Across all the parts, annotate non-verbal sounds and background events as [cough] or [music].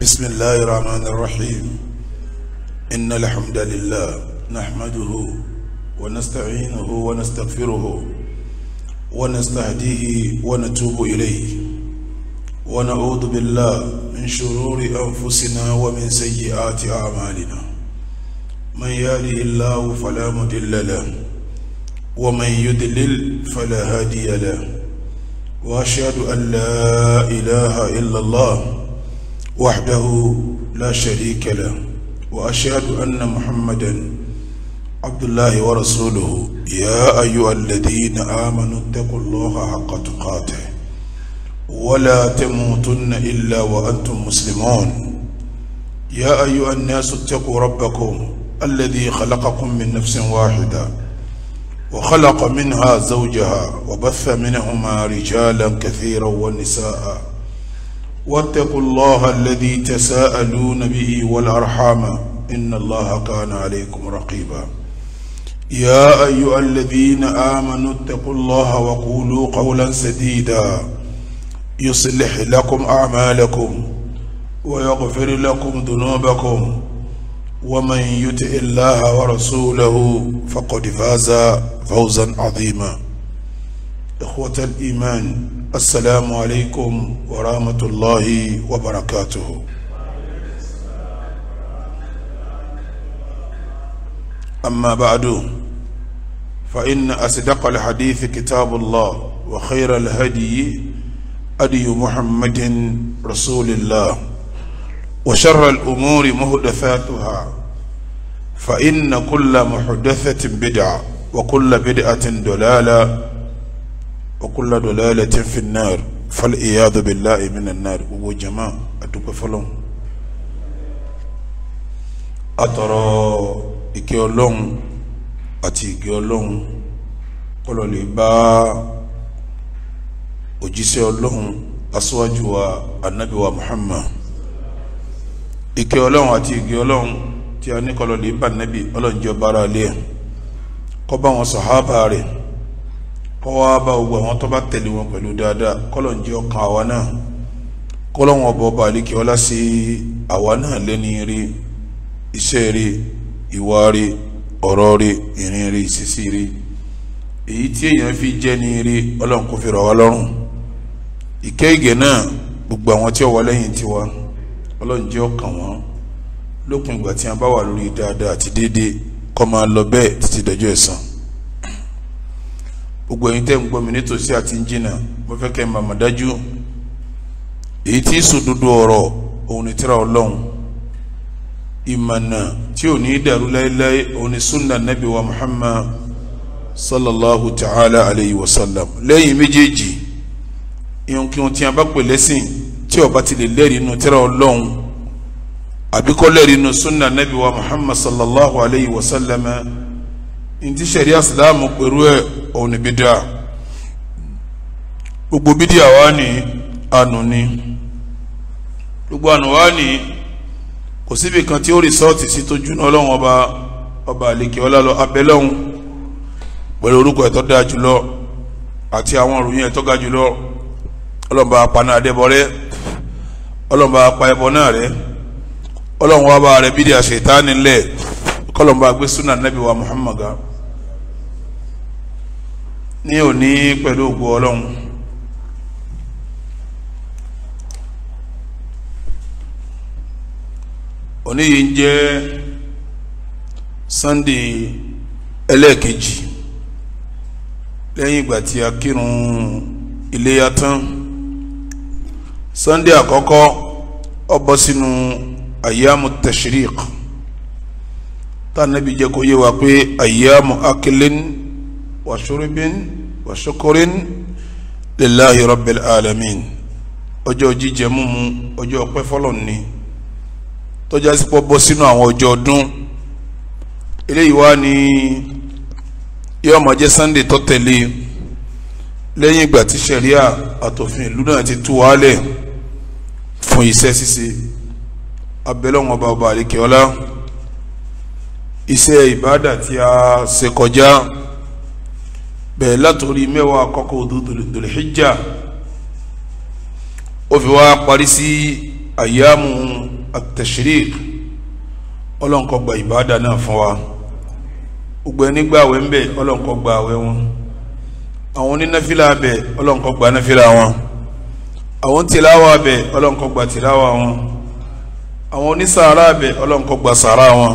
بسم الله الرحمن الرحيم إن الحمد لله نحمده ونستعينه ونستغفره ونستهديه ونتوب إليه ونعوذ بالله من شرور أنفسنا ومن سيئات أعمالنا من يهده الله فلا مضل له ومن يضلل فلا هادي له وأشهد أن لا إله إلا الله وحده لا شريك له وأشهد أن محمدا عبد الله ورسوله يا أيها الذين آمنوا اتقوا الله حق تقاته ولا تموتن إلا وأنتم مسلمون يا أيها الناس اتقوا ربكم الذي خلقكم من نفس واحدة وخلق منها زوجها وبث منهما رجالا كثيرا ونساء واتقوا الله الذي تساءلون به والأرحام إن الله كان عليكم رقيبا يا أيها الذين آمنوا اتقوا الله وقولوا قولا سديدا يصلح لكم أعمالكم ويغفر لكم ذنوبكم ومن يطع الله ورسوله فقد فاز فوزا عظيما إخوة الإيمان السلام عليكم ورحمة الله وبركاته. أما بعد فإن أصدق الحديث كتاب الله وخير الهدي أدي محمد رسول الله وشر الأمور محدثاتها فإن كل محدثة بدعة وكل بدعة دلالة وكل دلالة في النار فالعياذ بالله من النار وهو جماعة أدوك فلون أترى ìkẹ́ ọlọ́run àti ìkẹ́ ọlọ́run kọlọ̀ lè bá òjíṣẹ́ ọlọ́run aṣíwájú wa ànábì wa Muhammad ìkẹ́ ọlọ́run àti ìkẹ́ ọlọ́run tí a ní kọlọ̀ lè bá ànábì ọlọ́run jẹ́ bára lé kó bá wọn sàhábà rẹ̀ kọ́wá bá gbogbo àwọn tó bá tẹ̀lé wọn pẹ̀lú dáadáa kọ́lọ̀ ń jẹ́ ọkàn àwa náà kọ́lọ̀ wọn bọ̀ bá àlékè ọlá sí àwa náà lẹ́ni rí iṣẹ́ rí ìwà rí ọ̀rọ̀ rí ìrìn rí ìṣesí rí èyí tí èèyàn fi jẹ́ ní rí ọlọ́run kò fi rọ̀ wá lọ́rùn ìkẹ́ ìgẹ̀ náà gbogbo àwọn tí ó wà lẹ́yìn tiwa ọlọ́run jẹ́ ọkàn wọn lópin ìgbà tí a bá wà lórí dáadáa àti déédéé kọ́ máa lọ bẹ́ẹ̀ títí dọjọ́ ẹ̀san gbogbo ẹ̀yin tẹ́ ń gbọ́ mi nítòsí àti ń jìnnà mo fẹ́ kẹ́ ẹ màmá dájú èyí tí sòdodo ọ̀rọ̀ òun ni tírà Ọlọ́run ìmọ̀nà tí ò ní dàrú láéláé òun ni sunna nabi wa Muhammad sallallahu ta'ala alayhi wa sallam lẹ́yìn méjèèjì ìhun kí wọn ti bá pè lẹ́sìn tí ó bá ti lè lẹ́rìí inú tírà Ọlọ́run àbíkọ́ lẹ́rìí inú sunna nabi wa Muhammad sallallahu alayhi wa sallam ntí sẹ̀ríà sílámù pẹ̀lú ẹ̀ òun ní bídíà gbogbo bídíà wa ní ànú ni gbogbo ànú wa ní kò síbi kan tí ó rìsọ́ọ̀tì sí tó júná ọlọ́run ọba ọba àlekè ọlálọ abẹ́lọ́hún pẹ̀lú orúkọ ẹ̀ tó dáa jùlọ àti àwọn òròyìn ẹ̀ ga jùlọ ọlọ́mọba apaná adébọ̀rẹ́ ọlọ́mọba apa ẹbọ náà rẹ ọlọ́run wa bá rẹ bídíà ṣètánì ńlẹ̀ kọlọ́mọba gbé súnà nàbí Muhammadu. ní òní pẹ̀lú ògùn ọlọ́run òní yìí ń jẹ́ sunday ẹlẹ́ẹ̀kejì lẹ́yìn ìgbà tí a kírun iléyà tán sunday àkọ́kọ́ ó bọ́ sínú ayyamu tashriq tá a jẹ́ kó yé wa pé wàṣúrúbín wàṣúkúrín لله رب العالمين ọjọ́ jíjẹ múmu ọjọ́ ọpẹ́ fọlọ́n ni tọ́jà sípò bọ́ sínú àwọn ọjọ́ ọdún eléyìí wá ní yóò máa jẹ́ sunday tó tẹ̀lé lẹ́yìn ìgbà tí ṣẹ̀ríà àtòfin ìlú náà ti tú wálẹ̀ fún iṣẹ́ ṣíṣe abẹ́lọ́wọ̀n ọba ọba àríkẹ́ọ́lá iṣẹ́ ìbádà tí a ṣe kọjá bẹ̀ẹ̀ látòrí mẹ́wàá àkọ́kọ́ dòlìhíjà ó fi wá parí sí àyàmù àtẹ̀sírìk ọlọ́nkọ́ gba ìbáàdà náà fún wa gbogbo ẹni gba àwẹ̀ ń bẹ̀ ọlọ́nkọ́ gba àwẹ̀ wọn àwọn onínáfílà abẹ ọlọ́nkọ́ gba náfílà wọn àwọn tìláwà abẹ ọlọ́nkọ́ gba tìláwà wọn àwọn onísàárà abẹ ọlọ́nkọ́ gba sàárà wọn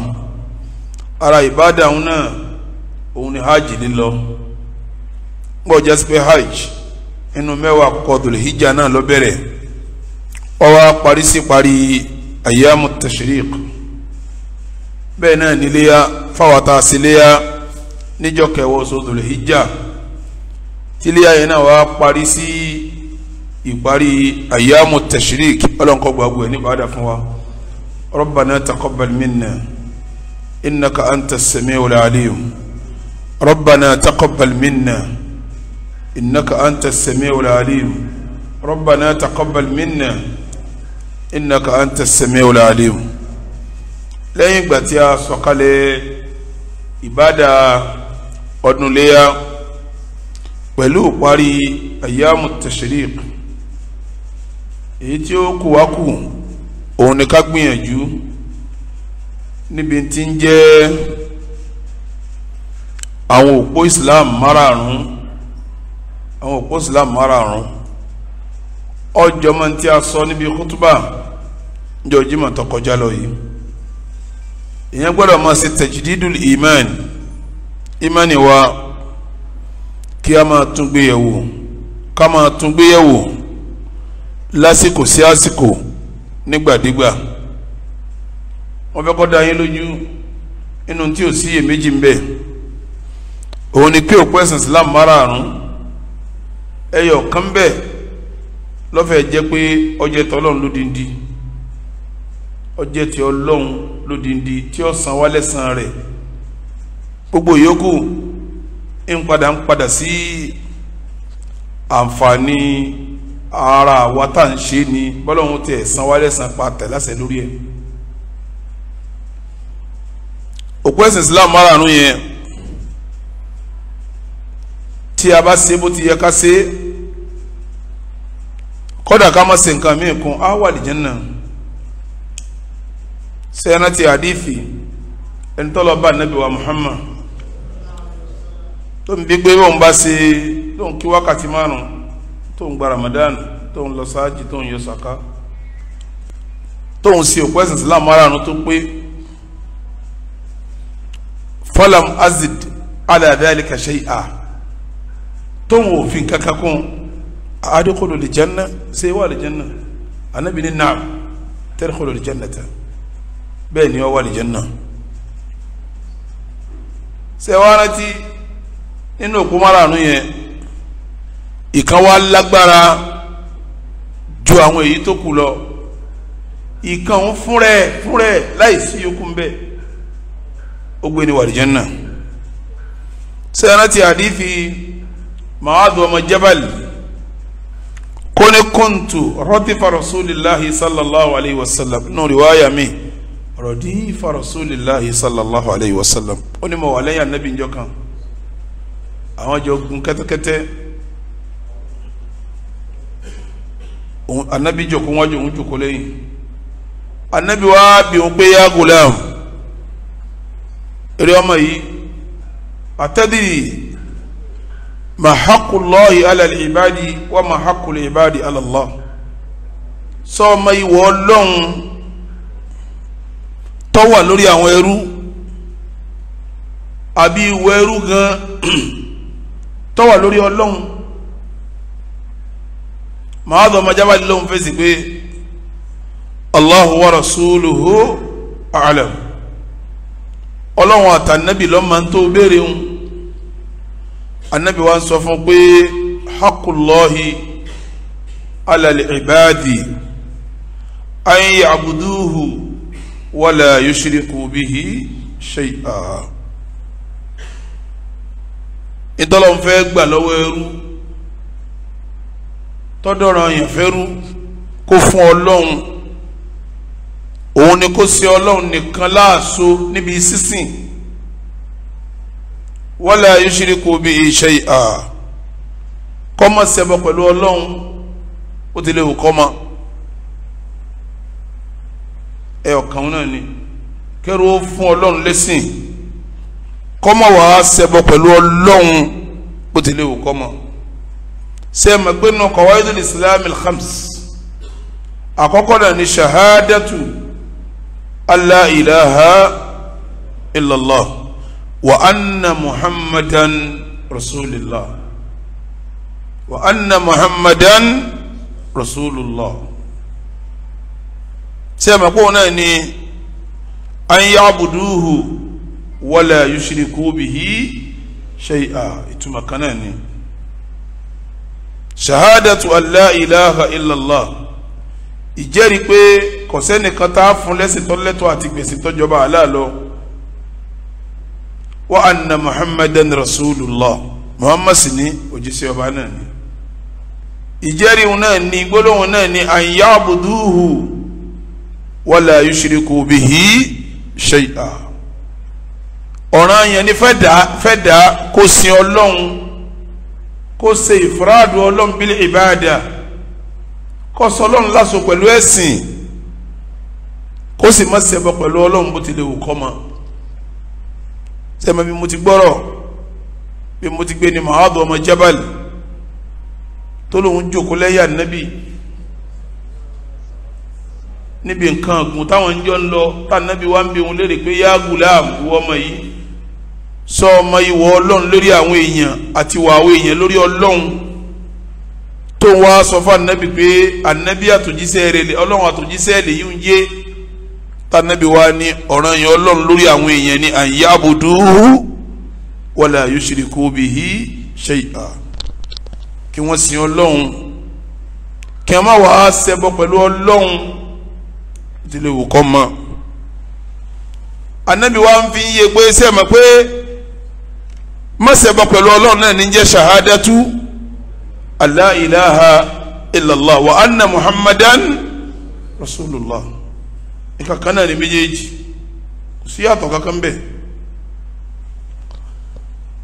ara ibada wọn náà òun ni hajj lílọ gbọ́ jásípẹ́ hajj inú mẹ́wàá àkọ́kọ́ dòlè hijja náà ló bẹ̀rẹ̀ ó wá parí sí parí ayyamu tashriq bẹ́ẹ̀ náà níléyà fáwọ́tà síléyà níjọ́ kẹwọ́ oṣù dòlè hijja tíléyà yẹn náà wá parí sí ìparí ayyamu tashriq ọlọ́nkọ́ gbàgbọ́ ẹ̀ níbàdà fún wa rabbana taqabbal minna innaka anta as-sami'ul alim rabbana taqabbal minna. إنك أنت السميع العليم ربنا تقبل منا إنك أنت السميع العليم lẹ́yìn ìgbà tí a sọ̀kalẹ̀ ìbádà ọdún léyà pẹ̀lú parí ayyamu tashriq èyí tí ó kù wá kù òun ni ká gbìyànjú níbi tí ń jẹ́ àwọn òpó Islam márààrún àwọn òpó islam márààrún ọjọ́ máa ń tí a sọ níbi kútúbà níjọ Jímọ̀ tó kọjá lọ yìí ìyẹn gbọ́dọ̀ máa ṣe tajdidul iman imani wa kí a máa tún gbé yẹ̀wò ká máa tún gbé lásìkò sí àsìkò nígbàdégbà wọ́n fẹ́ kó dá yín lójú inú tí ò sí iyèméjì ń bẹ òun ni pé òpó ẹ̀sìn islam márààrún. ẹyọ kan bẹ́ẹ̀ lọ́fẹ̀ẹ́ jẹ́ pé ọjẹ́ tí ọlọ́run lódindi ọjẹ́ tí ọlọ́run lódindi tí gbogbo yòókù ń padà ń padà ara àwa tá à ni bọ́lọ́run tẹ̀ san pa lẹ́san pa tẹ̀ lórí ẹ̀ òpó ẹ̀sìn Islam márààrún yẹn tí a bá ṣe bó ti yẹ ká ṣe kódà ká má ṣe nǹkan míì kún á wà lìjẹ́ náà sẹ́yìn láti àdífì ẹni tọ́lọ́ bá nàbí wa Muhammad tó ń bí pé bóun bá ṣe tó ń kí wákàtí márùn tó ń gba Ramadan tó ń lọ sáájì tó ń yọ sàká tó ń ṣe òpó ẹ̀sìn Islam márùn tó pé falam azid ala dhalika shay'a tóun òfin kankan kún adékòlò lè jẹ́nà ṣé wà lè jẹ́nà anábì ní naam tẹ́lẹ̀kòlò lè jẹ́nà tẹ́ bẹ́ẹ̀ ni wọ́n wà lè jẹ́nà ṣé wàá rántí nínú òkú márààrún yẹn ìkan wá lágbára ju àwọn èyí tó kù lọ ìkan ń fúnrẹ́ fúnrẹ́ láì sí yòókù ń bẹ́ẹ̀ ó gbé ní wà lè jẹ́nà ṣé rántí Mu'adhu ọmọ Jabal kóni kuntu radifa rasulillahi sallallahu alayhi wa sallam nù riwaya mi radifa rasulillahi sallallahu alayhi wa sallam ó ní mo wà lẹ́yìn anabi njọ́ kan àwọn jọ gun kẹ́tẹ́kẹ́tẹ́ anabi jókòó wájú òun jókòó lẹ́yìn anabi wa bi òun pé ya gulam eré ọmọ yìí àtẹ́dìrì ma haqqullahi ala al-ibadi wa ma haqqul ibadi ala Allah sọ ma ìwọ ọlọ́run tó wà lórí àwọn ẹrú àbí ìwọ ẹrú gan [clears throat] tó wà lórí ọlọ́run màá dọ̀ ma jábàlì lóhun fèsì pé Allahu wa rasuluhu a'lam ọlọ́run àtànẹ́bì lọ́mọ tó béèrè ń anabi wa sọ fún pé haqullahi ala l'ibadi an ya'buduhu wala yushriku bihi shay'a ìtọ́lọ́nfẹ́ gbà lọ́wọ́ ẹrú tọ́dọ̀ràn yẹn fẹ́rú kó fún ọlọ́run òun ni kó ṣe ọlọ́run nìkan láàṣọ níbi sísìn wala yushriku bihi shay'a kọ́mọ ṣẹbọ pẹ̀lú ọlọ́run ó ti léwu kọ́mọ ẹ ọ̀kan náà ni kẹ́rù ó fún ọlọ́run lẹ́sìn kọ́mọ wàá ṣẹbọ pẹ̀lú ọlọ́run ó ti léwu kọ́mọ ṣe mọ̀ pé nù qawaidul islam al àkọ́kọ́ náà ni shahadatu alla ilaha illallah wa anna muhammadan rasulillah wa anna muhammadan rasulullah sẹ́mi àpò náà ni an ya'buduhu wala yushriku bihi shay'a ìtumọ̀ kan náà ni shahadatu an la ilaha illallah ìjẹ́rìí pé kò tá a fún lẹ́sìn tó àti gbèsè tó jọba wa anna muhammadan rasulullah muhammad sì ní òjíṣẹ́ ọba náà ni ìjẹ́rìí náà ni gbólóhùn náà ni an ya'buduhu wala yushriku bihi shay'a ọ̀ràn yẹn ni fẹ́dà kó sin ọlọ́run kó ṣe ìfúráàdù ọlọ́run bil ìbáàdà kó sọ ọlọ́run lásò pẹ̀lú ẹ̀sìn kó sì má ṣẹbọ pẹ̀lú ọlọ́run bó tilẹ̀ wù kọ́ mọ́ sẹ́mi bí mo ti gbọ́rọ̀ bí mo ti gbé ni Mu'adh ọmọ Jabal tó lòun jòkó lẹ́yìn ànábì níbi nǹkan ọ̀gùn táwọn jọ ń lọ tànábì wa ń bi òun léèrè pé yá gulam ìwọ ọmọ yìí sọ ọmọ ìwọ ọlọ́run lórí àwọn èèyàn àti ìwà àwọn èèyàn lórí ọlọ́run tó wá sọ fún ànábì pé ànábì àtòjíṣẹ́ rẹ̀ ọlọ́run àtòjíṣẹ́ rẹ̀ yìí ń yé tanabi wa ni ọ̀ràn yẹn ọlọ́run lórí àwọn èèyàn ni an ya'buduhu wala yushriku bihi shay'a kí wọ́n sin ọlọ́run kí wọ́n má wàá ṣẹbọ pẹ̀lú ọlọ́run ìdílé wò kọ́ mọ́ anabi wa ń fi yé pé sẹ́ mọ̀ pé má ṣẹbọ pẹ̀lú ọlọ́run náà ní jẹ́ shahadatu alla ilaha wa anna muhammadan rasulullah nǹkan kan náà ní méjèèjì kò sí yàtọ̀ kankan bẹ́ẹ̀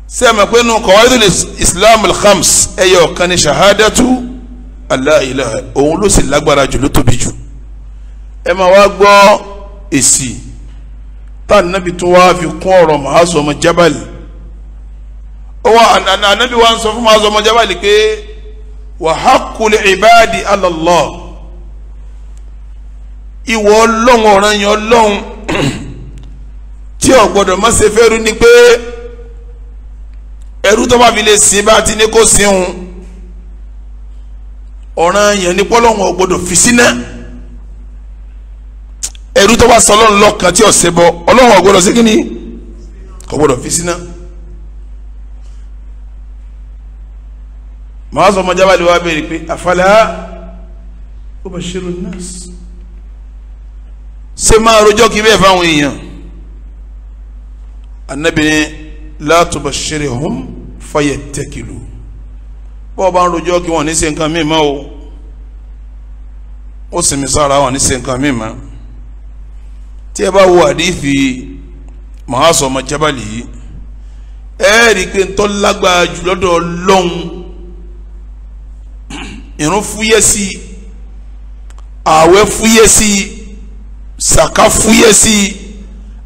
sẹ́mi pé nù qawaidul islam alkhams ẹ̀yẹ ọ̀kan ní shahadatu alla ilaha òun ló sì lágbára jù ló tóbi jù ẹ máa wá gbọ́ èsì tá ànábì tó wá fi kún ọ̀rọ̀ màásù ọmọ jábàlì ọwọ́ ànábì wa ń sọ fún màásù ọmọ jábàlì pé wa haqqul ibadi ìwọ ọlọ́run ọ̀ràn yẹn ọlọ́run tí ò gbọ́dọ̀ má ṣe fẹ́rú ni pé ẹrú tó bá fi lè sìn bá ti ní kó sìn ọ̀ràn yẹn ni pọ́lọ́run ò gbọ́dọ̀ fi síná ẹrú tó bá sọ lọ́kàn tí ò ṣe bọ ọlọ́run ò gbọ́dọ̀ sí kí ni kò gbọ́dọ̀ fi síná. màá sọ ọmọ jábàlì wa béèrè pé àfàlà ó bá ṣerú nọ́ọ̀sì ṣe máa rojọ́ kí bẹ́ẹ̀ fáwọn èèyàn anabi ni la tubashirhum fayattakilu bọ́ọ̀ bá ń rojọ́ kí wọ́n ní ṣe nǹkan mímọ́ o ó sì mi sára wọn ní ṣe nǹkan mímọ́ tí ẹ bá wo àdífi màásọ ọmọ jábàlì yìí ẹ rí i pé ń tọ́ lágbára jù lọ́dọ̀ ọlọ́run ìrun fúyẹ́ sí i ààwẹ̀ fúyẹ́ sí i saka fúyẹ́ sí i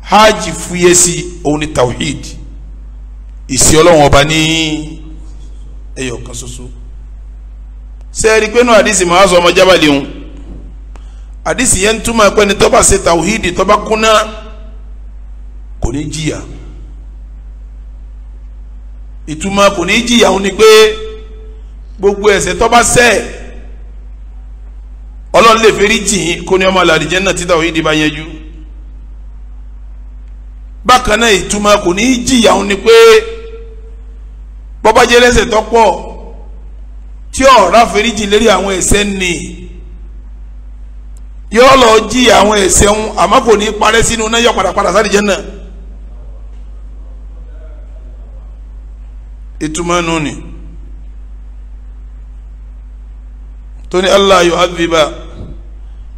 hajj fúyẹ́ sí i òun ni tawhid ìsì ọlọ́run ọba ní ẹyọ kan ṣoṣo sẹ́ẹ̀rí pé náà àdìsí màá sọ ọmọ jábàlì òun àdìsí yẹn ń túmọ̀ pé ní tọ́ba ṣe tawhid tọ́ba kúnná kò ní jìyà ìtumọ̀ kò ní jìyà òun ni pé gbogbo ẹ̀ṣẹ̀ tọ́ba ṣẹ̀ ọlọ́run lè fẹ́rí jìn kó ní ọmọ àlàdìjẹ́ náà títà òye ìdìbò àyẹ̀jú bákan náà ìtumọ̀ kò ní í jìyà òun ni pé bọ́bá jẹ́ lẹ́sẹ̀ tó pọ̀ tí ọ̀rá fẹ́rí jìn lérí àwọn ẹ̀ṣẹ̀ ni yóò lọ jìyà àwọn ẹ̀ṣẹ̀ òun àmọ́ kò ní í parẹ́ sínú náà yọ padà padà sálìjẹ́ ìtumọ̀ nù ni. tóní Allah yóò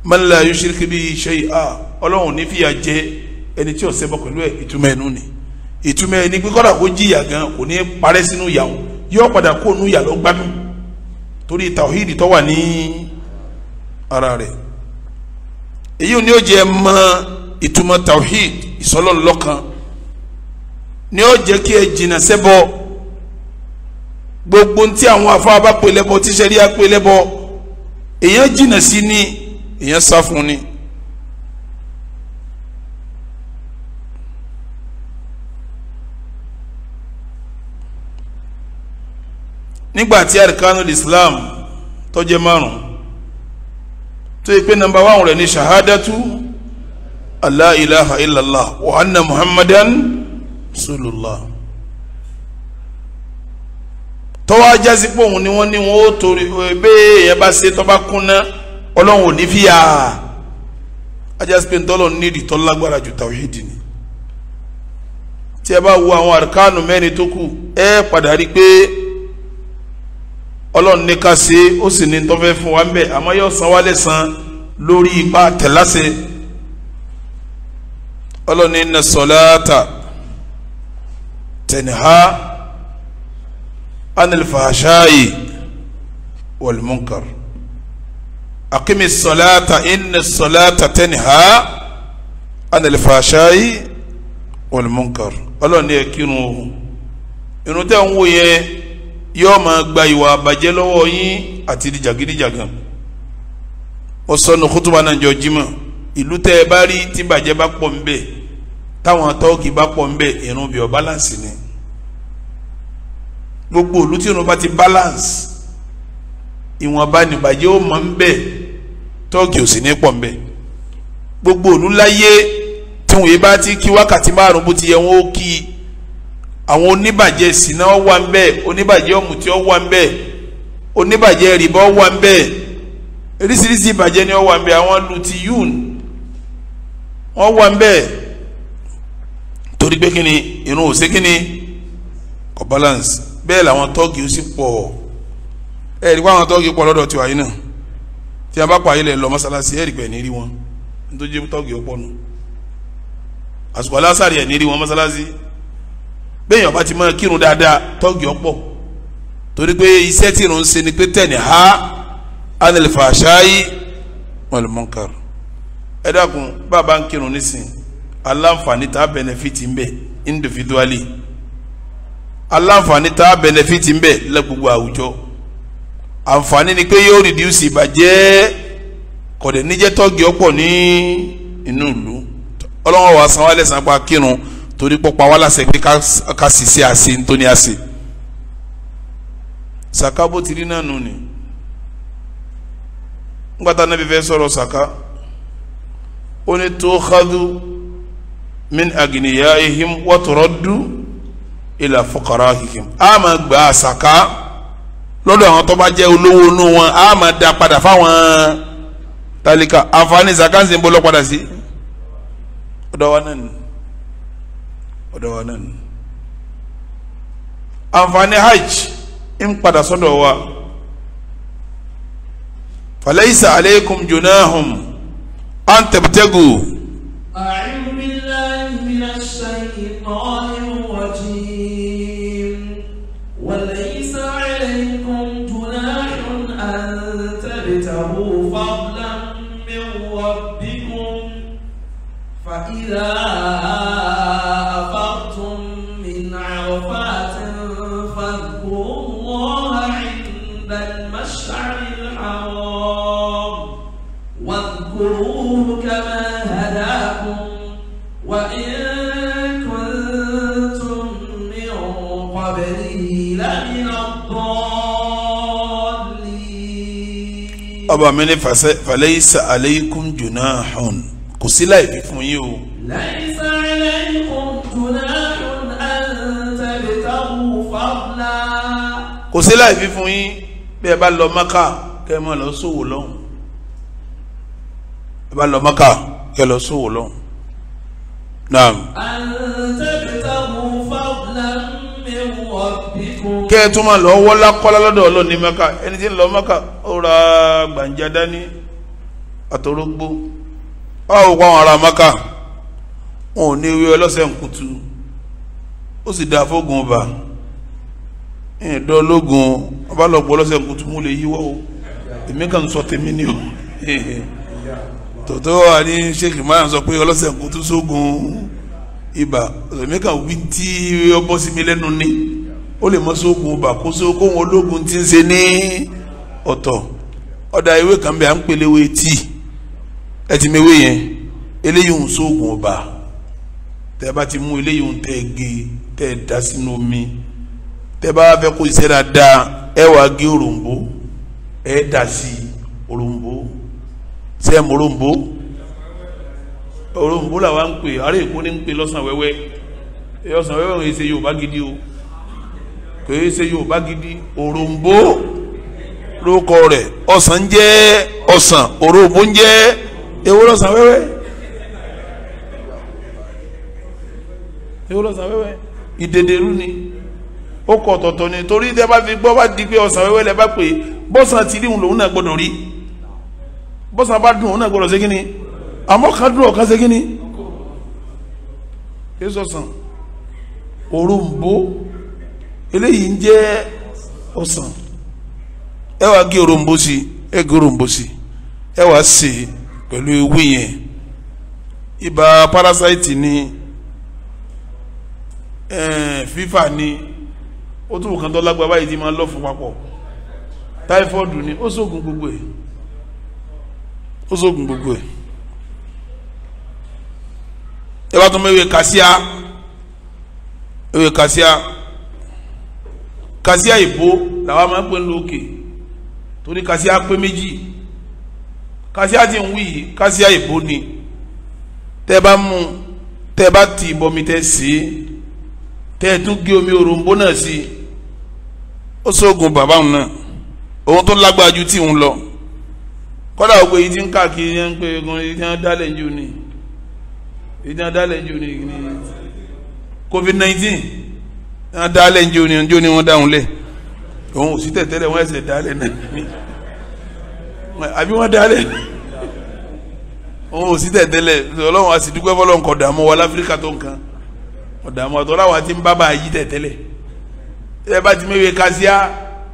man la yushrik bi shay'a ọlọ́run ní fìyà jẹ ẹni tí ó ṣẹbọ pẹ̀lú ẹ̀ ìtumọ̀ ẹnu ni ìtumọ̀ ẹni pé kọ́dà kó jìyà gan kò ní parẹ́ sínú ìyàwó yóò padà kó nu ìyà gbádùn torí tàwíìdì tó wà ní ara rẹ̀ èyí ni ó jẹ mọ ìtumọ̀ tàwíìd ìsọlọ́lọ́kan ni ó jẹ kí ẹ jìnnà ṣẹbọ gbogbo ntí àwọn afọ abá pè lẹ́bọ tíṣẹ́rí á pè lẹ́bọ èyàn jìnnà sí ni ìyẹn sá fún ni. nígbà tí arkanul islam tó jẹ́ márùn tó yẹ pé nàmbà wàhùn rẹ̀ ní shahadatu allah ilaha illallah wa anna muhammadan rasulullah tọ́wọ́ ajásí pé ni wọ́n ní wọ́n ó torí bẹ́ẹ̀ yẹn bá ṣe tó bá kúnná ọlọ́run ò ní fìyà ajásípé ntọ́lọ́run ní ìdìtọ́ lágbára ju tàwíìdì ni tí ẹ bá wo àwọn àrkánù mẹ́rin tó kù ẹ padà rí i pé ọlọ́run ní ká ṣe ó sì ní tọ́fẹ́ fún wa ń àmọ́ yóò san wálé san lórí ipa tẹ̀láṣẹ ọlọ́run ní sọ̀láàtà tẹ̀nìhá anil fàṣáyì akimi salata inni salata tanha anil fashayi wal munkar ọlọ́run ní ẹ̀kírun o irun tẹ́ ń wò yẹn yóò máa gba ìwà àbàjẹ́ lọ́wọ́ yín àti jàgídíjàgàn mo sọnù kútùbà náà jọ jímọ̀ ìlú tẹ́ ẹ bá rí tí bàjẹ́ bá pọ̀ ńbẹ̀ táwọn tọ́ọ̀kì bá pọ̀ ńbẹ̀ irun bí ọ balance ni gbogbo ìlú tí irun bá ti balance ìwọ̀nba nìbàjẹ́ ó mọ̀ ńbẹ̀ tọ́ọ̀gì ò sì ní pọ̀ nbẹ gbogbo òlu láyé tí wọn yé bá ti kí wákàtí márùn bó ti yẹ wọn ó kí i àwọn oníbàjẹ́ sìnà wà nbẹ oníbàjẹ́ ọ̀mùtí wà nbẹ oníbàjẹ́ rìbọ wà nbẹ oríṣiríṣi ìbàjẹ́ ni wà nbẹ àwọn lutiyun wọn wà nbẹ torí pé kíni irun ò sí kíni kọ balance bẹ́ẹ̀ làwọn tọ́ọ̀gì ó sì pọ̀ ẹ̀ẹ́dì àwọn tọ́ọ̀gì pọ̀ lọ́dọ̀ tiwa yìí náà. tí a bá pa ayé lẹ lọ mọ́sálásí ẹ̀rì pẹ̀ nírí wọn nítorí jẹ́ tọ́gì ọpọ nù àsùkò alásàrì ẹ̀ nírí wọn mọ́sálásí bẹ́ẹ̀ ọba ti máa kírun dáadáa tọ́gì ọpọ torí pé iṣẹ́ tí irun ha ẹ dákun bàbá ń kírun nísìn aláǹfààní tá a ń bẹ individually aláǹfààní tá a ń bẹ àǹfààní ni pé yóò reduce ìbàjẹ́ kọ̀dẹ̀ níjẹ́ tọ́gì ọ̀pọ̀ ní inú ìlú ọlọ́wọ́ wa san wálẹ̀ san pa kírun torí pọ́pá wá láṣẹ pé ká sì ṣe àṣe nítorí àṣe sàká bó ti rí náà nù ni ngbàtà náà fífẹ́ sọ̀rọ̀ sàká ó ní tó xadú min agniyaihim wa turaddu ila fuqarahihim àmà gbà saka lọ́dọ̀ àwọn tó bá jẹ́ olówó inú wọn á máa da padà fáwọn tálíkà àǹfààní zakansi ń bọ́ lọ́padà sí ọ̀dọ̀ wa náà ni ọ̀dọ̀ wa náà ni àǹfààní hajj ń padà sọ́dọ̀ wa falaysa alaykum junahum an tabtagu. a'udhu billahi minash shaytanir إذا من عرفات فاذكروا الله الحرام واذكروه كما هداكم وإن كنتم من الضالين أبا من فليس عليكم جناح kò sí يو ليس عليكم جناح أن تبتغوا فضلا kò sí láì fi fún yín bí ẹ bá lọ mọ́kà kẹ́ ẹ lọ sòwò lọ́hùn ẹ bá lọ mọ́kà kẹ́ lọ sòwò lọ́hùn. naam. أن تبتغوا فضلا من ربكم. kẹ́ ẹ tún máa lọ wọ́lá kọ́lá lọ́dọ̀ Ọlọ́run ní mọ́kà ẹni tí ń lọ mọ́kà ó ra gbàǹjà dání àtòrógbó ọ̀ ò kọ́ àwọn ará mọ́kà wọn ò ní ewé ọlọ́sẹ̀ nkutu ó sì dáa fógun ọba ẹ̀ẹ́dọ́ lógun ọba lọ́gbọ́ ọlọ́sẹ̀ nkutu mú lè yíwọ́ o èmi kàn ń sọ tèmi ni o [laughs] tòótọ́ wa ní sheikh mayan sọ pé ọlọ́sẹ̀ nkutu sógun ibà èmi kàn wí tí ọbọ̀ sí mi lẹ́nu ni ó lè mọ sógun ọba kó sókòwò ológun ti ń ṣe ní ọ̀tọ̀ ọ̀dà ewé kan bẹ́ẹ̀ à ń pèlè ewé tíì ẹ̀ ti mewé yẹn eléyìí ń sógun ọba tẹ́ bá ti mú eléyìí ń tẹ́ gé tẹ́ da sínú omi tẹ́ bá fẹ́ kó iṣẹ́ dáadáa ẹ wàá gé òròǹbó ẹ dà sí òròǹbó sẹ́m òròǹbó òròǹbó làwa ń pè àárẹ̀ èkó ní ń pè lọ́sàn wẹ́wẹ́ lọ́sàn wẹ́wẹ́ kò ṣe Yorùbá gidi o kò ṣe Yorùbá gidi òròǹbó lórúkọ rẹ̀ ọsàn jẹ́ ọsàn òròǹbó ń jẹ́ ewúrọ̀sàn wẹ́wẹ́. èwo lọ́sàn wẹ́wẹ́ ìdèdèrú ni ó kọ ọ̀tọ̀ọ̀tọ̀ ni torí tẹ́ bá fi gbọ́ bá di pé ọ̀sàn wẹ́wẹ́ lẹ bá pè é bọ́sàn ti rí òun lòun náà gbọ́dọ̀ rí bọ́sàn bá dùn òun náà gbọ́dọ̀ ṣe ni àmọ́ kan dùn ọ̀kan ṣe kí ni èso sàn òrùnbó eléyìí ń jẹ́ ọ̀sán ẹ wàá gé òròǹbó sí ẹ gé òròǹbó sí ẹ wàá sè pẹ̀lú ewé yẹn ibà parasite ni Eh, fifa ni ó tún kàn tó lágbà báyìí tí ma lọ́ papọ̀ ni ó sógun gbogbo ẹ̀ so ẹwà tó mọ kàṣíà ewé kàṣíà kàṣíà ìbò làwọn máa ń pè ń lo òkè torí kàṣíà pé méjì kàṣíà ti ń wí kàṣíà ìbò ni tẹ bá mú bá ti ìbọmi sí i. tẹ́ẹ̀tún gé omi òròǹbó náà sí i ó sóògùn bàbá òun náà òun tó lágbára ju tí òun lọ kọ́dà ògbé yìí ti ń káàkiri yẹn ń pe egun yìí ti ń dálẹ̀ jù ni yìí ti ń dálẹ̀ jù ni covid nineteen ti ń dálẹ̀ jù ni jù ni wọ́n dáhùn lẹ̀ òun ò sí tẹ̀tẹ̀lẹ̀ wọ́n ẹsẹ̀ dálẹ̀ náà àbí wọ́n dálẹ̀ òun ò sí tẹ̀tẹ̀lẹ̀ ọlọ́run a sì dààmú wa ọ̀dààmú ọ̀tọ̀ láwa ti ń bábà yí tẹ̀ tẹ́lẹ̀ ẹ bá ti méwe kásíá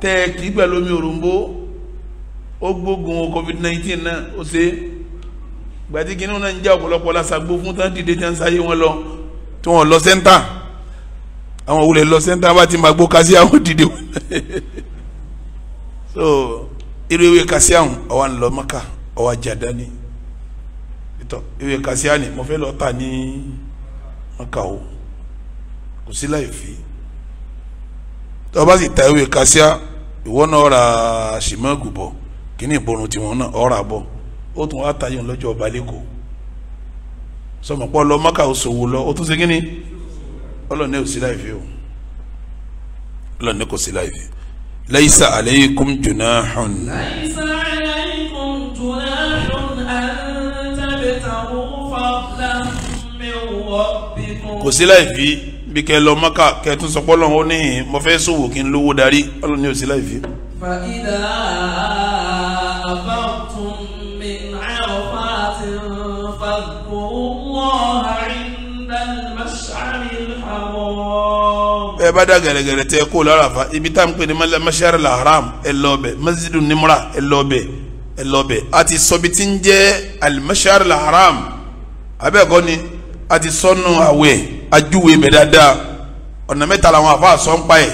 tẹ kì í pẹ̀lú omi òròǹbó ó gbógun covid nineteen náà ó ṣe gbàtí kinní náà ń já ọ̀pọ̀lọpọ̀ lásàgbó fún tán dìde tí wọ́n ń sáyé wọn lọ tí wọ́n lọ sẹ́ńtà àwọn òwúlẹ̀ lọ sẹ́ńtà bá ti máa gbó kásíá wọn dìde wọn [laughs] so irú ewé kásíá wọn ọwọ́ ń lọ mọ́kà ọwọ́ àjàdá ni ìtọ́ ewé kásíá ni mo fẹ́ lọ́ọ́ ta ní mọ́kà o kò sí láì fi tó o bá sì ta ewé kásíá ìwọ náà ra ṣìmọ́ọ̀gù bọ̀ kíní ìborun tiwọn náà ọ̀rà bọ̀ ó tún wá tayọ̀ lọ́jọ́ ọba lẹ́kọ̀ọ́ sọmọpọ̀ lọ mọ́kà òṣòwò lọ ó tún ṣe kíní ọlọ́ọ̀ni kò sí láì fi o ọlọ́ọ̀ni kò sí láì fi laysa alaykum junahun. laysa alaykum junahun an tabtagu fadlan min rabbikum. kò sí láì fi bí kẹ lọ mọ́kà kẹ tún sọ pọ́lọ́ ó ní mo fẹ́ sòwò kí n lówó darí ọlọ́ni ò sí láì fi. fàídà àbáwọ̀tún mi àyọ̀fà àti fàgbọ́wọ́ ẹ bá da gẹ̀rẹ́gẹ̀rẹ́ tẹ kó lára fa ibi tá n pè ní mashari la ẹ lọ bẹ masjidu nimra ẹ lọ bẹ ẹ lọ bẹ àti sọbi tí ń jẹ alimashari la haram abẹ́ àti sọnù àwẹ̀ ajúwe bẹ̀ dáadáa ọ̀nà mẹ́ta làwọn afa sọ́npa yẹ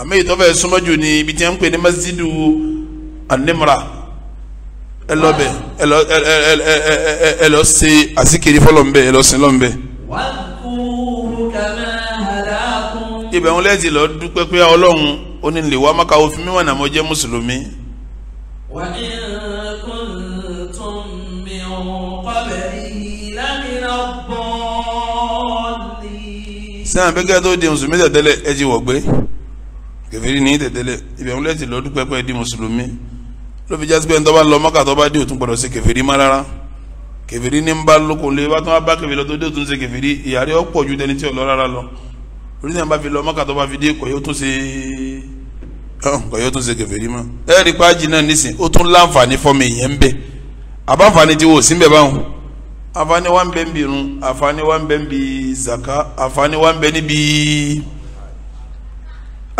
àmì ìtọ́fẹ́ súnmọ́jù ni ibi tí wọ́n ń pè ní masjidu anamra ẹ lọ bẹ ẹ lọ ẹ ẹ ẹ ẹ lọ ṣe àsìkiri fọlọ ń bẹ ẹ lọ sin lọ ń bẹ. ibẹ̀ wọn lẹ́sìn lọ dúpẹ́ pé ọlọ́run mi wà nàmọ́ jẹ́ mùsùlùmí. wà náà bẹ́gẹ́ tó di mùsùlùmí tẹ̀tẹ́lẹ̀ ẹ ti wọ̀ gbé kẹfìrí ní tẹ̀tẹ́lẹ̀ ibẹ̀ ń lẹ́tì lọ́dún pẹ́pẹ́ di mùsùlùmí ló fi jásí pé ń tọ́ba lọ mọ́kà tọ́ba dé òtún gbọ́dọ̀ sí kẹfìrí má rárá kẹfìrí ní ń bá lóko lé bá tó wá bá kẹfìrí lọ tó dé òtún sí kẹfìrí ìyàrí ó pọ̀ ju tẹni tí ò lọ rárá lọ lórí náà bá fi lọ mọ́kà tọ́ba fi dé kọ̀ yóò tún àǹfààní wa ń bẹ níbi irun àǹfààní wa ń bẹ níbi zaka àǹfààní wa ń bẹ níbi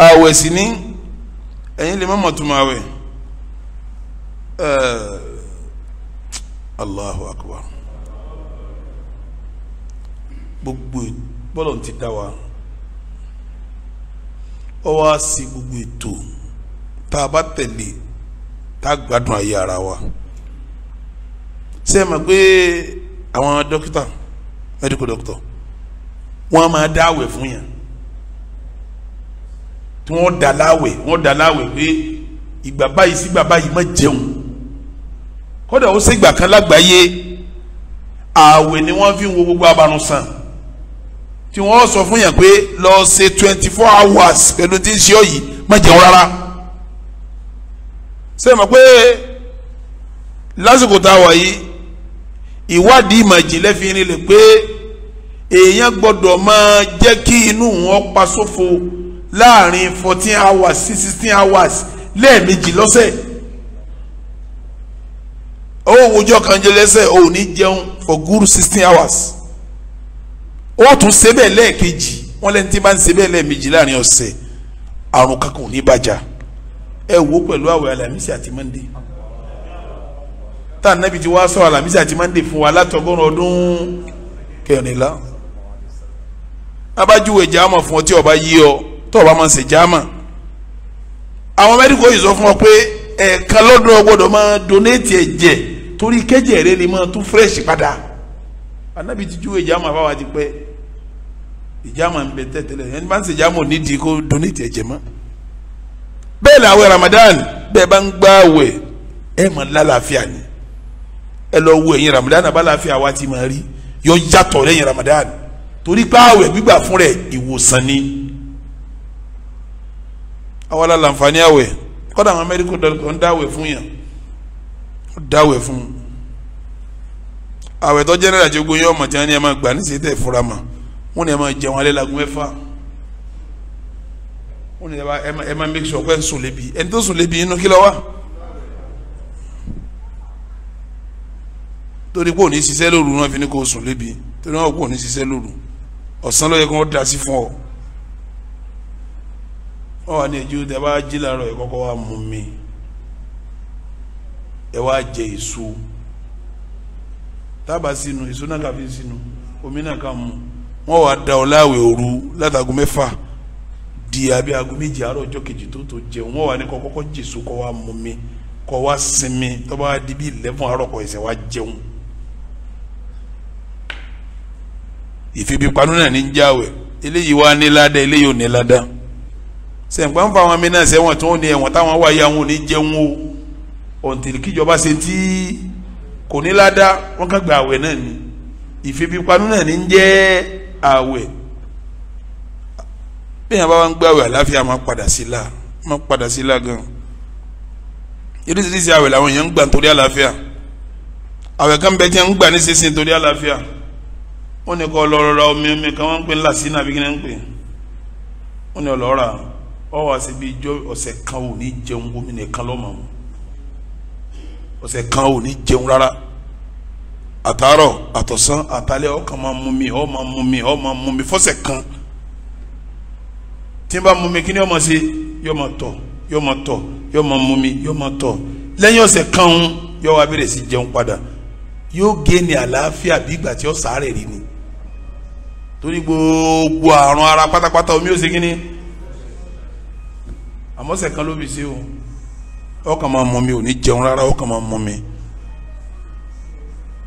àwẹ̀ sí ní ẹ̀yin lè má mọ̀ tuma àwẹ̀ Allahu akbar gbogbo bọ́lọ̀ ti dá wa ọ wá sí gbogbo ètò tá a bá tẹ̀lé tá ara wa ṣé ẹ mọ̀ àwọn dókítà medical doctor wọ́n máa dá àwẹ̀ fún yàn tí wọ́n dà láwẹ̀ wọ́n dà láwẹ̀ pé ìgbà báyìí sí ìgbà báyìí má jẹun kódà ó ṣègbà kan lágbàáyé àwẹ̀ ni wọ́n fi ń wo gbogbo abanu sàn tí wọ́n sọ fún yàn pé lọ ṣe twenty four hours pẹ̀lú tí ń ṣe ọ yìí má jẹun rárá ṣé ẹ mọ̀ pé lásìkò tá a wà yìí ìwádìí ìmọ̀jìnlẹ̀ fi rin lè pé èèyàn gbọ́dọ̀ máa jẹ́ kí inú wọn pa sófo láàrin fourteen hours sí sixteen hours lẹ́ẹ̀mejì lọ́sẹ̀ ó wùjọ kan jẹ lẹ́sẹ̀ ó ní jẹun for good sixteen hours ó tún ṣe bẹ́ẹ̀ lẹ́ẹ̀kejì wọ́n lẹ́ni tí bá ń ṣe bẹ́ẹ̀ lẹ́ẹ̀mejì láàrin ọ̀sẹ̀ àrùn kankan ò ní bàjá ẹ wò pẹ̀lú àwẹ̀ alamisi àti mọ́ndé. Okay tá ànábì ti wá sọ àlàmísì àti mande fún wa látọgọ́rùn ọdún kẹrìnlá abájúwe jáàmà fún ọ tí ọba yí ọ tó ọba máa ń ṣe jáàmà àwọn mẹ́ríkò yìí sọ fún ọ pé ẹ̀ẹ̀kan lọ́dún ọ máa donate ẹ̀jẹ̀ torí kẹ́jẹ̀ rẹ lè máa tún fresh padà ànábì ti júwe jáàmà fáwọn àti pé ìjáàmà ń bẹ tẹ́tẹ́lẹ̀ ẹni bá ń ṣe jáàmà ò kó donate ẹ̀jẹ̀ mọ́ bẹ́ẹ̀ làwẹ̀ Ramadan bẹ́ẹ̀ bá ń gbààwẹ̀ ẹ̀ máa lálàáfíà ni ẹ lọ wo ẹ̀yìn Ramadan abálàáfíà wa ti máa rí yọ yàtọ̀ lẹ́yìn Ramadan torí pé àwẹ̀ gbígbà fún rẹ̀ ìwòsàn ni àwọn aláǹfààní àwẹ̀ kọ́dà àwọn medical doctor ń dáwẹ̀ fún yàn ó dáwẹ̀ fún àwẹ̀ tó jẹ́nẹ́rà tí gbóyún ọmọ tí wọ́n ní ẹ máa gbà ní sèétẹ́ ìfura mà wọ́n ní ẹ máa jẹun alẹ́ lagun mẹ́fà wọ́n ní ẹ máa make sure pé ń sùn lébi ẹni tó sùn lébi inú kí ló wà. torí pé òní ṣiṣẹ́ lóru náà fi ní kó sùn lébi torí wọn kò òní ṣiṣẹ́ lóru ọ̀sán ló yẹ kó wọ́n da sí fún ọ. wọ́n wà ní ẹjú tẹ bá jí làárọ̀ ẹ kọ́kọ́ wá mú mi ẹ wá jẹ èso tábà sínú èso náà kà fi sínú omi náà kà mú wọ́n wà da ọ láwẹ̀ òru látago mẹ́fà di abẹ́ aago méje àárọ̀ ọjọ́ kejì tó tó jẹun wọ́n wà ní kọ́kọ́ jèso kọ́ wá mú mi kọ́ wá sinmi tọ́ bá di bí ilẹ̀ fún àárọ̀ kọ́ ẹ̀sẹ̀ wá jẹun. ìfipipanu náà ní jáwé eléyìí wá ní ládàá eléyìí ò ní ládàá sẹ̀ǹpá ń fa àwọn amínà sẹ́wọ̀n tó ń ní ẹ̀wọ̀n táwọn wáyé àwọn ò ní jẹun o ọ̀ǹtẹ̀lì kíjọba ṣe tí kò ní ládàá wọ́n kàn gba àwẹ̀ náà ni ìfipipanu náà ní jẹ́ àwẹ̀ bẹ́ẹ̀ yẹn bá wà àláfíà máa padà sí la máa padà sí la gan irisirisi àwẹ̀ làwọn yẹn ń gbà nítorí àláfíà àwẹ̀ kan bẹ́ẹ̀ tí wọ́n ń gbà ní sísìn nítorí àláfíà. ó ní kọ́ ra omi omi kan wọ́n ń pè sí nàbí kí ni ń pè ó ní ọ wá sí bí ijó ọ̀sẹ̀ kan ò ní jẹun lọ́mọ ọ̀sẹ̀ kan ò ní jẹun rárá àtàárọ̀ àtọ̀sán àtàlẹ́ máa mú mi kan tí n bá mú mi kí ni ọmọ sí yọ máa tọ̀ yọ máa tọ̀ yọ máa mú mi yọ máa tọ̀ lẹ́yìn ọ̀sẹ̀ kan yọ wá bẹ̀rẹ̀ sí jẹun padà yóò gé ní àlàáfíà torí gbogbo àrùn ara pátápátá omi ò sí kíní àmọ́sẹ̀ kan ló fi ṣe o ọkàn máa mọ mi ò ní jẹun rárá ọkàn máa mọ mi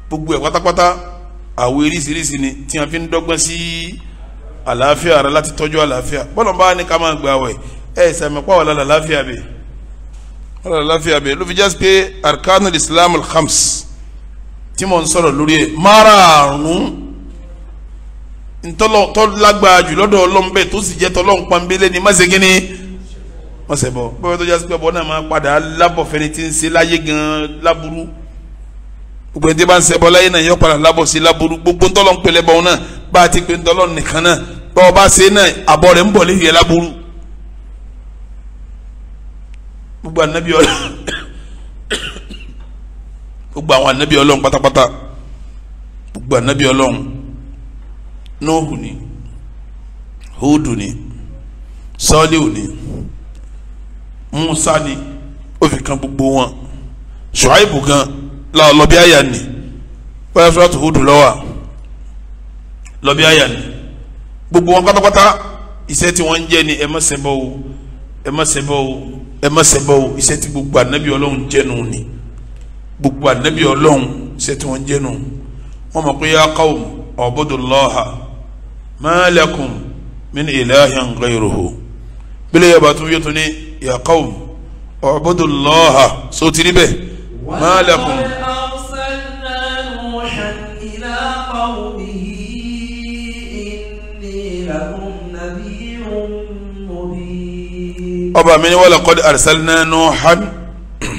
gbogbo ẹ̀ pátápátá àwọn eríṣiríṣi ni tí wọ́n fi ń dọ́gbọ́n sí àlàáfíà ara láti tọ́jú àlàáfíà bọ́lá bá ní ká máa gbà wẹ̀ ẹ̀ sàmì pàwọ́ lálẹ́ àlàáfíà bẹ́ẹ̀ lálẹ́ àlàáfíà bẹ́ẹ̀ ló fi jásí pé arkanul islam al-khams tí mo ń sọ̀rọ̀ lórí ẹ̀ márààrún ntọlọ tọlágbára jù lọ́dọ̀ Ọlọ́run bẹ́ẹ̀ tó sì jẹ́ tọlọ́run pàmbélé ni má ṣe kínní wọn sẹ bọ bẹ́ẹ̀ tó jásí pé ọbọ náà máa padà lábọ fẹni tí ń ṣe láyé gan láburú gbogbo ẹni tí bá ń ṣẹbọ láyé náà yọ padà lábọ sí láburú gbogbo ntọlọ ń pẹlẹ bọ náà bá a ti pè ntọlọ nìkan náà bá ọba ṣe náà àbọ rẹ ń bọ léyìí láburú gbogbo anabi Ọlọ́run [coughs] gbogbo àwọn anabi Ọlọ́run pátápátá gbogbo anabi Ọlọ́run nuhu ni hudu ni sọ́ọ́lì ni musa ni ó fi kan gbogbo wọn ṣùáìbù gan lọ́bí àyà ni bóyá sọ́ọ́tù hudu lọ́wọ́ lọ́bí àyà ni gbogbo wọn pátápátá iṣẹ́ tí wọ́n ń jẹ́ ni ẹ má ṣẹbọ iṣẹ́ tí gbogbo ànábì ọlọ́run jẹ́ ni gbogbo ànábì ọlọ́run iṣẹ́ tí wọ́n jẹ́ nù wọ́n mọ̀ pé yá qawm ubudullaha ma lakum min ilahin ghayruhu bílẹ̀ yaba tún yóò tún ní ya qawm u'budu Allaha sotiri bẹ́ẹ̀ ma lakum. ọba mi ni wa laqad arsalna Nuhan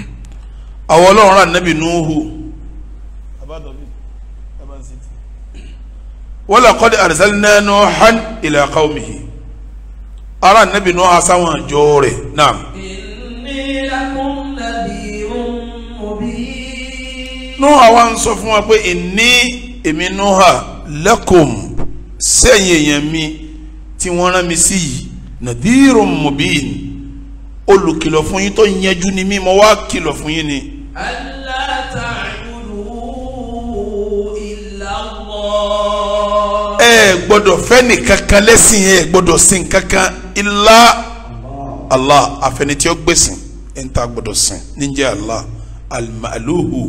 [clears throat] àwọn ọlọ́run rà nábì Nuhu. walaqad arsalna Nuhan ila qawmihi ara nabi Nuh asáwọn àjọ rẹ̀ naam. inni lakum nadhirun mubin. Nuh àwa ń sọ fún wa pé inni èmi Nuh lakum sẹ́yìn èèyàn mi tí wọ́n rán mi sí yìí nadhirun mubin olùkìlọ̀ fún yín tó yẹjú ni mí wá kìlọ̀ fún yín ni. gbọ́dọ̀ fẹ́ nìkankan lẹ́sìn ẹ gbọ́dọ̀ sin kankan ilá Allah àfẹnití ó gbèsìn ẹ̀ sin ta gbọ́dọ̀ sìn níjẹ́ Allah alimaluhu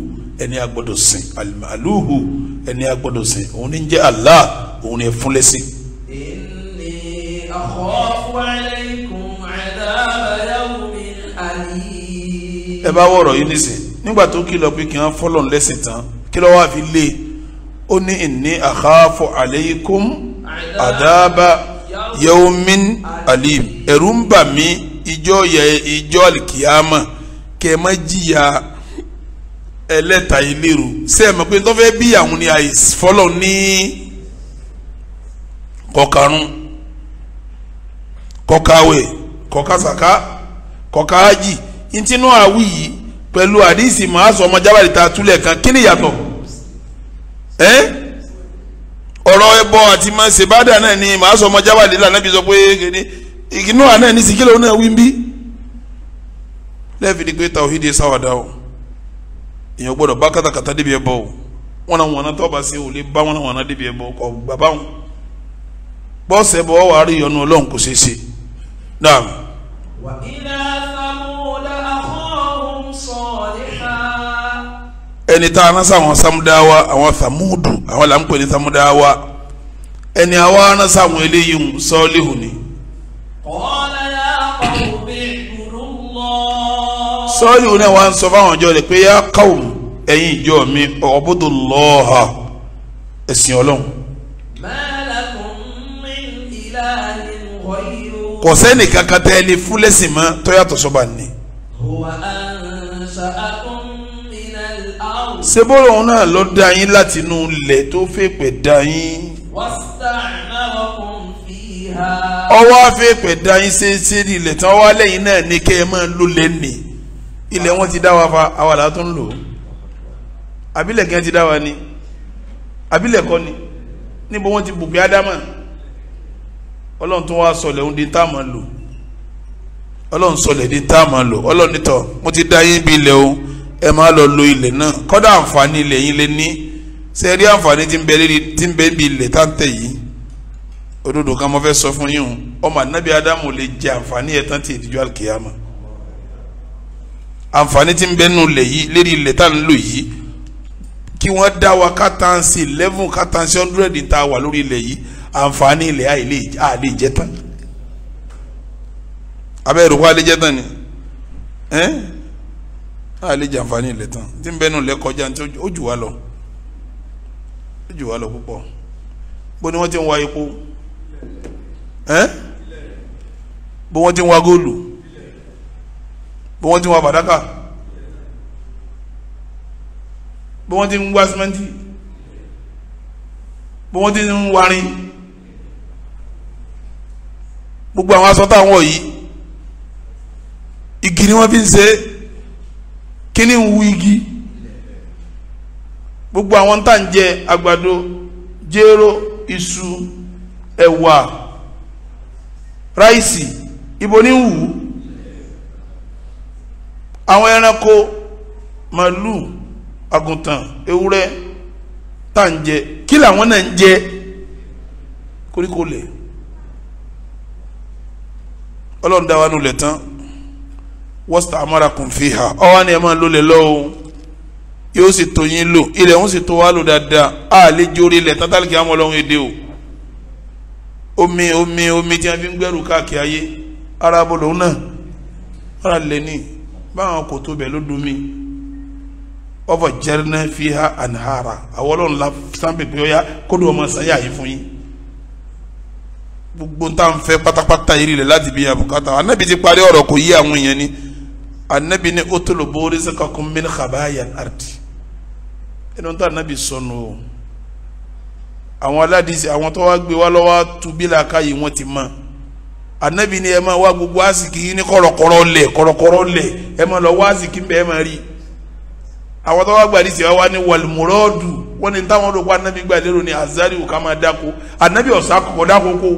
ẹni a gbọ́dọ̀ sìn alimaluhu ẹni a gbọ́dọ̀ sìn òun ní jẹ́ Allah òun ní fún lẹ́sìn. inni akhafu alaykum adhaba yawmin alim. ẹ bá wọ̀rọ̀ yìí nísìn nígbà tó kìlọ̀ pé kí wọ́n fọ́lọ́ lẹ́sìn tán kí ló wá lé e ó ní inni akhafu aleikum adaba yawmin alim ẹ̀rù ń bà mí ìjọ yẹ ìjọ alikiyama kẹ́ ẹ má jìyà ẹlẹ́ta ìlérò ṣé ẹ mọ̀ pé tó bí àwọn ni àìsífọ́lọ̀ ní kọkarùn kọkawé kọkasaka kọkaájì ntínú àwí yìí pẹ̀lú àdìsí màá sọ ọmọ jábàlì ta túlẹ̀ kan kí ni yàtọ̀ ẹ́ eh? ọ̀rọ̀ ẹbọ àti màṣẹ bàdà náà ni màá sọ ọmọ jábàdé là nàbí sọ pé kéde ìkínú àná ní sìkìlẹ̀ náà wí ń bí lẹ́ẹ̀fì ni pé tàwídìí sáwàdà o èèyàn gbọ́dọ̀ bá kàtàkàtà débi ẹbọ o wọn náà wọn náà tọ́ba sí o lè bá wọn náà wọn náà débi ẹbọ kọ bàbá wọn bọ́ọ̀sì ẹbọ wà rí ìyọnu ọlọ́run kò ṣeé ṣe náà. wà ẹni tá a ránṣẹ́ àwọn samudawa àwọn samudu àwọn là ń pè ní samudawa ẹni àwa ránṣẹ́ àwọn eléyìí sọ́ọ́lìhù ni. sọ́ọ́lìhù náà wá ń sọ fáwọn ọjọ́ rẹ̀ pé yá káwọ́ ẹ̀yin ìjọ mi ọ̀bùdó lọ́ọ̀ha ẹ̀sìn ọlọ́run. kò sẹ́ni kankan tẹ́ ẹni fúlẹ́sìn mọ́ tó sọ́ba ni ṣe bó lòun náà lọ dá yín láti inú ilẹ̀ tó fèpè da yín. ọwọ́ afẹ́pẹ̀ dá yín ṣe ṣe ilẹ̀ tán wá lẹ́yìn náà ní kẹ́ ẹ máa lò lẹ́nìí ilẹ̀ wọn ti dá wa fa àwa làá tó ń lò ó àbílẹ̀ kẹ́ ti dá wa ni àbílẹ̀ kọ́ ni níbo wọ́n ti bùkún ádámà ọlọ́run tó wá sọlẹ̀ ń di tá a máa lò ọlọ́run sọlẹ̀ di tá a máa lò ọlọ́run nítọ̀ mo ti dá yín bí ilẹ̀ o ẹ máa lọ lo ilẹ̀ náà kọ́dà àǹfààní ilẹ̀ yín lé ní ṣe rí àǹfààní tí ń bẹ lérí tí ń bẹ bí ilẹ̀ tá ń tẹ̀ yìí òdodo kan mo fẹ́ sọ fún yín o ọmọ anabi adamu lè jẹ àǹfààní ẹ̀ tán ti ìdíjọ́ àlùkìyàmà àǹfààní tí ń bẹ nù lẹ̀ yìí lérí ilẹ̀ tá ń lò yìí kí wọ́n dá wa kátàǹsì eleven kátàǹsì hundred ta wà lórí ilẹ̀ yìí àǹfààní ilẹ̀ àìlè jẹ tán abẹ́ ìrùkọ́ àlejẹ́ tán ni. Eh? náà ah, lè jàǹfààní ilẹ̀ tán tí ń bẹ́nu lẹ́ kọjá ní ó jù wá lọ ó jù wá lọ púpọ̀ bó ni wọ́n ti ń wa epo ẹ́ bó wọ́n ti ń wa góòlù bó wọ́n ti ń wa bàdákà bó wọ́n ti ń wa símẹ́ǹtì bó wọ́n ti ń warin gbogbo àwọn aṣọ táwọn igi ni wọ́n fi ń ṣe é. Kini ń wú igi gbogbo àwọn tá ń jẹ àgbàdo jéró iṣu ẹ̀wà ráìsì ibo ní wù ú àwọn ẹranko màálù àgùntàn ewúrẹ́ tá ń jẹ kí làwọn náà ń jẹ koríko lẹ̀ ọlọ́run dá wa nulẹ̀ tán wastamarakum fiha ọwọ́ ni ẹ máa lò lè lọ́wọ́ yóò sì tó yín lò ilẹ̀ ń sì tó wá lò dáadáa àlejò orí ilẹ̀ tátàlìkì àwọn ọlọ́run èdè o omi omi omi tí wọ́n fi ń gbẹ́rù káàkiri ayé ara bọ̀dọ̀ òun náà ara lè ní báwọn kò tó bẹ̀ ló dùn mí ọ̀fọ̀ jẹ́rìnà fiha anhara àwọn ọlọ́run la sáńpẹ̀ pé ọ̀yá kó ló ọmọ sáyà yìí fún yín gbogbo ń tà ń fẹ́ pátápátá yìí rẹ̀ láti bí abùkátà anábì parí ọ̀rọ̀ kò yí àwọn èèyàn ni anabi ni otolobo rizqakum min khabaya ardi ẹnu tó anabi sọnù o àwọn aládìsí àwọn tó wá gbé wá lọ́wọ́ tubílà káyìí wọ́n ti mọ̀ anabi ni ẹ máa wá gbogbo àsìkí yìí ní kọ̀rọ̀kọ̀rọ̀ lẹ̀ kọ̀rọ̀kọ̀rọ̀ lẹ̀ ẹ máa lọ wá àsìkí bẹ́ẹ̀ máa rí àwọn tó wá gbà àdìsí wá wá ní wàlmúrọ́ọ̀dù wọ́n ní táwọn olùkọ́ anabi gbà lérò ní azari ò ká máa dáko anabi ọ̀sà kọ̀kọ̀ dáko kó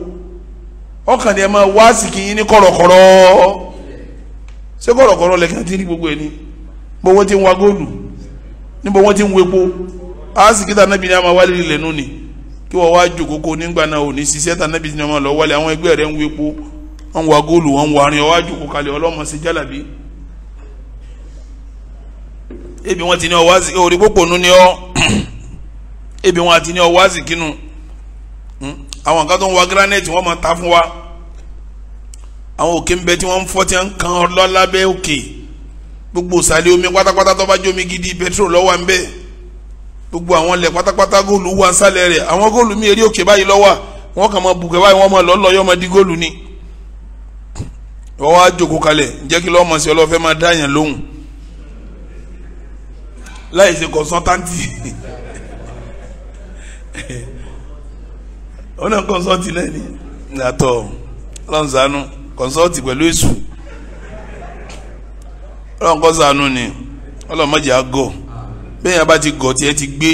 ọkàn ni ẹ máa wá àsìkí yìí ní kọ̀rọ̀kọ̀rọ̀ ṣé kọ̀rọ̀kọ̀rọ̀ lẹ́kẹ́ ti rí gbogbo ẹni bó wọ́n ti ń wa góòlù níbo wọ́n ti ń wepo aásìkítà nàbì ni a máa wálé ilẹ̀ nù ni kí wọ́n wá jòkókó nígbà náà ò ní ṣiṣẹ́ tà nàbì ni a máa lọ wálé àwọn ẹgbẹ́ rẹ̀ ń wepo wọ́n wa góòlù wọ́n wa rìn ọwọ́ àjòkó kalẹ̀ ọlọ́mọ sí jálàbí ebi wọn ti ní ọwọ́ àzìkí orí pópò nù ni ọ ebi wọn ti ní ọwọ́ àzìkí nù hmm? àwọn kan tó ń wa granite wọ́n máa ta fún wa àwọn òkè ń bẹ tí wọ́n ń fọ́ tí wọ́n ń kan ọlọ́ lábẹ́ òkè gbogbo ìsàlẹ̀ omi pátápátá tó bá jẹ́ omi gidi pẹtrol lọ́wọ́ ń bẹ gbogbo àwọn ilẹ̀ pátápátá góòlù wà ń sálẹ̀ rẹ̀ àwọn góòlù mi eré òkè báyìí lọ́wọ́ wọ́n kàn máa bùkẹ́ báyìí wọ́n máa lọ́ lọ́yọ́ máa di góòlù ni wọ́n wá jókòó kalẹ̀ ǹjẹ́ kí lọ́ọ́ mọ̀ sí ọlọ́fẹ́ máa dá yẹn lóhùn láì ṣe kọ̀sọ́tántì [laughs] ọ̀nà kọ̀sọ́tì lẹ́ni ìyàtọ̀ lọ́nzánú kọ́nsọ́ọ̀tì pẹ̀lú èṣù ọlọ́run kọ́ sànú ni ọlọ́run má jẹ́ àgọ́ bẹ́ẹ̀ yẹn bá ti gọ̀ tiẹ̀ ti gbé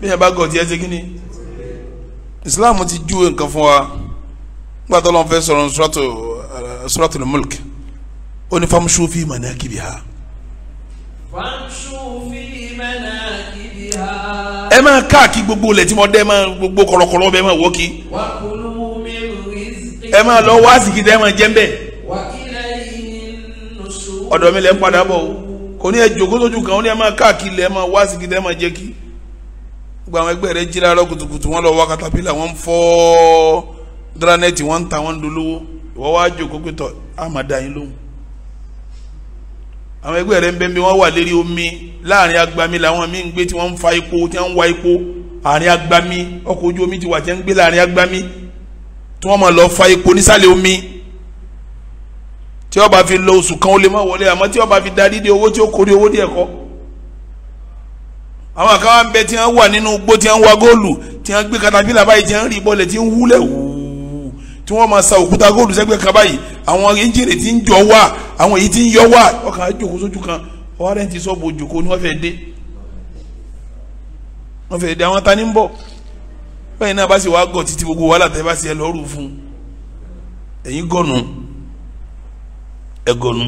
bẹ́ẹ̀ yẹn bá gọ̀ tiẹ̀ ti kíni Islam ti júwe nǹkan fún wa nígbà tó lọ́n fẹ́ sọ̀rọ̀ suratu suratul mulk ó ní famshu fi manakibiha. famshu fi ẹ máa káàkiri gbogbo lẹ́tí mọ́ dẹ́ máa gbogbo kọ̀lọ̀kọ̀lọ̀ bẹ́ẹ̀ máa wọ́ kí. wàkùn ẹ máa lọ wá àsìkí tẹ́ ẹ máa jẹ́ ń bẹ̀. ọ̀dọ̀ mi lẹ́ ń padà bọ̀ o kò ní ẹ jòkó sójú kan ó ní ẹ máa káàkiri ẹ máa wá àsìkí tẹ́ ẹ máa jẹ́ kí. gbogbo àwọn ẹgbẹ́ rẹ jí láàárọ̀ kùtùkùtù wọn lọ wá katapila wọn fọ́ dranẹ́tì wọn ń ta wọn dolówó ìwọ wá jòkó pé tọ́ yín lóhùn àwọn ẹgbẹ́ rẹ̀ ń bẹ́ẹ̀ bí wọ́n wà lérí omi láàrin agbami làwọn míì ń gbé tí wọ́n ń fa epo tí wọ́n ń wa epo àárín agbami ọkọ̀ ojú omi ti wà tí wọ́n ń gbé láàrin agbami tí wọ́n máa lọ fa epo nísàlẹ̀ omi tí ó bá fi lọ oṣù kan ó lè má wọlé àmọ́ tí ó bá fi da dídé owó tí ó kórè owó díẹ̀ kọ́ àwọn àkàwà ń bẹ tí wọ́n wà nínú gbó tí wọ́n wá góòlù tí wọ́n gbé katapila báyìí tí wọ́n rí bọ́ọ̀lẹ̀ tí wọ́n wúlẹ̀ wúú tí wọ́n máa sa òkúta góòlù sẹ́gbẹ̀ẹ́ kan báyìí àwọn ẹnjìnì tí ń jọ wá àwọn èyí tí ń yọ wá ọkàn àjòkó sójú kan ọ̀rẹ́ sọ́ọ̀bù òjòkó ni wọ́n fẹ́ dé wọ́n fẹ́ dé àwọn ta ni ń bọ̀ bẹ́ẹ̀ náà bá sì wá gọ̀ títí gbogbo wàhálà tẹ́ bá sì ẹ lọ́rù fún ẹ̀yin gọ̀nù ẹ gọ̀nù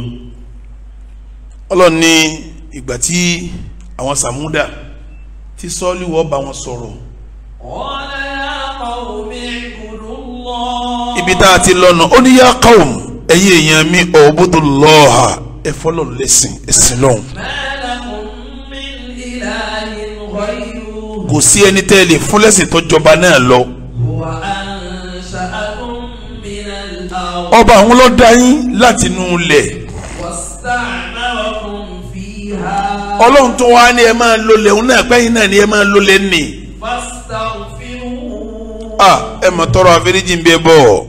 ọlọ́ni ìgbà tí àwọn sàmúdà tí sọ́ọ́lì wọ́ọ́ bá wọn sọ̀rọ̀. qala ya qawmi ibudullah. ibi tá a ti lọ́nà ó ní ya qawm èèyàn mi ubudullaha ẹ fọ́lọ́ lẹ́sìn ẹ̀sìn lọ́hùn. kò sí ẹni tẹ́ ẹ lè fún lẹ́sìn tó jọba náà lọ. ọba àwọn ló dá yín láti inú ilẹ̀. ọlọ́run tó wá ní ẹ máa lo lẹ́hún náà pẹ́yìn náà ni ẹ máa lo lẹ́nì. ẹ mọ̀ tọrọ àfẹ́ríjì ń bẹ bọ̀.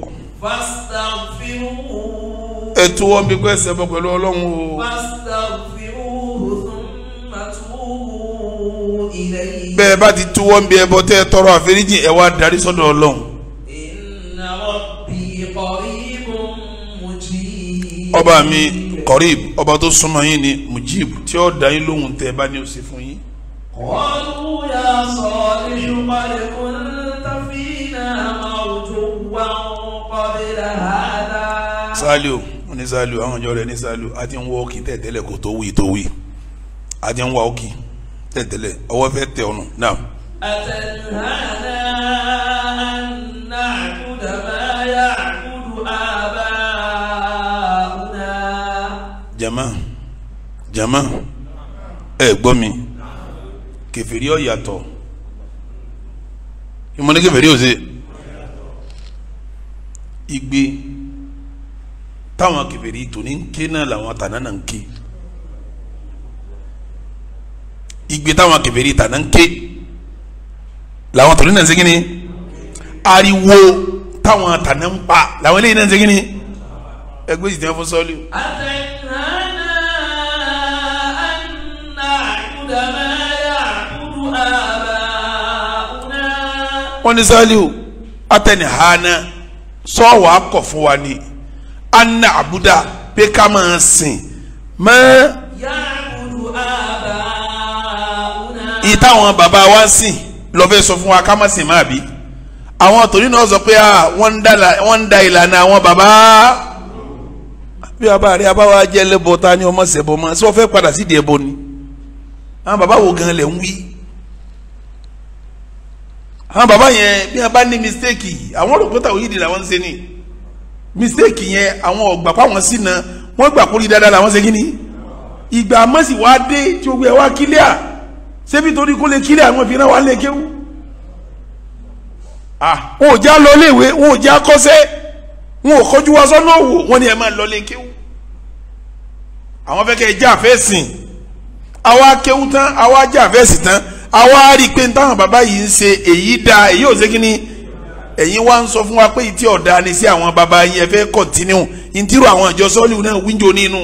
ẹ tó wọ́n bí pẹ́ sẹ́fọ́ pẹ̀lú ọlọ́run o. bẹ́ẹ̀ bá ti túwọ́ ń bí ẹbọ tẹ́ ẹ tọrọ àforíjì ẹ wá darí sọ́dọ̀ ọlọ́run. ọba mi kọ̀ríb ọba tó súnmọ́ yín ni mujib tí ó dá yín lóhùn tẹ́ ẹ bá ní ó ṣe fún yín. قالوا يا صالح قد كنت فينا مرجوا قبل هذا Saliu ní Saliu àwọn ọjọ́ rẹ̀ ní Saliu a ti ń wọ́ tẹ̀tẹ̀lẹ̀ kò tó wí tó wí a ti ń wọ́ òkì tẹ̀tẹ̀lẹ̀ ọwọ́ fẹ́ tẹ ọ̀nù náà. àtẹnuhànà àná àkúdàmáyà àkúdù àbá àkúdà. jama jama ẹ gbọ́ mi kẹfìrí ọ̀ yàtọ̀ ìmọ̀ni kẹfìrí ò igbe táwọn kẹfìrí tòní ń ké náà làwọn àtàná náà ń ké. igbe táwọn kèfèrí tàná ń ké làwọn tòun náà ń segin ni ariwo táwọn tàná ń pa làwọn eléyìí náà ń segin ni ẹgbẹ́ ìsìn fún sọ́ọ́lù. wọ́n ní sọ́ọ́lù atẹni hana sọ́ọ̀wọ́ akọ̀ fún wa ni anna abuda pé ká máa sìn mọ́. yàrá olùhàbà ìtàwọn bàbá wa sìn lọ́fẹ́ sọ fún wa ká má sìn má bí àwọn tòní náà sọ pé wọ́n ń da ìlànà àwọn bàbá bí bàbá rẹ̀ abáwa jẹ́ lẹ́bọ̀ ta ni ọmọ ṣẹ̀bọ̀ mọ́ sí wọ́n fẹ́ padà sídìí ẹbọ ni àwọn bàbá wo gan lẹ̀ ń wí àwọn bàbá yẹn bí wọ́n bá ní mistake àwọn olùkọ́ta òyìnbí làwọn ń ṣe ni mistake yẹn àwọn ọ̀gbà fáwọn sí na wọ́n gbà kórìí dáadáa làwọn ṣe kí ni ìgbà amọ̀sí wa tí o gbé wa kílíà ṣebí torí kó lè kílẹ̀ àwọn ìfìràn wa lè kéwú. Ah, wọn ò já lọ léèwé wọn ò já kọ́sẹ́ wọn ò kọjú wa sọ́nà òwò wọn ni ẹ máa lọ lè kéwú. àwọn fẹ́ kẹ́ ẹ já àfẹ́ sìn àwa kéwú tán àwa já àfẹ́ sìn tán àwa rí i pé táwọn bàbá yìí ń ṣe èyí dáa èyí ò ṣe kí ni ẹ̀yin wá ń sọ fún wa pé ìtí ọ̀dà ni sí àwọn baba yẹn fẹ́ kọ̀tínú ìtírò àwọn ìjọ sọ́ọ́lù náà wíńjọ nínú.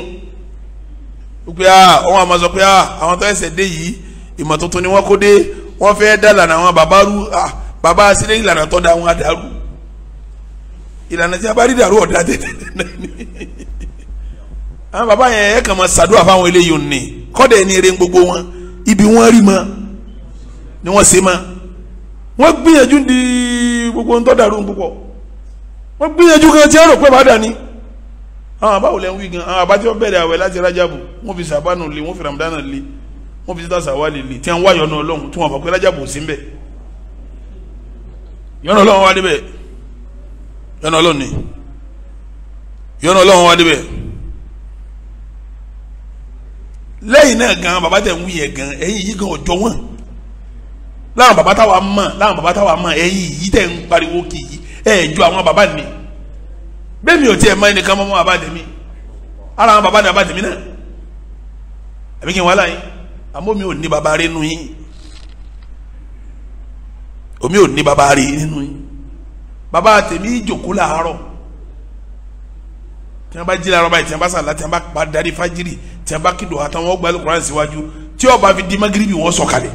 wípé àwọn àmọ́ sọ pé ah, àwọn tó ẹsẹ̀ dé yìí ìmọ̀ tuntun ni wọ́n kó dé wọ́n fẹ́ dá lànà àwọn bàbá rú ah bàbá sílẹ̀ ìlànà tó da wọn dàrú ìlànà tí a bá rí dàrú ọ̀dà tètè nani àwọn bàbá yẹn ẹ̀ kàn máa ṣàdúrà fáwọn eléyìí ni kọ́dà ẹni eré gbogbo wọn ibi wọn rí ma ni wọ́n ṣe ma wọ́n gbìyànjú di gbogbo ńtọ́ dàrú púpọ̀ wọ́n gbìyànjú kan tí a rò pé bá dà ní àwọn àbáwò lẹ́ ń wí gan àwọn àbá tí wọ́n bẹ̀rẹ̀ àwẹ̀ láti rájàbù wọ́n fi sàbánu lé wọ́n fi ràmdánà lé wọ́n fi ti dàsà wà lèlè tí wọ́n wá yọ̀nà ọlọ́run tí wọ́n fọ pé Rájàbù sí ń bẹ̀ yọ̀nà ọlọ́run wá débẹ̀ yọ̀nà ọlọ́run ni yọ̀nà ọlọ́run wá débẹ̀ lẹ́yìn náà gan bàbá tẹ̀ ń wí yẹn gan ẹ̀yìn yìí gan ọ̀jọ̀ wọn láwọn bàbá táwa mọ̀ láwọn bàbá táwa mọ̀ ẹ̀yìn yìí tẹ̀ ń pariwo kì í ẹ̀ ju àwọn bàbá ni bẹ́ẹ̀ mi ò tiẹ̀ mọ ẹnìkan mọ́ mọ́ bàbá tèmi ara àwọn bàbá ni bàbá tèmi náà àbí kí n wá láyìn àmọ́ mi ò ní baba rí nínú yín omi ò ní baba rí nínú yín baba tèmi ìjòkó làárọ̀ tí wọn bá jí làárọ̀ báyìí tí wọn bá sàlá tí wọn bá pa darí fájírì tí wọn bá kíndùn àtàwọn ọgbà lukura síwájú tí ó bá fi di magiribi wọn sọ̀kalẹ̀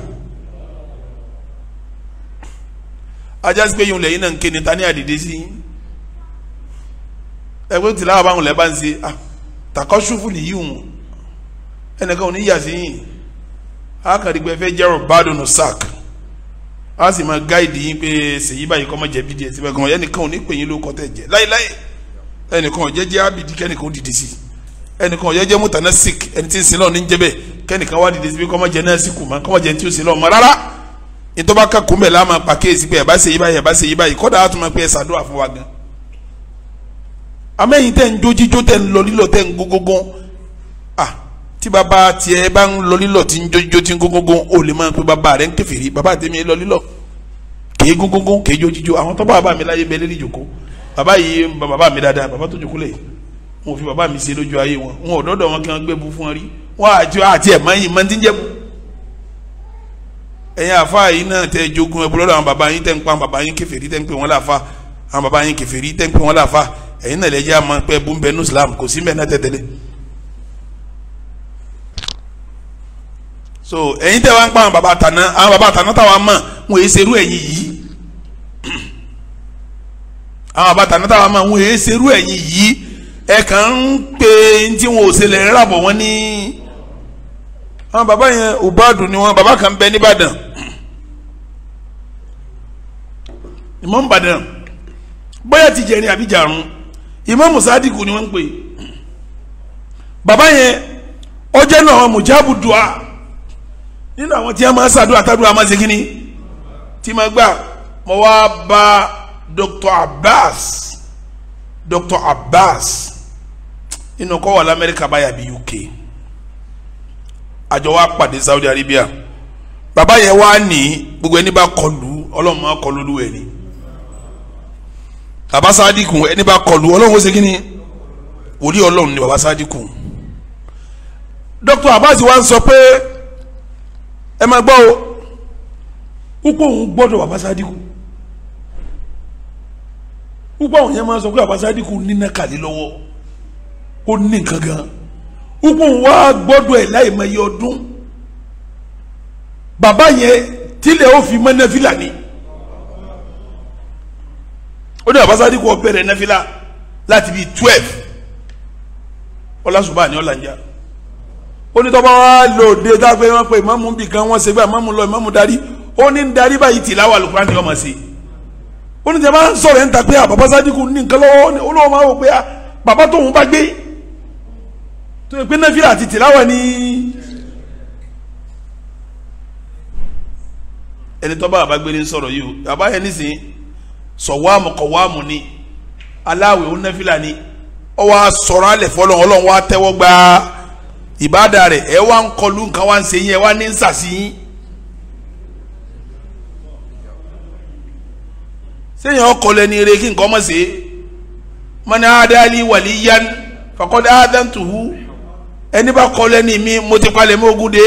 ajásí pé yìí lẹ́yìn náà ń ké ni ta àdìdí sí ẹgbẹ́ tìláwà báwọn lẹ́ bá ń ṣe ah, takọ́ ṣùfù nìyí wọn ẹnìkan ò ní yà sí yìí akàdìgbẹ́ fẹ́ jẹ́ ọ̀bádùn sack a sì máa gáìdì yín pé ṣèyí báyìí kọ́ mọ̀ jẹ́ bds bẹ́ẹ̀ gan ẹnìkan ò ní pè yín ló kọ́ tẹ̀ jẹ́ láéláé ẹnìkan ò jẹ́jẹ́ abidi kẹ́nìkan ó dìde sí ẹnìkan ò jẹ́jẹ́ mutana sick ẹni tí ń sin lọ́ọ̀ ní jẹ́bẹ̀ kẹ́nìkan wá dìde sí pé kọ́ mọ̀ jẹ́ nẹ́ẹ̀sì kù mọ́ kọ́ mọ̀ jẹ́ tí ó sin lọ́ọ̀ mọ́ rárá nítorí bá kà kúmbẹ̀ láàmà pàkíyèsí pé ẹ̀bá ṣèyí báyìí ẹ̀bá ṣèyí báyìí kọ́dà á tún máa pé ẹ̀ ṣàdúrà fún wa gan amẹ́yìn tẹ́ ń jó jíjó tẹ́ ń lọ lílọ tẹ́ ń gógógó tí baba tiẹ̀ bá ń lọ lílọ tí ń jójó tí ń gógógó o lè máa pe baba rẹ̀ ń kèfèrí baba tèmi lọ lílọ kèé gógógó kèé jójíjó àwọn tó baba mi láyé bẹ́ẹ̀ lérí baba yìí baba mi dáadáa baba tó jòkó lẹ̀ wọn ò fi baba mi ṣe lójú ayé wọn wọn ò dọ́dọ̀ wọn kí wọ́n gbé bu fún wọn rí wọn àti àti ẹ̀ máa yin máa ti ń jẹ́ bu. ẹ̀yin àfa yìí náà tẹ jogun ẹ̀bùrọ̀ àwọn baba yín tẹ́ àwọn baba yín kèfèrí tẹ́ ń pè wọ́n láfa àwọn baba yín kèfèrí tẹ́ ń pè wọ́n láfa ẹ̀yin náà lẹ́jẹ́ àmọ́ so ẹ̀yin tẹ́ wá ń pa àwọn bàbá àtàná àwọn bàbá àtàná táwa mọ̀ wọn èé serú yìí [clears throat] àwọn bàbá àtàná táwa serú yìí ẹ pe tí wọn ò wọn ní àwọn bàbá yẹn Ubadu ni wọn bàbá kan bẹ nìbàdàn [clears throat] bóyá ti jẹ ní àbíjàrún ni wọ́n ń pè [clears throat] bàbá yẹn ọjọ́ náà nínú àwọn tí a máa ṣàdúrà tàdúrà máa ṣe kínní tí máa gbà mo wá bá Dr. Abbas Dr. Abbas inú kọ́ wà lamẹ́ríkà báyà bí UK àjọ wa pàdé Saudi Arabia bàbá yẹn wá ní gbogbo ẹni bá kọlu ọlọ́run máa kọlu olú ẹ̀ ni bàbá Sádìkù ẹni bá kọlu ọlọ́run ó ṣe kí wòlíì ọlọ́run ni bàbá Sádìkù Dr. Abbas wa ń sọ pé ẹ máa gbọ́ o púpọ̀ òun gbọ́dọ̀ bàbá sádìkù púpọ̀ òun yẹn máa sọ pé bàbá sádìkù níná kàlí lọ́wọ́ ó ní nǹkan gan púpọ̀ òun wá gbọ́dọ̀ ẹ̀ láì mọ iye ọdún bàbá yẹn tílẹ̀ ó fi mọ́ nẹ́fìlà ni ó ní bàbá sádìkù ó nẹ́fìlà láti bíi twelve ọlásùbà ni ọ̀lànjà ó ní tọ́ba wa lòde dágbé wọn pé ìmọ̀mù bì kan wọ́n ṣe gbà ìmọ̀mù lọ ìmọ̀mù darí ó ní darí báyìí tì láwà lùkúrán ni ọmọ sí ó ní tẹ bá ń sọ̀rọ̀ ẹ̀ ń ta pé àbàbá sádìkù ní nǹkan lọ́wọ́ olówó máa wò pé bàbá tóun bá gbé tó yẹ pé náfìlà àti tìláwà ni ẹni tọ́ba àbágbé ní sọ̀rọ̀ yìí o bàbá yẹn nísìnyí sọ̀wáàmù kọ̀wáàmù ni aláwẹ̀ ó náfìlà ni ọwọ́ sọ̀rọ̀ wa tẹ́wọ́ gbàá ìbáda rẹ̀ ẹ wá ń kọlu nǹkan wá ń ṣe yín ẹ wá ní ń sàsí yín. sẹ́yìn ọkọ̀ lẹ́ni eré kí nǹkan mọ̀ sí i mọ́ni adáli wàlí yan fàkọ́dá adántùhù ẹni bá kọ́ lẹ́ni mi mo ti palẹ̀ mọ́ ogun dé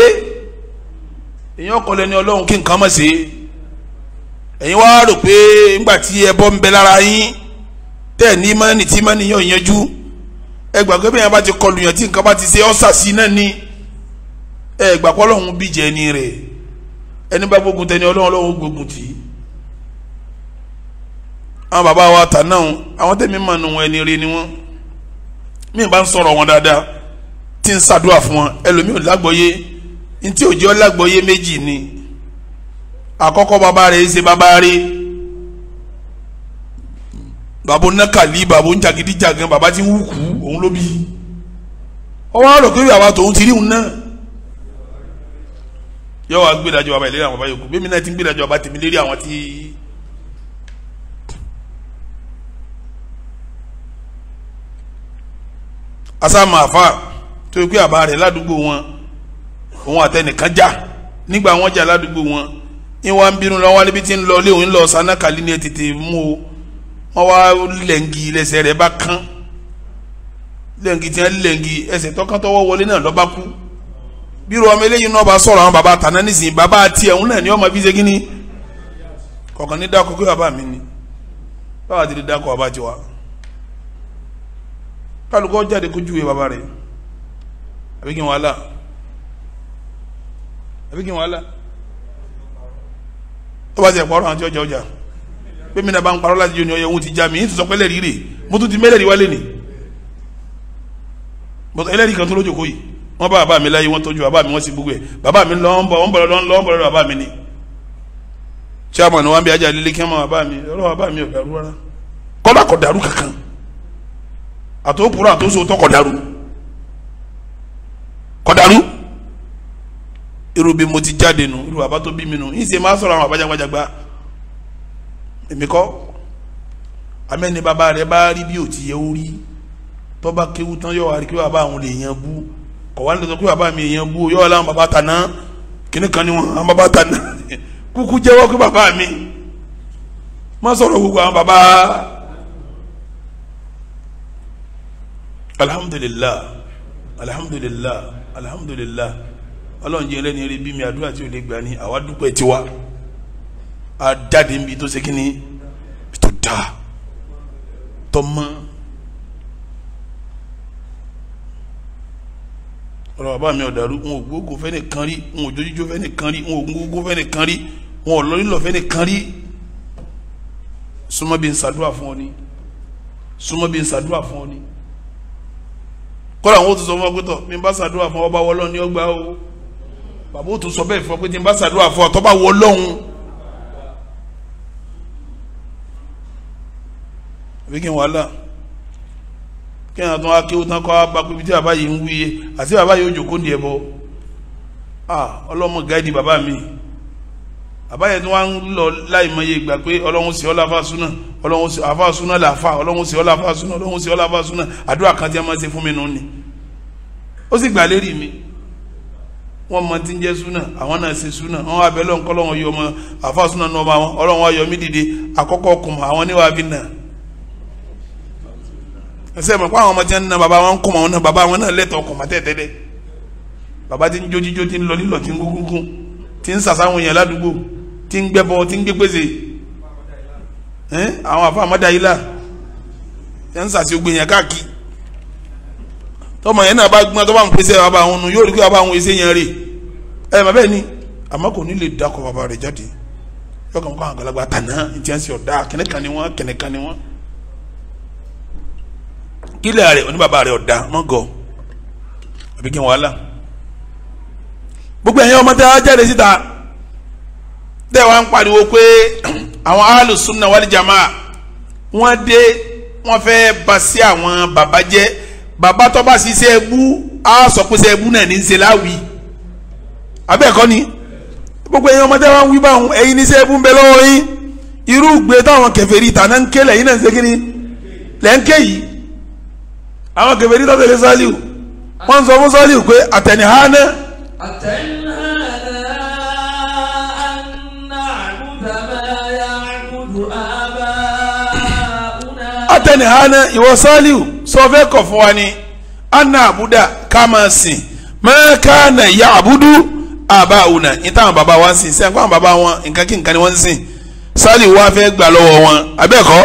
èyàn ọkọ̀ lẹ́ni ọlọ́run kí nǹkan mọ̀ sí i ẹ̀yin wá rò pé ńgbà tí ẹbọ ń bẹ lára yín tẹ̀ ní mọ́ni tí mọ́ni yàn yanjú ẹ gbàgbé bí yẹn bá ti kọlu yẹn tí nǹkan bá ti ṣe ọ́ náà ni ẹ gbàgbọ́ lọ́hún bí jẹ́ ni rẹ̀ ẹni bá gbógun tẹni ọlọ́run ọlọ́run gbógun tì í àwọn bàbá wa tà náà àwọn tẹ̀mí mà nù wọn ẹni rẹ̀ ni wọn mí bá ń sọ̀rọ̀ wọn dáadáa tí ń ṣàdúrà fún wọn ẹlòmíì lágbọ́yé ntí òjò lágbọ́yé méjì ni àkọ́kọ́ bàbá rẹ̀ ṣe bàbá rẹ̀ bàbá onákàlí bàbá oníjàgídíjàgan bàbá tí ń wùkú òun ló bí ọwọ́ àrò pé bàbá tòun ti rí òun náà yọ wá gbédájọ́ bàbá ìlérí àwọn bàbá yòókù bẹ́ẹ̀ mi náà ti ń gbédájọ́ bàbá tèmi lérí àwọn tí. asáàmù àfa tó yẹ pé àbá rẹ̀ ládùúgbò wọn òun àtẹnìkan já nígbà wọn já ládùúgbò wọn ìwà ń bínú lọ wálé bí ti ń lọ léwu ń lọ sanákàlí ni ẹ tètè mú o wọ́n wá lẹ́ǹgì lẹ́sẹ̀ rẹ̀ bá kán lẹ́ǹgì tí wọ́n lẹ́ǹgì ẹsẹ̀ tọ́kàntọ́wọ́ wọlé náà lọ́ba kú bírò ọmọ eléyìí náà bá sọ̀rọ̀ àwọn baba àtàná nísìnyí baba àti ẹ̀hún náà ni ọmọ fi ṣe kí ni kọ̀ọ̀kan ní dákọ̀ kí baba mi ni báwa ti di dákọ̀ baba ti wa kálukọ́ jáde kó júwe baba rẹ̀ àbí kí n wàhálà àbí kí n wàhálà tó bá ti ẹ̀ pọ̀ ọ̀rọ̀ àwọn ọjà ọjà pé mi náà bá ń parọ́ láti jẹun ọ̀yẹ̀ òun ti já mi ń sọ pé lẹ́rìí rè mo tún ti mẹ́lẹ̀rí wálé nì bọ́tọ̀ ẹlẹ́rìí kan tó lójó kó yìí wọ́n bá bàbá mi láyé wọ́n tọ́jú bàbá mi wọ́n sì gbogbo ẹ̀ bàbá mi lọ́ ń bọ̀ ń bọ̀ lọ́ ń bọ̀ lọ́ bàbá mi ni chairman wa ń bí ajá lílé kí wọ́n bàbá mi ọlọ́wọ́ bàbá mi ò dàrú rárá kọ́lá kò dàrú kankan àtòkùrọ̀ àtòsòótọ́ kò dàrú kò dàrú irú bí mo ti jáde nù irú bàbá èmi kọ́ amẹ́ni bàbá rẹ̀ bá rí bí ò ti yẹ ó rí tó bá tán yọ àrí bàbá àwọn lè yan bú kọ̀wá ní lọ́sọ̀ kí bàbá mi yan bú yọ ọ̀la àwọn bàbá tàná kíní kan ni wọn àwọn bàbá tàná kúkú jẹ́wọ́ kí bàbá mi má sọ̀rọ̀ gbogbo àwọn bàbá. alhamdulillah alhamdulillah alhamdulillah ọlọ́run jẹ́ ẹlẹ́ni eré bí mi àdúrà tí ò lè gbà ní àwa dúpẹ́ tiwa a jáde níbi tó ṣe ní ni tó dáa tọmọ ọ̀rọ̀ bàbá mi ò dàrú wọn ò gbógun fẹ́ni kan rí wọn ò jójújó fẹ́ni kan rí wọn ò gbógun fẹ́ni kan rí wọn ò lọ́nílọ̀ fẹ́ni kan rí súnmọ́ bí n ṣàdúrà fún ọ ni súnmọ́ bí n ṣàdúrà fún ọ ni kọ́lá àwọn òtún sọ fún ọ pé tọ̀ mi bá ṣàdúrà fún ọ bá wọlọ́ ni ọgbà o bàbá òtún sọ bẹ́ẹ̀ fún ọ pé tí n bá ṣàdúrà fún ọ tọ́ bá wọlọ́hun. àbí kí n wàhálà kí n àtún akéwò tán kọ́ apá pípi tí bàbá yìí ń wúye àti bàbá yìí ó jòkó ní ẹbọ ọlọ́mọ gáìdì bàbá mi bàbá yẹn tí wọ́n ń lọ láì mọye ìgbà pé ọlọ́run sí ọlá fásúnà ọlọ́run sí afásúnà làáfà ọlọ́run sí ọlá fásúnà ọlọ́run sí ọlá fásúnà àdúrà kan tí a máa ṣe fún mi nù ni ó sì gbà lérí mi wọ́n mọ tí ń jẹ́ súnà àwọn náà ṣe súnà wọ́n abẹ́ lọ́nkọ́ lọ́wọ́n yọ ọmọ afásúnà náà ọmọ àwọn ọlọ́run ayọ̀ mí dìde àkọ́kọ́ kùn àwọn níwájú náà ẹsẹ mọ pé àwọn ọmọ tí wọn ń na bàbá wọn ń kó wọn na bàbá wọn náà lẹtọ ọkọ mọ tẹtẹlẹ bàbá tí ń jójíjó tí ń lọ nílọ tí ń gúngún tí ń sàsáwọn èèyàn ládùúgbò tí ń gbẹbọ tí ń gbé pèsè ẹn àwọn àfa àmọdá yìí là ẹ ń sàṣì ogbè yẹn káàkiri tọmọ yẹn náà bá gbọ́n tó bá ń pèsè bàbá àwọn nu yóò rí pé bàbá àwọn èsè yẹn rè ẹ mà bẹ́ẹ̀ ni àmọ́ kò ní lè dakọ̀ bàbá rẹ̀ jáde yọkàn kọ́ àgbàlagbà tànà ìtẹ́sí ọ̀dà kẹ́nìkan ni wọ́n kẹ́nìkan ni wọ́n kílẹ̀ rẹ̀ oníbàbà rẹ̀ ọ̀dà mọ́gọ́ àbí kí n wàhálà gbogbo ẹ̀yin ọmọ tẹ́ ẹ jáde síta tẹ́ wàá ń pariwo pé [clears throat] àwọn alùsùnà wal jamaa wọ́n dé wọ́n fẹ́ ba sí àwọn bàbá jẹ́ bàbá tó bá ṣiṣẹ́ ẹbú á sọ pé ṣe ẹbú náà ní í ṣe láwìí abẹ́ẹ̀kọ́ ni gbogbo ẹ̀yin ọmọ tẹ́ wàá ń wí báwọn ẹ̀yin ní ṣe ẹbú ń bẹ lọ́wọ́ yín irú ìgbé táwọn kèfèrí ìtànà ń ké lẹ́yìn náà ń ṣe kí ni lẹ́ yìí àwọn kèfèrí tó tẹ̀lé sálíù wọ́n sọ fún sálíù pé àtẹnihánà. àtẹnihánà anna àgùntà máa yà ìwọ sálíù sọ kọ̀ fún wa ni anna abuda ká máa sìn máa ká ya àbúdú àbá una níta àwọn bàbá wa ń sìn sẹ́ńkọ́ àwọn bàbá wọn nǹkan kí nǹkan ni wọ́n ń sìn sálíù wá fẹ́ gbà lọ́wọ́ wọn abẹ́ẹ̀kọ́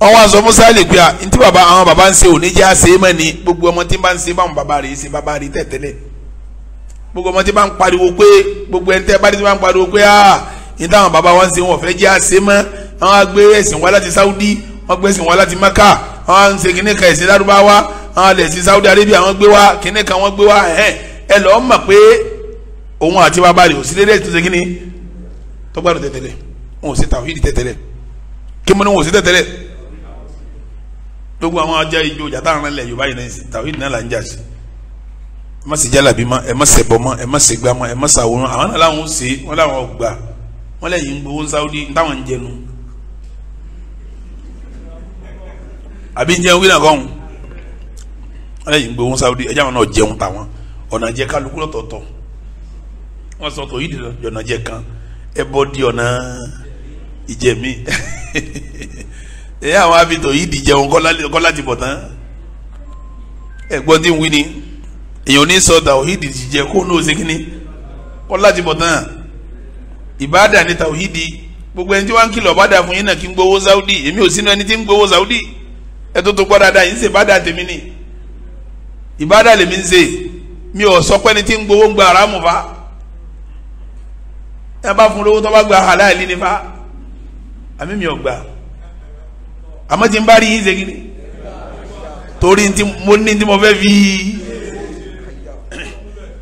ọwọ́ aṣọ musa lè gbé a ntí baba àwọn baba ń ṣe oníjà ṣe é mọ́ ni gbogbo ọmọ tí bá ń ṣe báwọn baba rè é ṣe baba rè é tẹ̀tẹ̀lẹ̀ gbogbo ọmọ tí bá ń pariwo pé gbogbo ẹni bá ti bá ń pariwo pé a ah, ní táwọn baba wọn ṣe wọn fẹ́ jẹ́ àṣe mọ́ àwọn agbé ẹ̀sìn wá láti Saudi wọ́n gbé ẹ̀sìn wá láti Maka àwọn ń ṣe ẹ̀sìn lárúbáwá àwọn alẹ̀ Saudi Arabia wọ́n gbé wá kìnìkà wọ́n gbé wá ẹ̀hẹ́n ẹ lọ́ọ́ mọ̀ pé òun àti baba rè òsì dédé tó ṣe kí ni tọ́gbàdùn tẹ̀tẹ̀lẹ̀ wọn ò tàwídìí tẹ̀tẹ̀lẹ̀ kí mo ní wọn ò tẹ̀tẹ̀lẹ̀ gbogbo àwọn ajá ijó jàtà àrùn ilẹ̀ yorùbá yìí náà sì tàwí náà là ń jà sí ẹ má sì jálàbí mọ́ ẹ má ṣẹbọ mọ́ ẹ má ṣègbà mọ́ ẹ má ṣàwòrán àwọn náà làwọn ò ṣe wọn làwọn ò gbà wọn lẹ́yìn ń gbowó sáwọ́dí ń táwọn ń jẹnu àbí ń jẹun wí náà kọ́hún wọn lẹ́yìn ń gbowó sáwọ́dí ẹjẹ́ àwọn náà jẹun tàwọn ọ̀nà jẹ kálukú lọ́tọ̀ọ̀tọ̀ wọn sọ tòyí di ọ̀nà jẹ kan ẹ bọ́ di ọ̀nà ìjẹ̀mí [laughs] ẹ àwọn abitọ yìí di jẹun kọ́lá ti bọ̀ tán ẹ̀gbọ́n tí ń wí ni èèyàn ní sọ̀tà òhídìí ti jẹ kó nóò sékíní kọ́lá ti bọ̀ tán ìbáàdà ni tàwíìdì gbogbo ẹni tí wọ́n ń kìlọ̀ bàdà fún yín náà kí ń gbowó Saudi èmi ò sínú ẹni tí ń gbowó Saudi ẹ tó tó gbọ́ dáadáa yìí ń ṣe bàdà tèmi ni ìbáàdà lèmi ń ṣe mi ò sọ pé ẹni tí ń gbowó ń gba aráàmù fa ẹ bá fún lówó tó bá gba halali ni fa àmì mi ò gbà àmọ́ tí n bá rí yín segin torí mo ní tí mo fẹ́ fi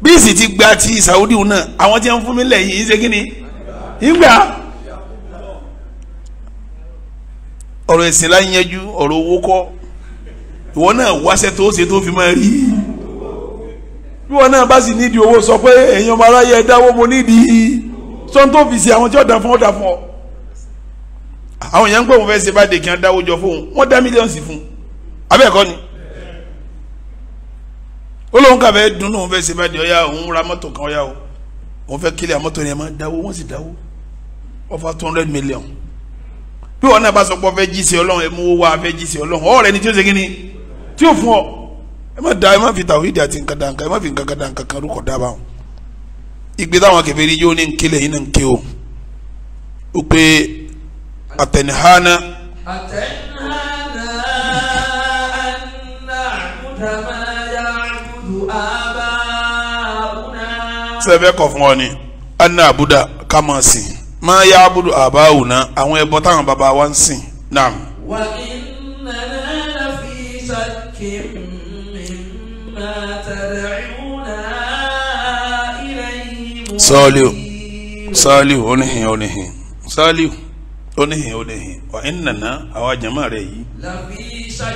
bíìsì ti gba ti Saudi náà àwọn tí wọ́n fún mi lẹ̀ yín segin ni ìgbà ọ̀rọ̀ ẹ̀sìn la yanjú ọ̀rọ̀ owó kọ́ ìwọ náà wáṣẹ́ tó ṣe tó fi máa rí bí wọn náà bá sì nídìí owó sọ pé èèyàn ọmọ aráyé ẹ dáwọ́ mo nídìí sọ́n fi ṣe àwọn tí ó dà fún ọ dà fún ọ àwọn èèyàn ń pè wọn fẹ́ ṣe bá de kí wọn dáwọ́ jọ fóun wọn dá mílíọ̀nù sí fún abẹ́ẹ̀kọ́ ni ó lóun kà fẹ́ dùn lóun fẹ́ ṣe bá de ọ̀yà òun ra mọ́tò kan ọ̀yà o òun fẹ́ kílẹ̀ mọ́tò yẹn máa dáwọ́ wọ́n sì dáwọ́ wọ́n two hundred million bí wọn náà bá sọ pé ọfẹ́ jí sí ọlọ́run ẹ mú owó wa fẹ́ jí sí ọlọ́run ọ̀rẹ́ ni tí ó ṣe kíni tí ó fún ọ ẹ má da ẹ má fi tàwídìí àti nǹkan dànkà ẹ má fi nǹkan kan rúkọ̀ dábàá o ìgbé táwọn kẹfẹ́ rí yóò ní nkélé yìí ní nké o ó pé أتنهانا أتنهانا أن نعبد ما يعبد آباؤنا sẹ́fẹ́ kọ̀ fún ọ ni أن نعبد ká máa sìn ما يعبد آباؤنا àwọn ẹbọ táwọn bàbá wa ń sìn náà. وإننا لفي شك مما تدعونا إليه مريب sọ́ọ́lì sọ́ọ́lì oníhìn oníhìn sọ́ọ́lì oníhìn oníhìn wa ẹ̀ ń nana àwa jama rẹ̀ yìí.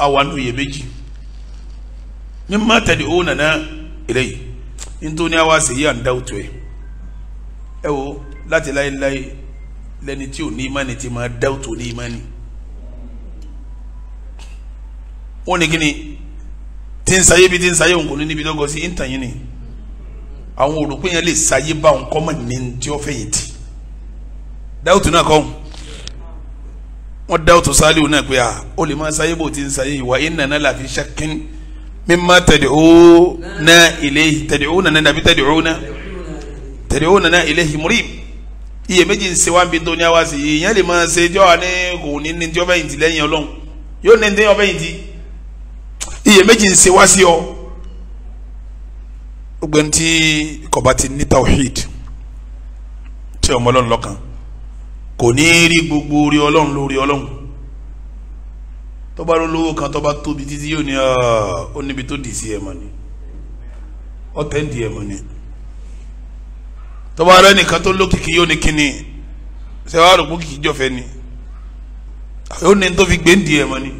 awa n'o ye méjì ni ma tali o nana ere yi ntoni awa se yi a da to ye ẹ wo láti láéláé lẹni tí o ní imani ti máa da to ní imani wọn ni gini tí bi tí n sáyé òun kò ní níbi lọ́gọ́ ni àwọn olùkọ́ yẹn lè sáyé bá òun kọ́ mọ̀ ní yìí ti dáwùtù náà kọ́ wọ́n dáwùtù sálíù náà pé à ó lè máa sáyé bò tí ń sáyé ìwà iná náà láfi ṣakin mímá tẹ̀dí ó ná ilé tẹ̀dí ó nàná nàbí tẹ̀dí ó ná tẹ̀dí ó nàná ilé himori iyèméjì ń ṣe wá bí tó ní àwa sí i ìyẹn lè máa ṣe jọ́ wa ní kò ní ní tí wọ́n fẹ́ yìí ti lẹ́yìn ọlọ́run yóò ní tí wọ́n fẹ́ yìí ti iyèméjì ń ṣe wá sí ọ gbẹ̀ntì kọ̀bá ti ní tawhid tí ọmọ ọlọ́run lọ́kàn kò ní rí gbogbo orí ọlọ́run lórí ọlọ́run tó bá lólówó kan tó bá tóbi títí yóò ní ó níbi tó dì sí ẹ̀mọ̀ ni ọ̀tẹ̀ ń di ẹ̀mọ̀ ni tó bá rẹ́ nìkan tó lókìkí yóò ní kíni ṣé wàá rò jọ̀fẹ́ ni yóò ní tó fi gbé ń di ẹ̀mọ̀ ni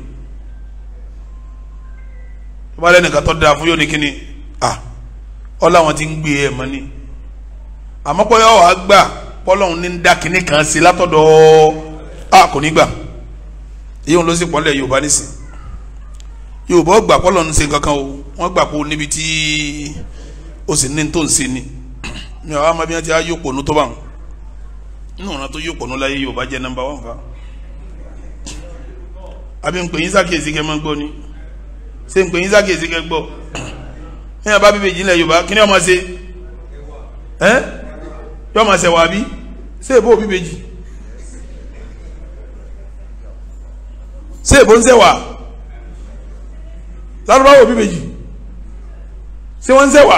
tó bá rẹ́ nìkan tó dáa fún yóò ní kíni ọ̀làwọn ti ń gbé ẹ̀mọ̀ ni àmọ́ pé wá gbà pọ́lọ́hún ní ń dá kinní kan sí látọ̀dọ̀ a kò ní gbà yíyún ló sì pọ́nlẹ̀ yorùbá nísìn yorùbá gbà pọ́lọ́hún ṣe kankan o wọ́n gbà pé níbi tí o sì ní tó ń ṣe ni [clears throat] mi àwọn ọmọ bí wọ́n ti á yóò pònú tó bá wọn nínú ọ̀nà tó yóò pònú láyé yorùbá jẹ́ nọ́mbà wọn fa àbí ń pè yín sákèsí kẹ́ mọ́ gbọ́ ni ṣé ń pè yín sákèsí kẹ́ gbọ́ ní àbá ìjìnlẹ̀ yorùbá kí ni ọmọ ṣe ẹ́ yọ́ ma sẹ̀wà bí ṣe èbó òbí méjì ṣe èbó ń sẹ̀wà lárúbáwò òbí méjì ṣe wọ́n ń sẹ̀wà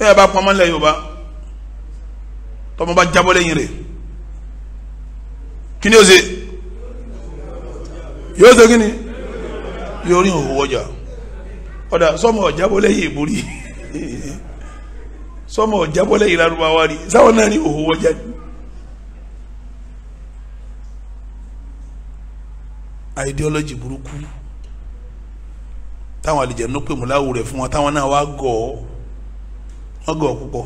ẹ bá pamọ́ lẹ́yìn Yorùbá tọmọ bá jábọ́ lẹ́yìn rẹ̀ kí ni ó ṣe yóò ṣe kí ni yóò rí òwò ọjà ọ̀dà sọ́mọ ọ̀jábọ́ lẹ́yìn ìbúrí. [laughs] sọmọ ọjàbọlẹ yìí lárúbáwá rí sáwọn náà ní òhò wọjá ni ideology burúkú táwọn àlejò ẹnu pè mú láwù rẹ fún wọn táwọn náà wá gọ ọ wọn gọ ọ púpọ̀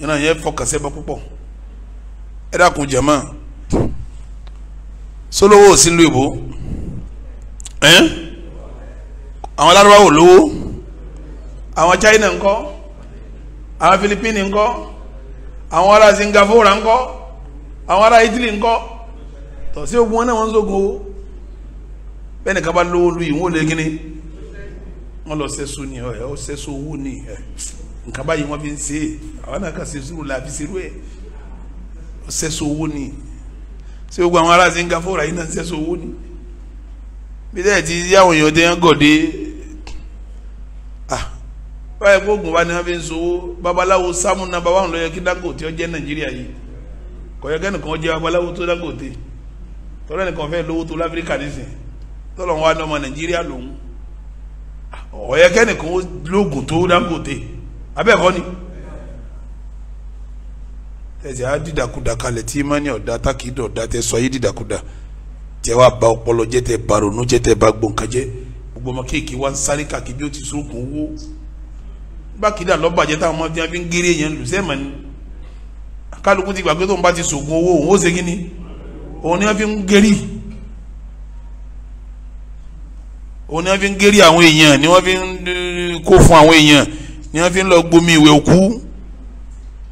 yìnyín yẹn fọkànsẹ bọ púpọ̀ ẹ dákun jẹmọ sólówó ò sí lu ìbò ẹ àwọn alárúbáwò lówó àwọn China ńkọ́ àwọn Filipini ńkọ́ àwọn ará Singapore ńkọ́ àwọn ará Italy ńkọ́ tọ̀sí ogun wọn náà wọ́n ń sógun owó bẹ́ẹ̀ nìkan bá lówó lu ìwọ́n lè kíni wọ́n lọ sẹ́sọ ni ẹ̀ ọ́ sẹ́sọ owó ni ẹ̀ nǹkan báyìí wọ́n fi ń ṣe àwọn náà kà sẹ́sọ la fi ṣerú ẹ̀ ọ́ sẹ́sọ owó ni ṣé gbogbo àwọn ará Singapore yìí náà sẹ́sọ owó ni bí dẹ́ẹ̀ ti yáwọn èèyàn dé gọ̀dé báyìí kó oògùn wa ni wọ́n fi ń sowó babaláwo sámúná babaláwo ló yẹ kí Dangote ó jẹ́ Nàìjíríà yìí kọ̀yọ̀kẹ́ nìkan jẹ́ babaláwo tó Dangote tọ́lá nìkan fẹ́ lówó tó láfíríkà nísìn tọ́lọ̀ wa ní ọmọ Nàìjíríà lòun ọ̀yọ̀kẹ́ nìkan lóògùn tó Dangote abẹ́ẹ̀kọ́ ni tẹ̀sí á dìdàkudà kalẹ̀ tí imani ọ̀dà tákìdì ọ̀dà tẹ sọ ayé dìdàkudà tẹ wá ba ọpọlọ jẹ tẹ ba ronú jẹ tẹ ba gbọǹkajẹ gbogbo ọmọ kéèké wa ń sáré kàkí bí ó ti sunkún owó bákìdá lọ́bàjẹ́ táwọn ọmọ tí wọ́n fi ń géré yẹn lù sẹ́mọ̀ ni kálukú ti gbà pé tóun bá ti sògùn owó òun ó ṣe kíni òun ni wọ́n fi ń géré òun ni wọ́n fi ń géré àwọn èèyàn ni wọ́n fi ń eh, kó fún àwọn èèyàn ni wọ́n fi ń lọ gbomi ìwẹ̀ òkú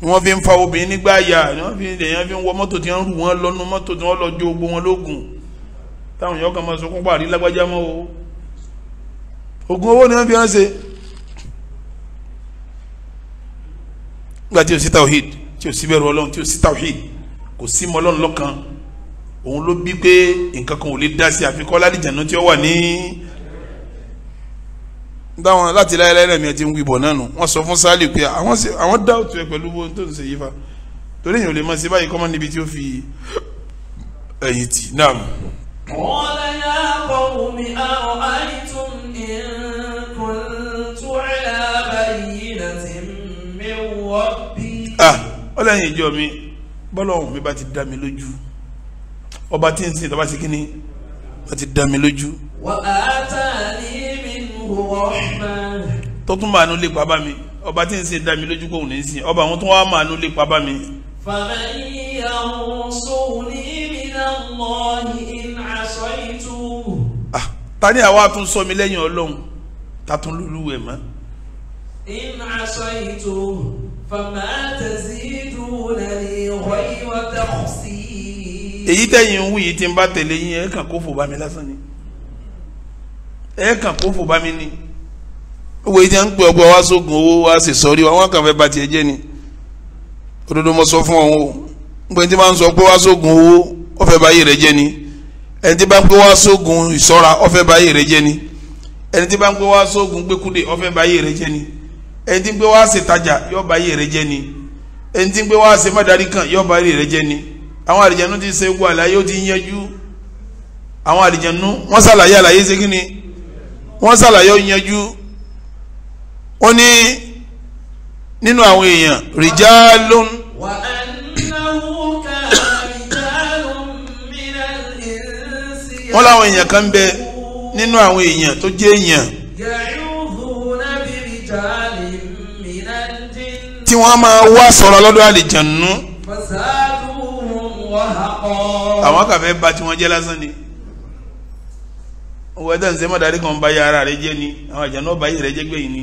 ni wọ́n fi ń fa obìnrin nígbà yà ni wọ́n fi ń lèyàn fi ń wọ mọ́tò tí wọ́n rù wọ́n lọ́nu mọ́tò tí wọ́n lọ jó gbó wọn lógun táwọn èèyàn máa sọ kó pàrí lágbájá mọ́ o ògùn owó ni wọ́n fi ń ṣe. nígbà tí o sí tawhid tí o sí bẹ̀rù ọlọ́run tí o sí tawhid kò sí mọ́ ọlọ́run lọ́kan òun ló bí pé nǹkan kan ò lè dá sí àfikọ́ ládìjànú tí ó wà ní. dáwọn láti láyéláyé náà mi ti ń wíbọ̀ náà nù wọ́n sọ fún Sálì pé àwọn dáwọ̀tù ẹ pẹ̀lú bó tó ń ṣe yí fa torí èèyàn ò lè máa ṣe báyìí kọ́mọ́ níbi tí ó fi ẹ̀yìn tì náà. wọ́n lẹ́yìn àkọ́wé mi àwọn àìtún ah ọlẹ́yìn ìjọ mi bọ́lá ọ̀hún mi bá ti dá mi lójú ọba tí ń sìn tọ́ba sí kínní bá ti dá mi lójú. wà á tà ní minhu rahman. tó tún màánú lè pa bá mi ọba tí ń sìn dá mi lójú kò ní sìn ọba àwọn tó wá màánú lè pa bá mi. faman yansuruni minallahi in asaytuhu. ah ta ni àwa tún sọ mi lẹ́yìn ọlọ́run ta tún lulú ẹ̀ mọ́. in asaytuhu fama tazidunani ghayra takhsir. èyí tẹ̀yìn ń wí yìí tí ń bá tẹ̀lé yín ẹ̀ kàn kó fò bá mi lásán ni ẹ̀ kàn kó fò bá mi ni owó ìjà ń pè ọgbọ́n wá sógun owó wá sì sọ́rí wa wọ́n kàn fẹ́ ba tiẹ̀ jẹ́ ni òdodo mo sọ fún ọ o nǹkan tí máa sọ pé wá sógun owó ó fẹ́ báyé rẹ jẹ́ ni ẹni tí bá pè wá sógun ìṣọ́ra ó fẹ́ báyé rẹ jẹ́ ni ẹni tí bá pè wá sógun gbẹ́kúdé ó fẹ́ báyé rẹ jẹ́ ni ẹni tí ń gbé wá ṣe tajà yóò bá yèrè jẹ ni ẹni tí ń gbé wá ṣe mọ́darí kan yóò bá yèrè jẹ ni àwọn àlìjẹnu ti ṣe gbọ́ àlàyé ó ti ń yẹjú àwọn àlìjẹnu wọ́n ṣàlàyé àlàyé ṣe kí ni wọ́n ṣàlàyé ó yẹjú ó ní nínú àwọn èèyàn rìjálún. wà á wọ́n láwọn èèyàn kan bẹ nínú àwọn èèyàn tó jẹ́ èèyàn tí wọ́n máa wá sọ̀rọ̀ lọ́dọ̀ àlìjànú. àwọn kàfẹ́ ba tí wọ́n jẹ́ lásán ni owó ẹ̀dá ǹsẹ́ mọ̀dárí kan bá yà ara rẹ̀ jẹ́ ni àwọn àjànú ọba yìí rẹ̀ jẹ́ gbẹ̀yìn ni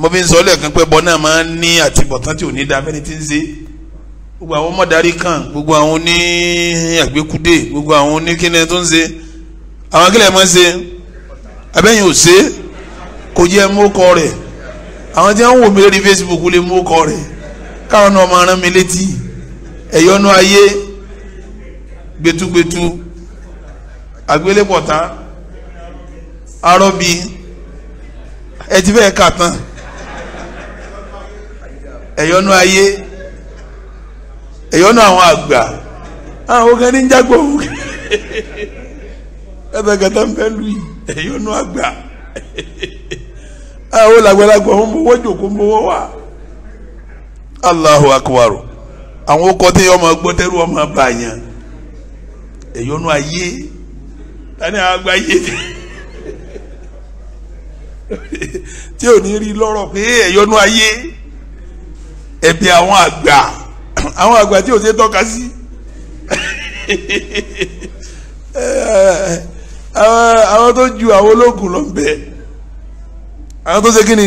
mo fi ń sọ lẹ́ẹ̀kan pé bọ́ náà máa ń ní àtibọ̀tán tí ò ní da fẹ́ni tí ń ṣe gbogbo àwọn mọ̀dárí kan gbogbo àwọn ní àgbékúdé gbogbo àwọn ní kíni tó ń ṣe àwọn kílẹ̀ mọ́ ṣe abẹ́yìn ò ṣe kò jẹ́ mọ́kọ rẹ̀ àwọn tí wọ́n ń wò mí lórí Facebook lè mú ọkọ rẹ̀ káwọn náà máa rán mi létí ẹ̀yọ́nú ayé gbẹtugbẹtu àgbélépọ̀tá arọ́bì ẹ ti kà tán ẹ̀yọ́nú ayé àwọn àgbà àwọn kan ní jágbó ẹ̀ẹ́dẹ̀gẹ̀dẹ̀ àgbà. awola ah, gbara gbọ hun bọ jọ ko mọ wa allahu akbar awon ko ti o mo gbo teru o mo bayan eyonu aye tani agba aye ti o ni ri loro pe eyonu aye ebi awon agba awon agba ti o se toka awon to ju awon àwọn tó ṣe kí ni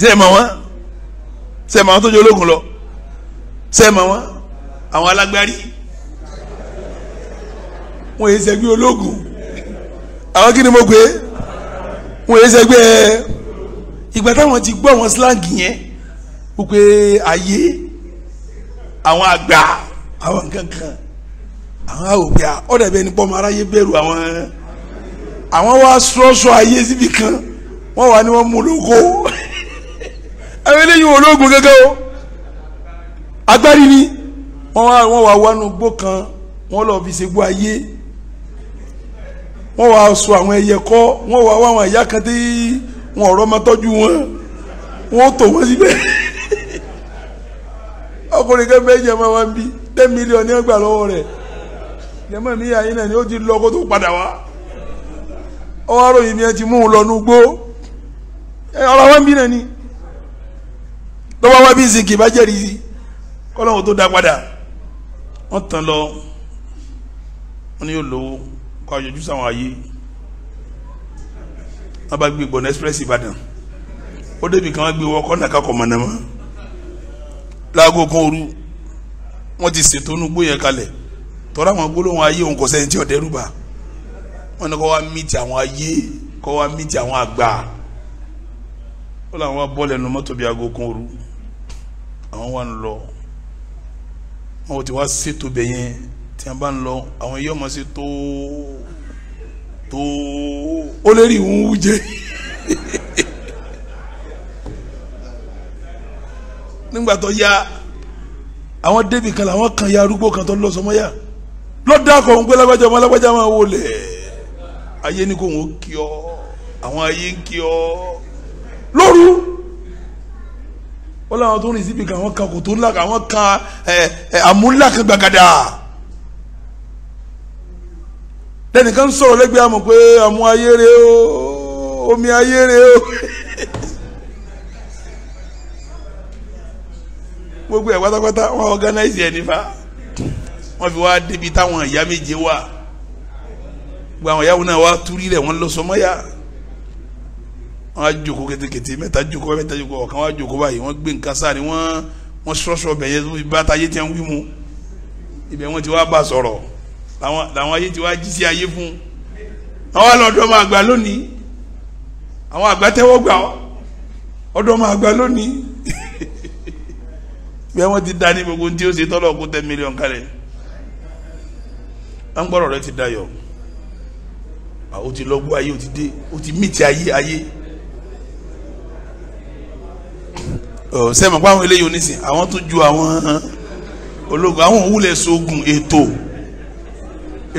ṣe é mọ̀ wọ́n ṣe é mọ̀ wọ́n tó jẹ́ ológun lọ ṣe é mọ̀ wọ́n àwọn alágbárí wọ́n yé ṣẹgbẹ́ ológun àwọn kí ni mo gbé wọ́n yé ṣẹgbẹ́ ìgbà táwọn ti gbọ́ àwọn slang yẹn wípé ayé àwọn àgbà àwọn kankan àwọn àwòbíà ọ̀dà bẹ́ẹ̀ ni aráyé bẹ̀rù àwọn àwọn wa sọ́ọ́sọ́ ayé síbi kan. wọ́n wà ní wọ́n mú lóko ẹ̀rọ ológun gẹ́gẹ́ o agbárí ni wọ́n wà wọnú gbó kan wọ́n lọ fi ṣègbó ayé wọ́n wà sọ àwọn ẹyẹ kọ́ wọ́n wà wá àwọn ìyá kan tí wọn ọ̀rọ̀ máa tọ́jú wọn wọ́n wọ́n ọkùnrin kan bẹ́ẹ̀ máa wá ń bí ten million ní lọ́wọ́ rẹ̀ yín náà ni ó ti lọ kó tó lọ nú ọ̀rọ̀ wọn bí náà ni lọ́wọ́ wá bí n sìnkì bá jẹ́rì sí kọ́lọ́wọ́ tó dá padà wọ́n tàn lọ wọ́n ní yóò lówó kó àjọjú sáwọn ayé wọ́n bá gbé gbọ̀nà express Ìbàdàn ó débi kan wọ́n gbé wọ́n kọ́nà kakọ̀ mọ̀nàmọ́ láago kan òru wọ́n ti ṣètò onúgbó yẹn kalẹ̀ tọ́lá àwọn gbólóhùn ayé òun kò sẹ́yìn tí ọ̀dẹ́rù bá wọ́n ní kó wá mìtì àwọn ayé kó wá mìtì àwọn àgbà ó làwọn wá bọ́ọ̀lù ẹnu mọ́tò bíi aago kan òru àwọn wà ń lọ wọn ò ti wá ṣètò bẹ̀ yẹn tí wọn bá ń lọ àwọn yóò mọ̀ sí tó tó ó lè rí ìhun jẹ [laughs] nígbà tó yá àwọn débì kan làwọn kan ya arúgbó kan tó lọ sọmọ yá lọ́dọ̀ akọ̀ ń gbé lágbájá ọmọ lágbájá máa wọlé ayé ni kò ń kí ọ àwọn ayé ń kí ọ lóru ó láwọn tó rìn síbi kan àwọn kan kòtò ńlá kan àwọn kan àmúlá kan gbàgàdà lẹ́nìkan ń sọ̀rọ̀ lẹ́gbẹ̀ẹ́ àmọ̀ pé àmú ayére o omi ayére o gbogbo ẹ̀ pátápátá wọn organize ẹ̀ nípa wọn fi wá débi táwọn ìyá méje wà gbogbo àwọn ìyàwó náà wá túrí rẹ̀ wọ́n lọ sọmọ́yà. So wọ́n á jòkó kétékété mẹ́ta jòkó mẹ́ta jòkó ọ̀kan wá jòkó báyìí wọ́n gbé nǹkan sáà ni wọ́n wọ́n sọ́sọ́ bẹ̀ yẹn bàtà ayé tiẹ̀ ń wí mu ibẹ̀ wọ́n ti wá bá sọ̀rọ̀ làwọn ayé ti wá jí sí ayé fún àwọn àlọ́dọ̀ máa gbà lónìí àwọn àgbà tẹ́wọ́ gbà ọ́ ọ̀dọ̀ máa gbà lónìí [laughs] bí wọ́n ti dá ní gbogbo tí ó ṣe tọ́lọ̀ kó tẹ́ mílíọ̀n kalẹ̀ à ń gbọ́rọ̀ rẹ ti dayọ̀ ó ti lọ́gbọ́ ayé ó ti dé ó ti mí ti ayé ayé. sẹ́mi pa àwọn eléyìí onísìn àwọn tó ju àwọn ológun àwọn òwúlẹ̀ sógun ètò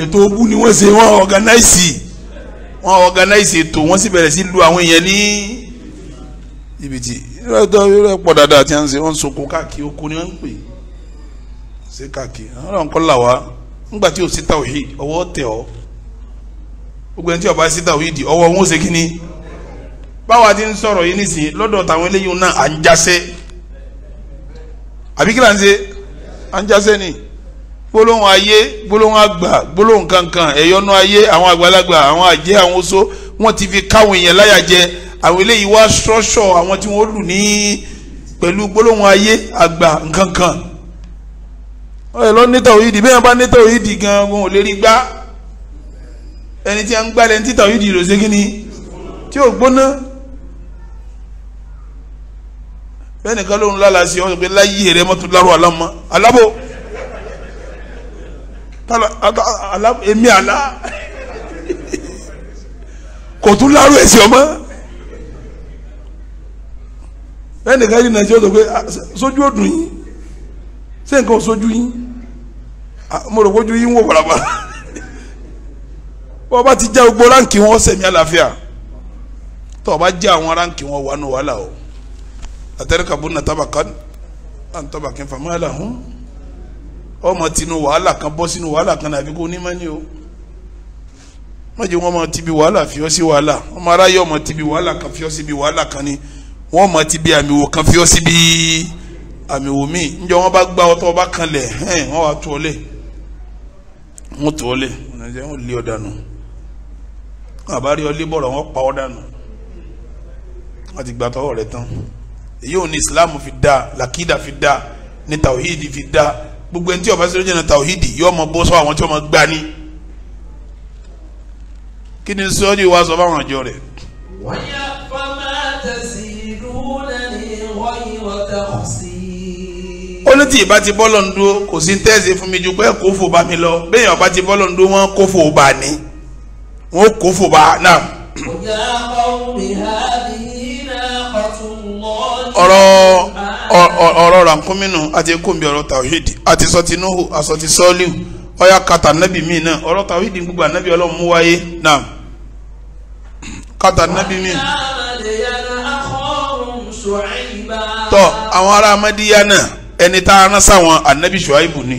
ètò ogun ni wọ́n ṣe wọ́n ọ̀gánáìsì wọ́n ọ̀gánáìsì ètò wọ́n sì bẹ̀rẹ̀ sí lu àwọn èèyàn ní ibìtì ìrẹ́ pọ̀ dáadáa tí wọ́n ṣe wọ́n soko káàkiri oko ni wọ́n ń pè ṣe káàkiri àwọn ọ̀rọ̀ nǹkan là wá nígbà tí o sí tawhid ọwọ́ tẹ̀ ọ́ gbogbo ẹni tí ó bá sí tawhid ọwọ́ wọn ó ṣe kí báwa ti ń sọ̀rọ̀ yìí nísìnyí lọ́dọ̀ tàwọn eléyìí náà à ń jásẹ́ àbí kí là ń ṣe à ń jásẹ́ ni gbólóhùn ayé gbólóhùn àgbà gbólóhùn kankan ẹ̀yọ́nú ayé àwọn àgbàlagbà àwọn àjẹ́ àwọn oṣó wọ́n ti fi káwọn èèyàn láyà jẹ àwọn eléyìí wá ṣọ́ṣọ́ àwọn tí wọ́n lù ní pẹ̀lú gbólóhùn ayé àgbà nkankan wọ́n yẹ lọ nítọ̀ òyìdì bẹ́ẹ̀ bá nítọ̀ òyìdì gan wọn ò lè rí gbá ẹni tí a ń gbá lẹ́ni títọ̀ òyìdì ló ṣe kí ni tí ò gbóná bẹ́ẹ̀ nìkan ló ń lálàá sí ọ́n pé láyé rẹ mọ́tò lárò alámọ́ alábò èmi àlá kò tún lárò ẹ̀sìn ọmọ bẹ́ẹ̀ nìkan yìí nàìjíríà sọ pé ah, sójú òdùn yín ṣé nǹkan ò sójú yín ah, mo rò kójú yín wò balabala bọ́ọ̀ bá ti já gbogbo ráǹkì wọn sẹ̀mí àlàáfíà tọ́ọ̀ bá já àwọn ráǹkì wọn wà nù wàhálà o àtẹrẹkàbùnà tabakan à ń tabakin fama la hùn ọmọ tinú wàhálà kan bọ́ sínú wàhálà kan àbí kò ní má ní o má jẹ́ wọ́n máa ti bi wàhálà fi ọ́ sí wàhálà ọmọ aráyé ọmọ ti bi wàhálà kan fi ọ́ sí bi wàhálà kan ni wọ́n máa ti bi àmì wò kan fi ọ́ sí bi àmì wò míì níjọ́ wọ́n bá gbá ọ tó bá kanlẹ̀ hẹ́n wọ́n wá tó ọ lẹ̀ wọ́n tó ọ lẹ̀ wọ́n lé ọ àbárí ọ lé bọ̀rọ̀ pa ọ dànù wọ́n ti gbàtọ́ ọ̀rẹ́ tán èyí ò ní islam fi da làkìdá fi da ní tawhidi fi da gbogbo ẹni tí ó bá ṣe jẹ́nà tawhidi yóò mọ bó sọ àwọn tí ó mọ gbá ní. kí ni sọ́ọ́dì wa sọ fáwọn àjọ rẹ̀. wọ́n yá fama tẹ̀sílúùnà ní wọ́yìn wọ́tà ọ̀sìn. ó ní tí ìbá ti bọ́lọ̀ ń dúró kò sí tẹ́sí fún mi ju pé kó fò bá mi lọ bẹ́ẹ̀ ọba ti bọ́lọ̀ ń dúró wọ́n kó fò bá ní wọ́n kó fò bá náà. ọjà ọ̀hún ni ọ̀rọ̀ ọ̀rọ̀ rànkúmínú àti ekóńbi ọ̀rọ̀ tàwíìdì àti sọtì nuhu àsọtì sọ́ọ́líù ọ̀yà kàtà nábì míì náà ọ̀rọ̀ tàwíìdì gbogbo ànábì ọlọ́run mú wáyé náà kàtà nábì míì. tọ́ àwọn ará amadiya náà ẹni tá a rán sáwọn ànábì ṣùáìbù ni.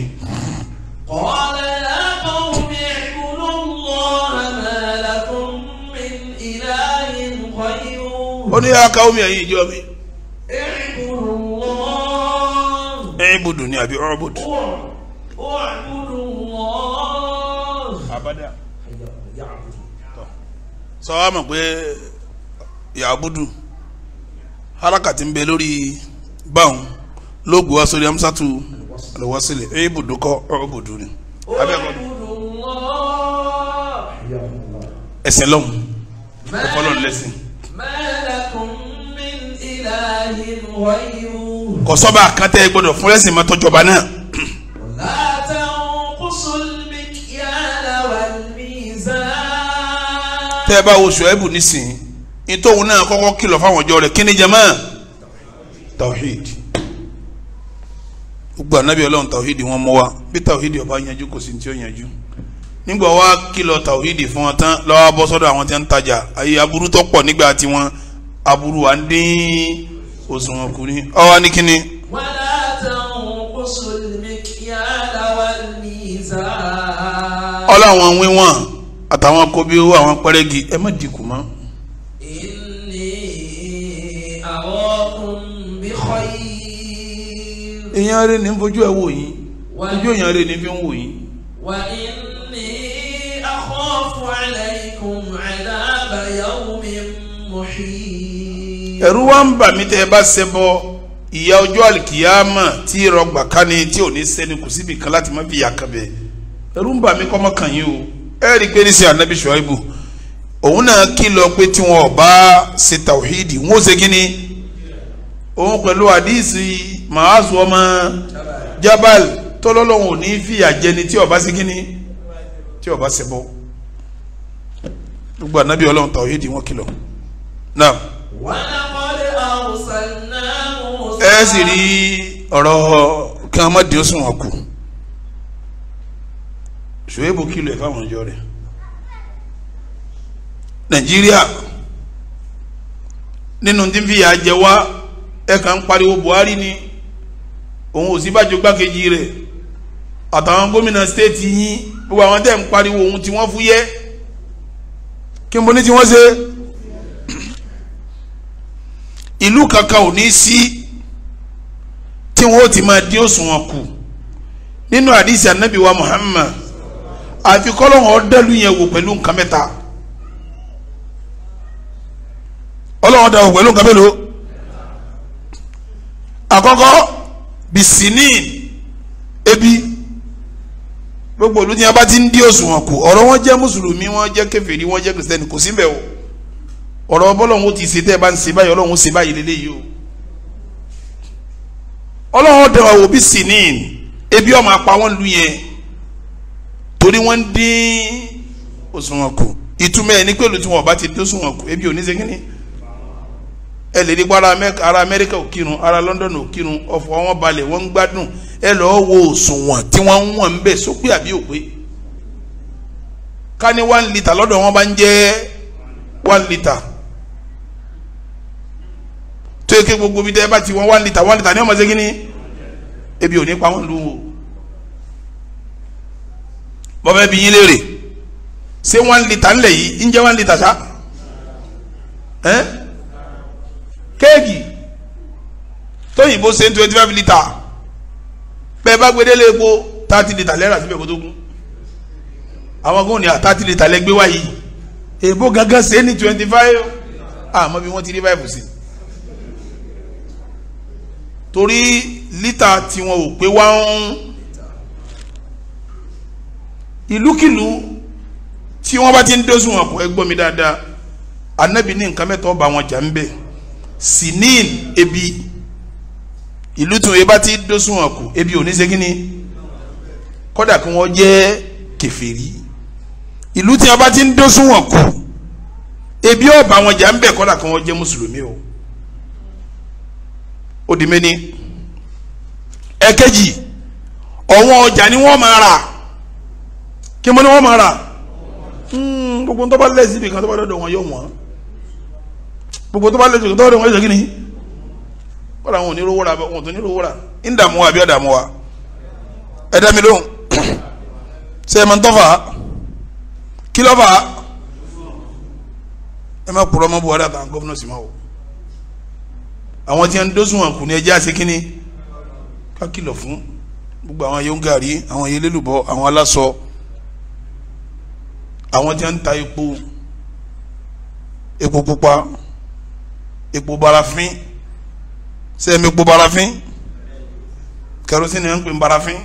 ó ní aka omi ẹ̀yin ìjọ mi ẹ̀ẹ́bùdù ni àbí ọ̀bùdù. abada sọ wá mọ̀ pé yàbùdù harakati ń bẹ lórí báwọn lóògùn wa sórí amsatu lọ́wọ́sílẹ̀ ẹ̀ẹ́bùdù kọ́ ọ̀bùdù ni ẹsẹ̀ lọ́hùn ọ̀fọ́lọ́ọ̀lẹ́sìn. malakum min ilahin ghayr kọsọba kàtẹ gbọ́dọ̀ fún ẹsìn mọtò jọba náà. tẹ́ ẹ bá wo sùẹ́bù nísìnyí ìtòhun náà kọ́kọ́ kìlọ̀ fáwọn ọjọ́ rẹ̀ kí ni jẹ́mọ́ tawhid gbogbo anabi ọlọ́run tawhid wọn mọ wa bí tawhid ọba yanjú kò sí ní tí ó yanjú nígbà wa kìlọ̀ tawhid fún wọn tán lọ́wọ́ bọ́ sọ́dọ̀ àwọn tí ń tajà ayé aburú tó pọ̀ nígbà tí wọ́n aburú wa ń dín òṣùwọ̀n kù ni ọwọ́ ní kíni. wàlá àtàwọn kóso lè kí ara wà ní ìzà. ọlọ́wọ́n wíwọ̀n àtàwọn kó bí owó àwọn pẹ́rẹ́gì ẹ má dìkù mọ́. ìní àwọn ọkùnrin bí kọ́ yìí. èèyàn rẹ̀ ní fojú ẹ̀ wò yín ojú èèyàn rẹ̀ ní fi ń wò yín. wà á ní àkọ́fù alaykum àdàbàyàwó ẹ̀rú wa ń bà mí tẹ́ ẹ bá ṣe bọ́ ìyà ọjọ́ àlìkìyàmà tí ìrọ̀gbà ká ní tí ò ní sẹ́ni kù síbi kan láti má fi yà kan bẹ́ẹ̀ ẹ̀rú ń bà mí kọ́mọ́ kàn yín o ẹ rí i pé ní sẹ́ anabi Ṣuaibu òun náà kìlọ̀ pé tí wọn ò bá ṣe tàwíìdì wọn ò ṣe kí ni òun pẹ̀lú àdíìsì màásù ọmọ jabal tọ́lọ́lọ́hún ò ní fìyà jẹni tí ó ṣe kí ni tí ó bá ṣe bọ́ gbogbo anabi ọlọ́run tàwíìdì wọn kìlọ̀ náà. wàhálà ẹ sì rí ọ̀rọ̀ kí wọ́n má di ó sùn ọkù ṣùgbọ́n kìlọ̀ ẹ̀ fáwọn ọjọ́ rẹ̀ nàìjíríà nínú tí ń buhari ni òun Ọ̀ṣínbàjò gbákejì rẹ̀ àtàwọn gómìnà stéètì yín gbogbo àwọn tẹ̀ ń pariwo òun tí wọ́n ìlú kankan ò ní sí tí wọn ó ti máa dín òṣùwọ̀n kù nínú àdìsí anabi wa Muhammad àfi kọ́lọ́hún ọ̀dẹ́lu yẹn wò pẹ̀lú nǹkan mẹ́ta ọlọ́hún dà pẹ̀lú nǹkan mẹ́lòó àkọ́kọ́ bisinin ebi gbogbo olùdíyàn bá ti ń dín òṣùwọ̀n kù ọ̀rọ̀ wọn jẹ́ mùsùlùmí wọn jẹ́ kèfèrí wọn jẹ́ kìrìsìtẹ́nì kò sí bẹ́ẹ̀ o ọ̀rọ̀ bọ́lọ́hún ó ti ṣe tẹ́ ẹ bá ń ṣe báyìí ọlọ́hún ó ṣe báyìí lélẹ́ yìí o ọlọ́hún ọ̀dẹ̀ wà wò bí sinin ebi ọmọ apá wọn lu yẹn torí wọ́n ń dín òṣùwọ̀n kù ìtumọ̀ ẹ̀ ní pẹ̀lú tí wọ́n bá ti dín òṣùwọ̀n kù ebi ò ṣe kínní ẹ lè rí pa ara amẹ́ríkà ò kírun ara london ò kírun ọ̀fọ̀ wọn balẹ̀ wọ́n ń gbádùn ẹ lọ́ọ́ wo òṣùwọ̀n tí wọ́n ń wọ̀n ń bẹ̀ àbí òpè ká ní one litre lọ́dọ̀ wọn bá ń jẹ́ one litre tó yẹ kí gbogbo bí tẹ́ bá ti wọ́n one litre one litre ní ọmọ ṣẹ́gi ní ebi ò ní pa wọ́n lù wò bọ́fẹ́ bí yín léèrè ṣé one litre ńlẹ̀ yìí ń jẹ́ one litre ṣá ẹ́ kéèkì tóyìnbó ṣe ń twenty five litre bẹ́ẹ̀ bá gbé délé epo thirty litre lẹ́rà síbẹ̀ kó tó kú àwọn kan ní thirty litre lẹ́gbẹ́ wáyé èbó gángan se ni twenty five àmọ́ bí wọ́n ti rí sí i torí lítà tiwọn ò pé wá ń ìlúkìlú tí wọ́n bá ti ń dóṣùn àpò ẹgbọ́n mi dáadáa anabi ní nǹkan mẹ́ta ọba àwọn jà ń bẹ̀ sinin ebi ìlú tí wọ́n bá ti dóṣùn àpò ebi ò ní ṣe kíni kódà kí wọ́n jẹ́ kèfèrí ìlú tí wọ́n bá ti ń dóṣùn ebi ọba àwọn jà ń bẹ̀ kódà kí wọ́n jẹ́ mùsùlùmí o ó di méní ẹ̀kejì ọ̀wọ́n ọjà ni wọ́n máa rà kí mo ní wọ́n máa rà hmm, gbogbo tó bá lẹ́sìn ibì kan tó bá dọ̀dọ̀ wọn yóò wọ́n gbogbo tó bá lẹ́sìn ibì kan tó bá dọ̀dọ̀ wọn yóò ṣe kí ni kọ́ra wọn ò rówó ra wọn ò ní rówó ra ń dààmú wa àbí ọ̀dààmú wa ẹ dá mi lóhùn ṣe é máa ń tọ́fà ẹ má kúrọ́ mọ́ buhari àtàwọn gómìnà sì máa wò àwọn tí wọn dósùn wọn kù ní ẹjẹ àṣekínní kákìlọ̀ fún gbogbo àwọn yóò ń gàrí àwọn yóò àwọn aláṣọ àwọn tí wọn ta epo epo pupa epo barafin sẹ́mi epo barafin kẹrosínì ń pè barafin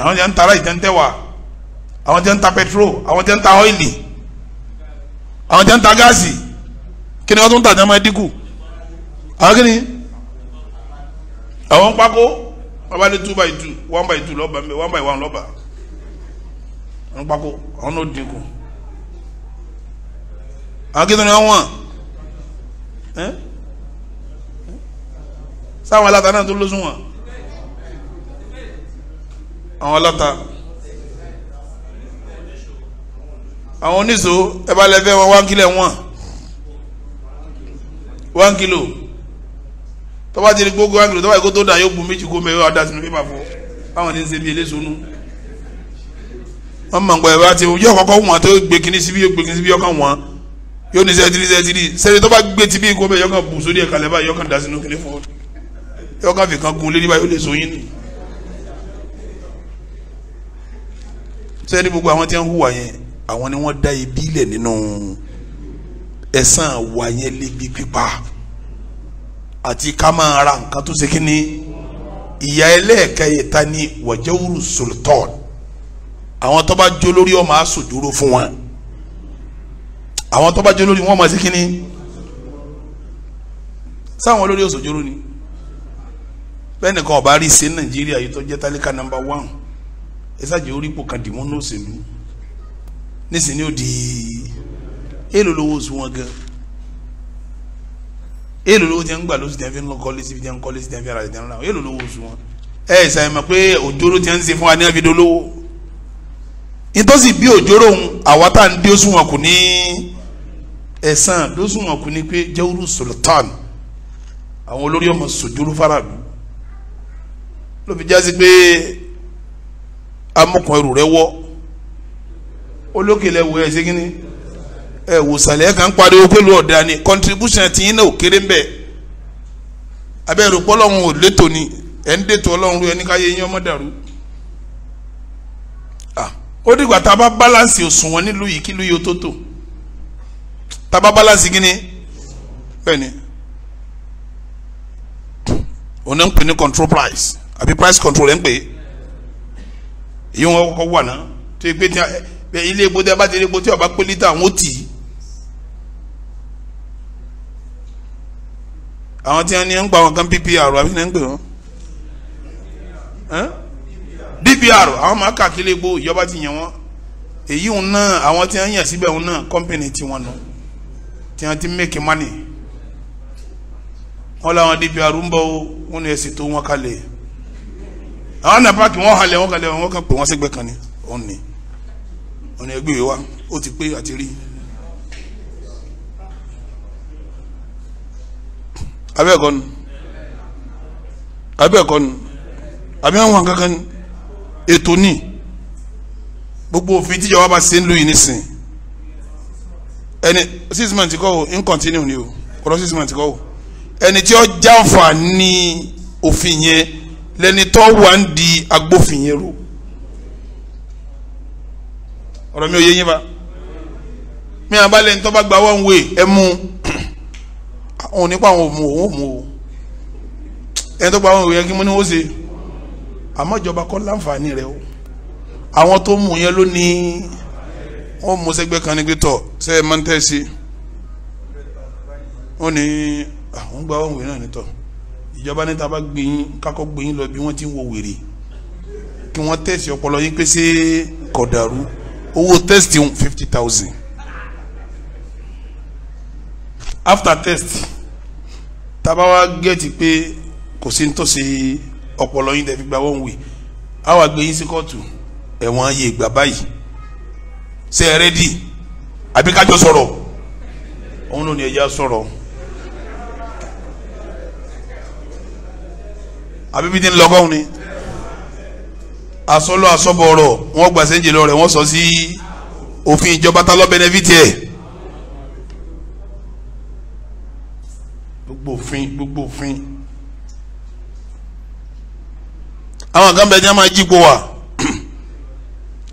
àwọn tí wọn ń ta aláìjẹ ń tẹwà àwọn tí wọn ta pẹtrol àwọn tí wọn ta ọ́ìlì àwọn tí wọn ta gáàsì kí ni wọ́n tún tà ní ọmọ dínkù àwọn kí ni àwọn pákó bàbá ní two by two one by two lọ́ba mbẹ one by one lọ́ba àwọn pákó àwọn náà dínkù àwọn kí ni wọ́n wọ̀n sáwọn aláta náà tó lóṣùn wọn àwọn aláta àwọn oníṣòwò ẹ bá lẹ fẹ wọn wá kílẹ wọn one kilo tọ́ba ti di gbogbo one kilo tọ́ba yìí kó tó dà yóò bu méjì kó mẹ́ yóò da sínú pépà fún báwọn ní ń ṣe bí eléṣonú wọ́n mọ̀ nípa ẹ̀rọ àti yóò kọ́kọ́ wọ́n tó gbé kíní síbí yóò gbé kíní síbí yóò kàn wọ́n yóò ní sẹ́tìrì sẹ́tìrì sẹ́tìrì tọ́ba gbé ti bí kó mẹ́ yóò kàn bù sórí ẹ̀ka lẹ́bàá yóò da sínú kíní fún yóò fi kan gun lé níbà yóò lè so yín nì sẹ́ni gbogbo àwọn tí wọ́n hùwà yẹn àwọn ni wọ́n dá ibi ilẹ̀ nínú. No ẹ̀san àwa yẹn lé bí pípa àti ká máa ra nǹkan tó ṣe kí ni ìyá ẹlẹ́ẹ̀kẹyẹta ni wàjẹ́wùrù sultan àwọn tó bá jó lórí ó máa sùjúrú fún wọn àwọn tó bá jó lórí wọn máa ṣe kí ni sáwọn olórí òṣòjúrú ni bẹ́ẹ̀ nìkan ọba rí sí nàìjíríà yìí tó jẹ́ tálíkà nàmbà wán ẹ ṣáàjì orí ipò kan dìmú ní òṣèlú nísìnyí ó di èlò lówó oṣù wọn gan èlò lówó tiẹ̀ ń gbà lóṣù tiẹ̀ fi ń lọ kọ́lé síbi tiẹ̀ ń kọ́lé síbi tiẹ̀ ń fi ara tiẹ̀ ń ra èlò lówó oṣù wọn ẹ ẹ sàyẹn mọ̀ pé òjòrò tiẹ̀ ń ṣe fún wa ní àfi dolówó nítòsí bí òjòrò òun àwa ń dé oṣù wọn kù ní ẹ̀sán lóṣù wọn kù ní pé jẹ́wúrú sultan àwọn olórí ọmọ sòjúrú faraàlú ló fi jásí pé amọ̀kùn ẹrù rẹ wọ́ olókè lẹ́wọ̀ ẹ̀ ṣé kí ni ẹ wòsàlẹ̀ kan pariwo pẹ̀lú ọ̀dà ni contribution ti yín náà ò kéré ń bẹ̀ abẹ́rù pọ́lọ́hún ò létò ni ẹ̀ ń dètò ọlọ́run ru ẹni káyé yín ọmọ dàrú ó dìgbà tá a bá balance òṣùwọ̀n nílùú yìí kí ló yẹ tó tó tá a bá balance gíní bẹ́ẹ̀ ni òun náà ń pè ní control price àbí price control ẹ̀ ń pè é èyí wọn kọ́kọ́ wà náà tó yẹ pé ilé epo tí a bá ti ilé epo tí a bá pé lítà wọn ó tì í àwọn tí wọn ní ń pa àwọn kan ppr àbí ní ń pè wọn dpr àwọn máa kàkiri gbó ìjọba ti yàn wọn èyí ń náà àwọn tí wọn yàn síbẹ̀ ń náà kọ́mpìnì tí nù tí wọn ti make money wọn làwọn dpr ń bọ̀ wọn ni ẹ ṣètò wọn kalẹ̀ àwọn náà pààkì wọn halẹ̀ wọn kalẹ̀ wọn kàn pé wọn sẹ́gbẹ̀ẹ́ kan ni òun ni òun ni ẹgbẹ́ wa ó ti pé àti rí i. abẹ́ ẹ̀kọ́ ni abẹ́ ẹ̀kọ́ ni àbí àwọn kankan ètò ni gbogbo òfin tíjọba bá ṣe ń lóyún nísìn ẹni six months kọ́ o in continue ni o kọ́ six months kọ́ o ẹni tí ó jàǹfààní òfin yẹn lẹni tó wà ń di agbófin yẹn ro ọ̀rọ̀ mi ò yé yín bá mi àbálẹ̀ ní tó bá gba one way ẹ mú un òun nípa àwọn òmù òun òmù o ẹni tó gba àwọn òyìn kí mo ní wọ́n ṣe àmọ́ ìjọba kọ́ láǹfààní rẹ o àwọn tó mú yẹn ló ní wọ́n mú sẹ́gbẹ́ kan ní gbẹ́tọ̀ ṣe é máa ń tẹ̀sí wọ́n ní àwọn gba àwọn òwe náà nítọ̀ ìjọba níta bá gbìyìn kákọ́ gbìyìn lọ bí wọ́n ti ń wo wèrè kí wọ́n tẹ̀sí ọpọlọ yín pé ṣé kọ̀dàrú owó tẹ̀sí fifty thousand after test tábà wá gẹ̀ẹ́tì pé kò sí ní tó ṣe ọpọlọ yín tẹ̀fi gba one way a wá gbé yín sí kóòtù ẹ̀wọ̀n ayé ìgbà báyìí ṣe é rẹ́dì àbí kájọ sọ̀rọ̀ òun ló ní ẹja sọ̀rọ̀ àbí bí ti ń lọ́gọ́rùn ni asọ́lọ́ asọ́bọ̀ ọ̀rọ̀ wọ́n gbà sẹ́ńjẹ̀ lọ rẹ̀ wọ́n sọ sí òfin ìjọba tá lọ́ bẹ́nẹ́fìtì ẹ̀. gbogbo òfin gbogbo òfin àwọn kan bẹ tí wọn máa jí gbó wa [clears throat]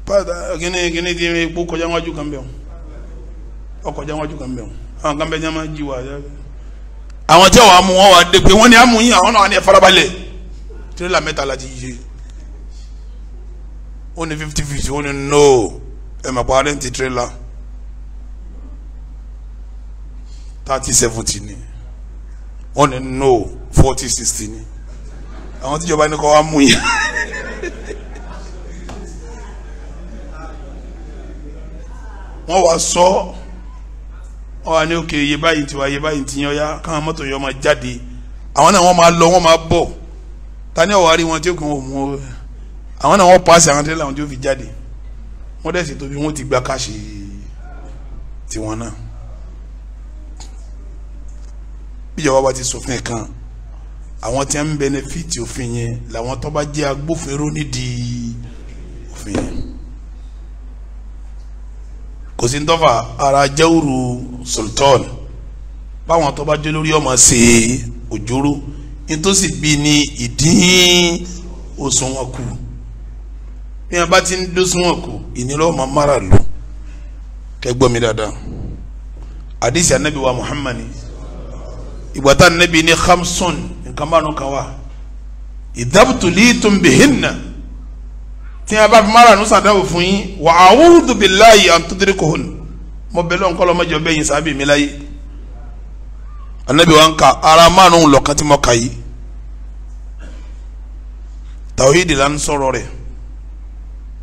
pàtà kíní kíní tí epo kọjá wájú kan bẹ wọn ọkọjá wájú kan bẹ wọn àwọn kan bẹ tí wọn máa jí wa àwọn tí wàá mú wọn wàá dé pé wọn ni á mú yín àwọn náà wà ní ẹ farabalẹ̀ tirẹ̀là mẹ́ta la ti yé ó ní fifty fifty ó ní no ẹ mà pa rẹ́ǹtì tirẹ̀là thirty seventy ni wọ́n ní no forty sixteen. ni àwọn tíjọba ní kọ́ wa mú yẹn. wọ́n wá sọ wọ́n wá ní òkè iye báyìí tiwa iye báyìí tiyan ya káwọn mọ́tò yẹn máa jáde àwọn náà wọ́n máa lọ wọ́n máa bọ̀ ta ni ọ̀wárí wọn tí ó kàn mú o àwọn náà wọ́n paasi àwọn tẹ́lẹ̀ àwọn tí ó fi jáde wọ́n dẹ̀ tóbi wọ́n ti gba káàṣì tiwọn náà. bíjọba bá ti sòfin kan àwọn tí ń bẹnẹfìtì òfin yẹn làwọn tó bá jẹ́ agbófinró nídìí òfin yẹn kò sí ntọ́fà ara jẹ́wùrú sultan báwọn tó bá jẹ́ lórí ọmọ ṣe òjòrò nítòsí bí ní ìdín òsùn wọn kù bí wọn bá ti ń dósùn kù ìnira mara lò kẹgbọ́n mi dáadáa àdìsí anabi wa ìgbàtà níbi ní hamsun nǹkan márùn kan wà ìdábùtùlítùm bihinna tí a bá fi mara nù sàdáwò fún yín wà áwùdù billahi an tudrikuhun mo bẹ lọ́n kọ́lọ́ mẹ́jọ bẹ́yìn sábì mi láyé anabi wa nka ara márùn lọ́kàn tí mo tawhidi la ń sọ̀rọ̀ rẹ̀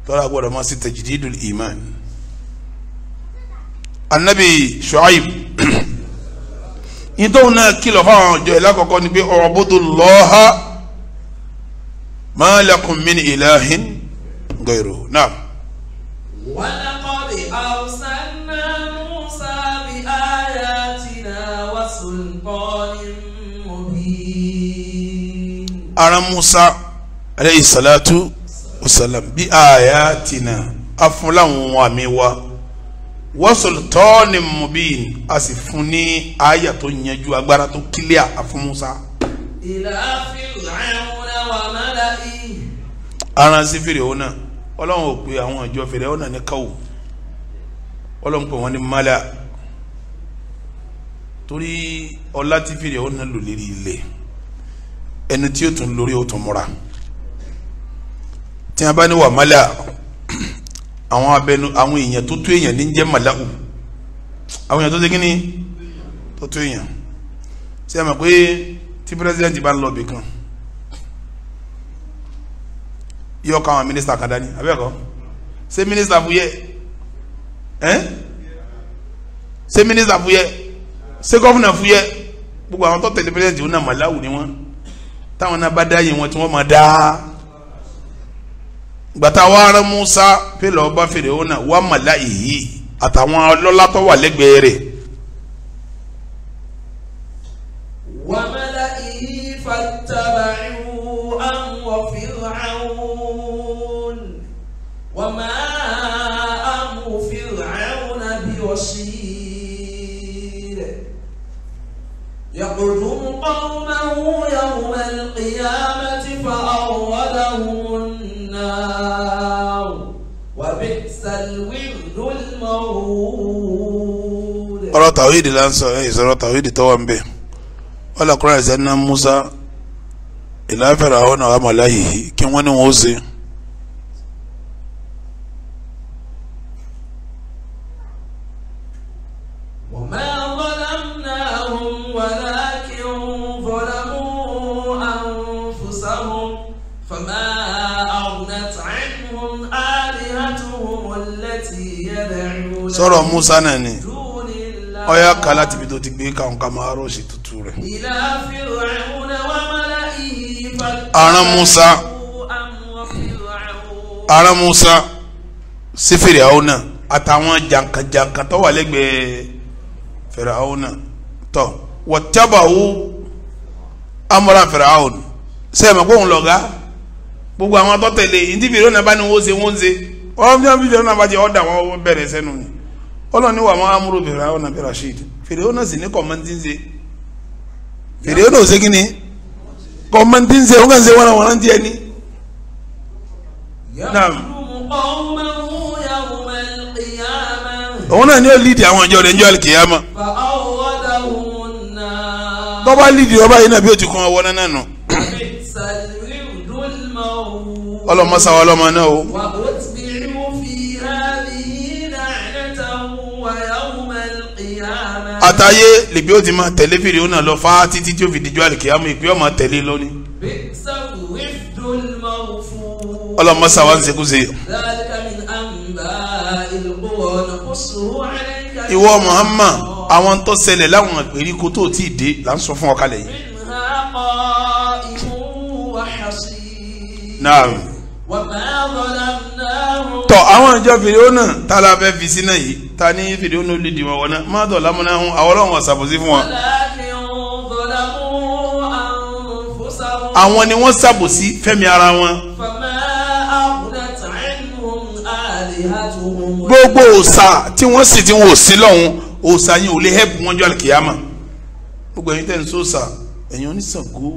tọ́lá gbọ́dọ̀ máa ṣe iman anabi shuaib [clears throat] ìtòun náà kìlọ̀ fáwọn ọjọ́ ìlà kọ̀ọ̀kan ni pé ọ̀rọ̀bùdù lọ́ha ma lakum min ilahin ghayru náà. wa laqad arsalna Musa bi ayatina wa sultanin mubin. ara Musa aleyhi salatu wasalam bi ayatina afunlahun wa mi wa wasultani mubin a sì fún ní àyà tó yanjú agbára tó kílíà àfún Musa. ìlà Fir'auna wa mala'i. aransi Fir'auna ọlọ́run ò pe àwọn ìjọ Fir'auna ní káwò ọlọ́run pè wọ́n ní mala torí ọlá tí Fir'auna lò lérí ilẹ̀ ẹni tí ó tún lórí ó tún múra tí a bá ní wà mala àwọn abẹnu àwọn èèyàn tó tó èèyàn ní jẹ́ màláwù àwọn èèyàn tó ṣe kíní tó tó èèyàn ṣé ẹ mọ̀ pé tí pírẹsidẹ́ǹtì bá ń lọ bìkan yóò kọ́ àwọn mínísítà kan dání abẹ́ẹ̀kọ́ ṣé mínísítà fúyẹ́ ẹ́ ṣé mínísítà fúyẹ́ ṣé gọ́fúnà fúyẹ́ gbogbo àwọn tó tẹ̀lé pírẹsidẹ́ǹtì wọn náà màláwù ni wọn táwọn náà bá dá yìí wọn tí wọ́n máa dá gbàtà wa ara musa fèlè ọba fèrè ọ̀nà wa màlá ìhì àtàwọn ọlọ́lá tó wà lẹ́gbẹ̀ẹ́ rẹ̀. wa màlá ìhì fàtàbàrù àwọn fìràún wa má àmú fìràún àbí ọ̀sìn rẹ̀ yàgòdùn pọ́nmẹ́wò yàwùmẹ́lì kìyàmẹ́tì fà áwọ̀dàwùn ọ̀rọ̀ tàwíìdì la ń sọ ẹ̀ ìsọ̀rọ̀ tàwíìdì tó wà ń bẹ̀ wọ́n lọ kúrò àìsàn náà Musa ìlàfẹ̀rẹ̀ àwọn àwọn àmàlà yìí kí wọ́n ní wọ́n ó ṣe. ولكن ظلموا أنفسهم فما فضلت عنهم آلهتهم التي يدعون sọ̀rọ̀ Musa náà ni ọyá ká láti ibi tó ti gbé káwọn ká máa rọ̀ sí tutù rẹ̀. إلى Musa أران Musa sí Fìràwọn náà àtàwọn jàǹkàjàǹkà tó wà lẹ́gbẹ̀ẹ́ Fìràwọn náà tó wọ́n tábà wú amúra Fìràwọn sẹ́yìn mọ̀ kó ń lọ ga gbogbo àwọn atọ́tẹ̀lé yìí tí fìrọ́nà bá ní wọ́n ṣe wọ́n ṣe ọlọ́run bí wọ́n fi fìrọ́nà bá jẹ ọ̀dà wọn bẹ̀rẹ̀ sẹ́nu ni ọlọ́run ní wà wọ́n amúrò bẹ̀rẹ̀ ọ̀nà bẹ̀rẹ̀ rashid fìrọ́nà sì ní kọ̀mọ́ntì ń ṣe fìrọ́nà ò ṣe kí ni kọ̀mọ́ntì ń ṣe wọ́n kàn ṣe wọ́n wọ́n ti ẹni. òun náà ni ó lídìí àwọn ìjọ rẹ̀ ń jọ àlìkìyàmọ́ tọ́ba lídìí ọba ọlọmọsá wa lọmọ náà o. àtàyé lèbi ó ti máa tẹ̀lé fèrè ó náà lọ fá títí tí ó fi dijọ́ àlìkìyàmù ìpè ọmọ tẹ̀lé lónìí. ọlọmọsá wa ń ṣekúṣe. ìwọ Muhammad àwọn tó ṣẹlẹ̀ láwọn àgbèríko tó ti dé là ń sọ fún ọ kalẹ̀ yìí. Um naam tọ àwọn ìjọ fìdíò náà tá a la fẹ́ fi sínú yìí ta ní fìdíò náà lè dìbò wọn náà má dọ̀ lámúná hun àwọn ọlọ́run ọ̀sàbòsí fún wọn. àwọn ni wọ́n ṣàbòsí fẹ́mi ara wọn. gbogbo òòṣà tí wọ́n sì ti wọ́n sí lọ́hùn òòṣà yẹn ò lè hẹ́pù wọn jọ àlùkìyàmà gbogbo ẹ̀yin tẹ̀ ń sọ òòṣà ẹ̀yin oníṣàngó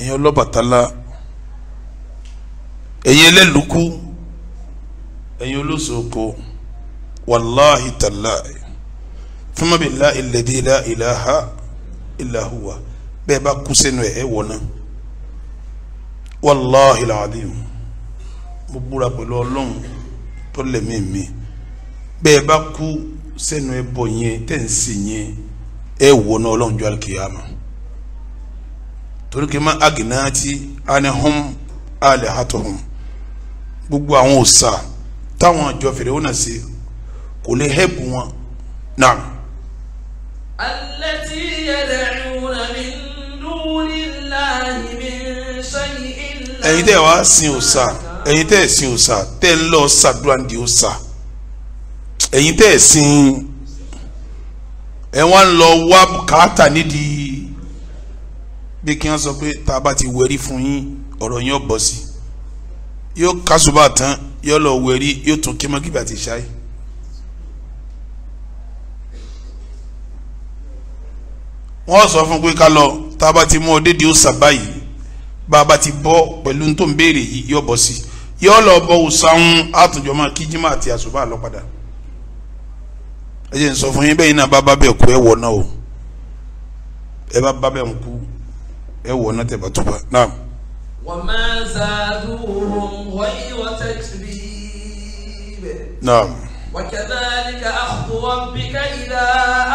ẹ̀yin ọlọ́bàtálá ẹ̀yin ẹlẹ́lùkù ẹ̀yin olóṣòkò wàláhi tàláì fúnmọ́bìlá ìlẹ̀dílá ìlàhà ìlàhùwà bẹ́ẹ̀ bá kú sínú ẹ̀ wọ̀ náà wàláhi làdìm mo búra pẹ̀lú ọlọ́run tó lẹ̀mí mi bẹ́ẹ̀ bá kú sẹ́nu ẹbọ yẹn tẹ̀sí yẹn ẹ wọ náà ọlọ́run jọ alikiyama torí kí n má agìnnáàtì anihum alihatuhum gbogbo àwọn òòsà táwọn àjọ fèrè ó nà sí kò lè hẹ́pù wọn náà. allati yad'una min dunillahi min shay'in. ẹ̀yin tẹ́ wá sin òòsà ẹ̀yin tẹ́ sin òòsà tẹ́ ń lọ ṣàdúrà ní òòsà ẹ̀yin tẹ́ sin ẹ wá lọ wá bùkátà nídìí bí kí wọ́n sọ pé tá a bá ti wẹ̀rí fún yín ọ̀rọ̀ yín ó bọ̀ sí i yóò kásùbà tán yóò lọ wẹ̀rí yóò tún kí mọ́kì bàtì ṣáì. wọ́n sọ fún pé ká lọ tá a bá ti mú ọ dédé ó sàbá yìí bá a bá ti bọ́ pẹ̀lú tó ń béèrè yìí yóò bọ́ sí yóò lọ bọ́ òsàn àtúnjọ máa kí jimá àti àsùbà lọ padà. ẹ jẹ́ n sọ fún yín bẹ́ẹ̀ iná bá bá kú ẹ wọ̀ náà o ẹ bá bá ń kú ẹ wọ̀ náà tẹ̀ náà. وما زادوهم غير تتبيب نعم وكذلك أخذ ربك إذا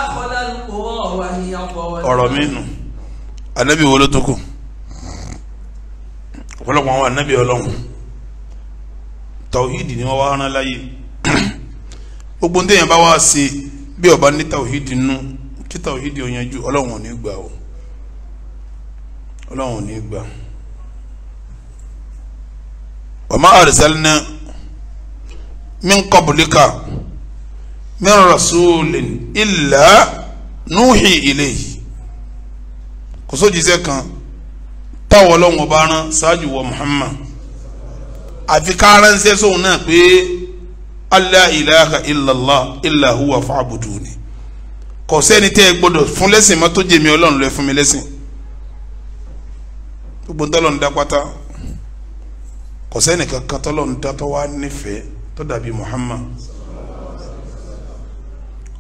أخذ القرى وهي ظالمة ọ̀rọ̀ mi nù anabi wo ló tó kù ọ̀pọ̀lọpọ̀ àwọn anabi ọlọ́run tawhidi ni wọ́n wá rán láyé gbogbo ní èèyàn bá wá sí bí ọba ní tawhidi nù kí tawhidi ò yanjú ọlọ́run ò ní gbà ó ọlọ́run ò ní gbà وما أرسلنا من قبلك من رسول إلا nuhi إليه. kò sójúṣe kan táwọn ọlọ́run ọba rán ṣáájú wa muhammad àfi káránṣẹ́ sóun náà pé alla ilaha illallah illa huwa fa'buduni kò sẹ́ni tẹ́ ẹ gbọ́dọ̀ fún lẹ́sìn mọ́ tó ọlọ́run ló fún mi lẹ́sìn gbogbo ń tọ́lọ́ ń dá pátá kò sẹ́nìkan kan tọ́lọ́ ń dá tó wá nífẹ̀ẹ́ tó dàbí Muhammad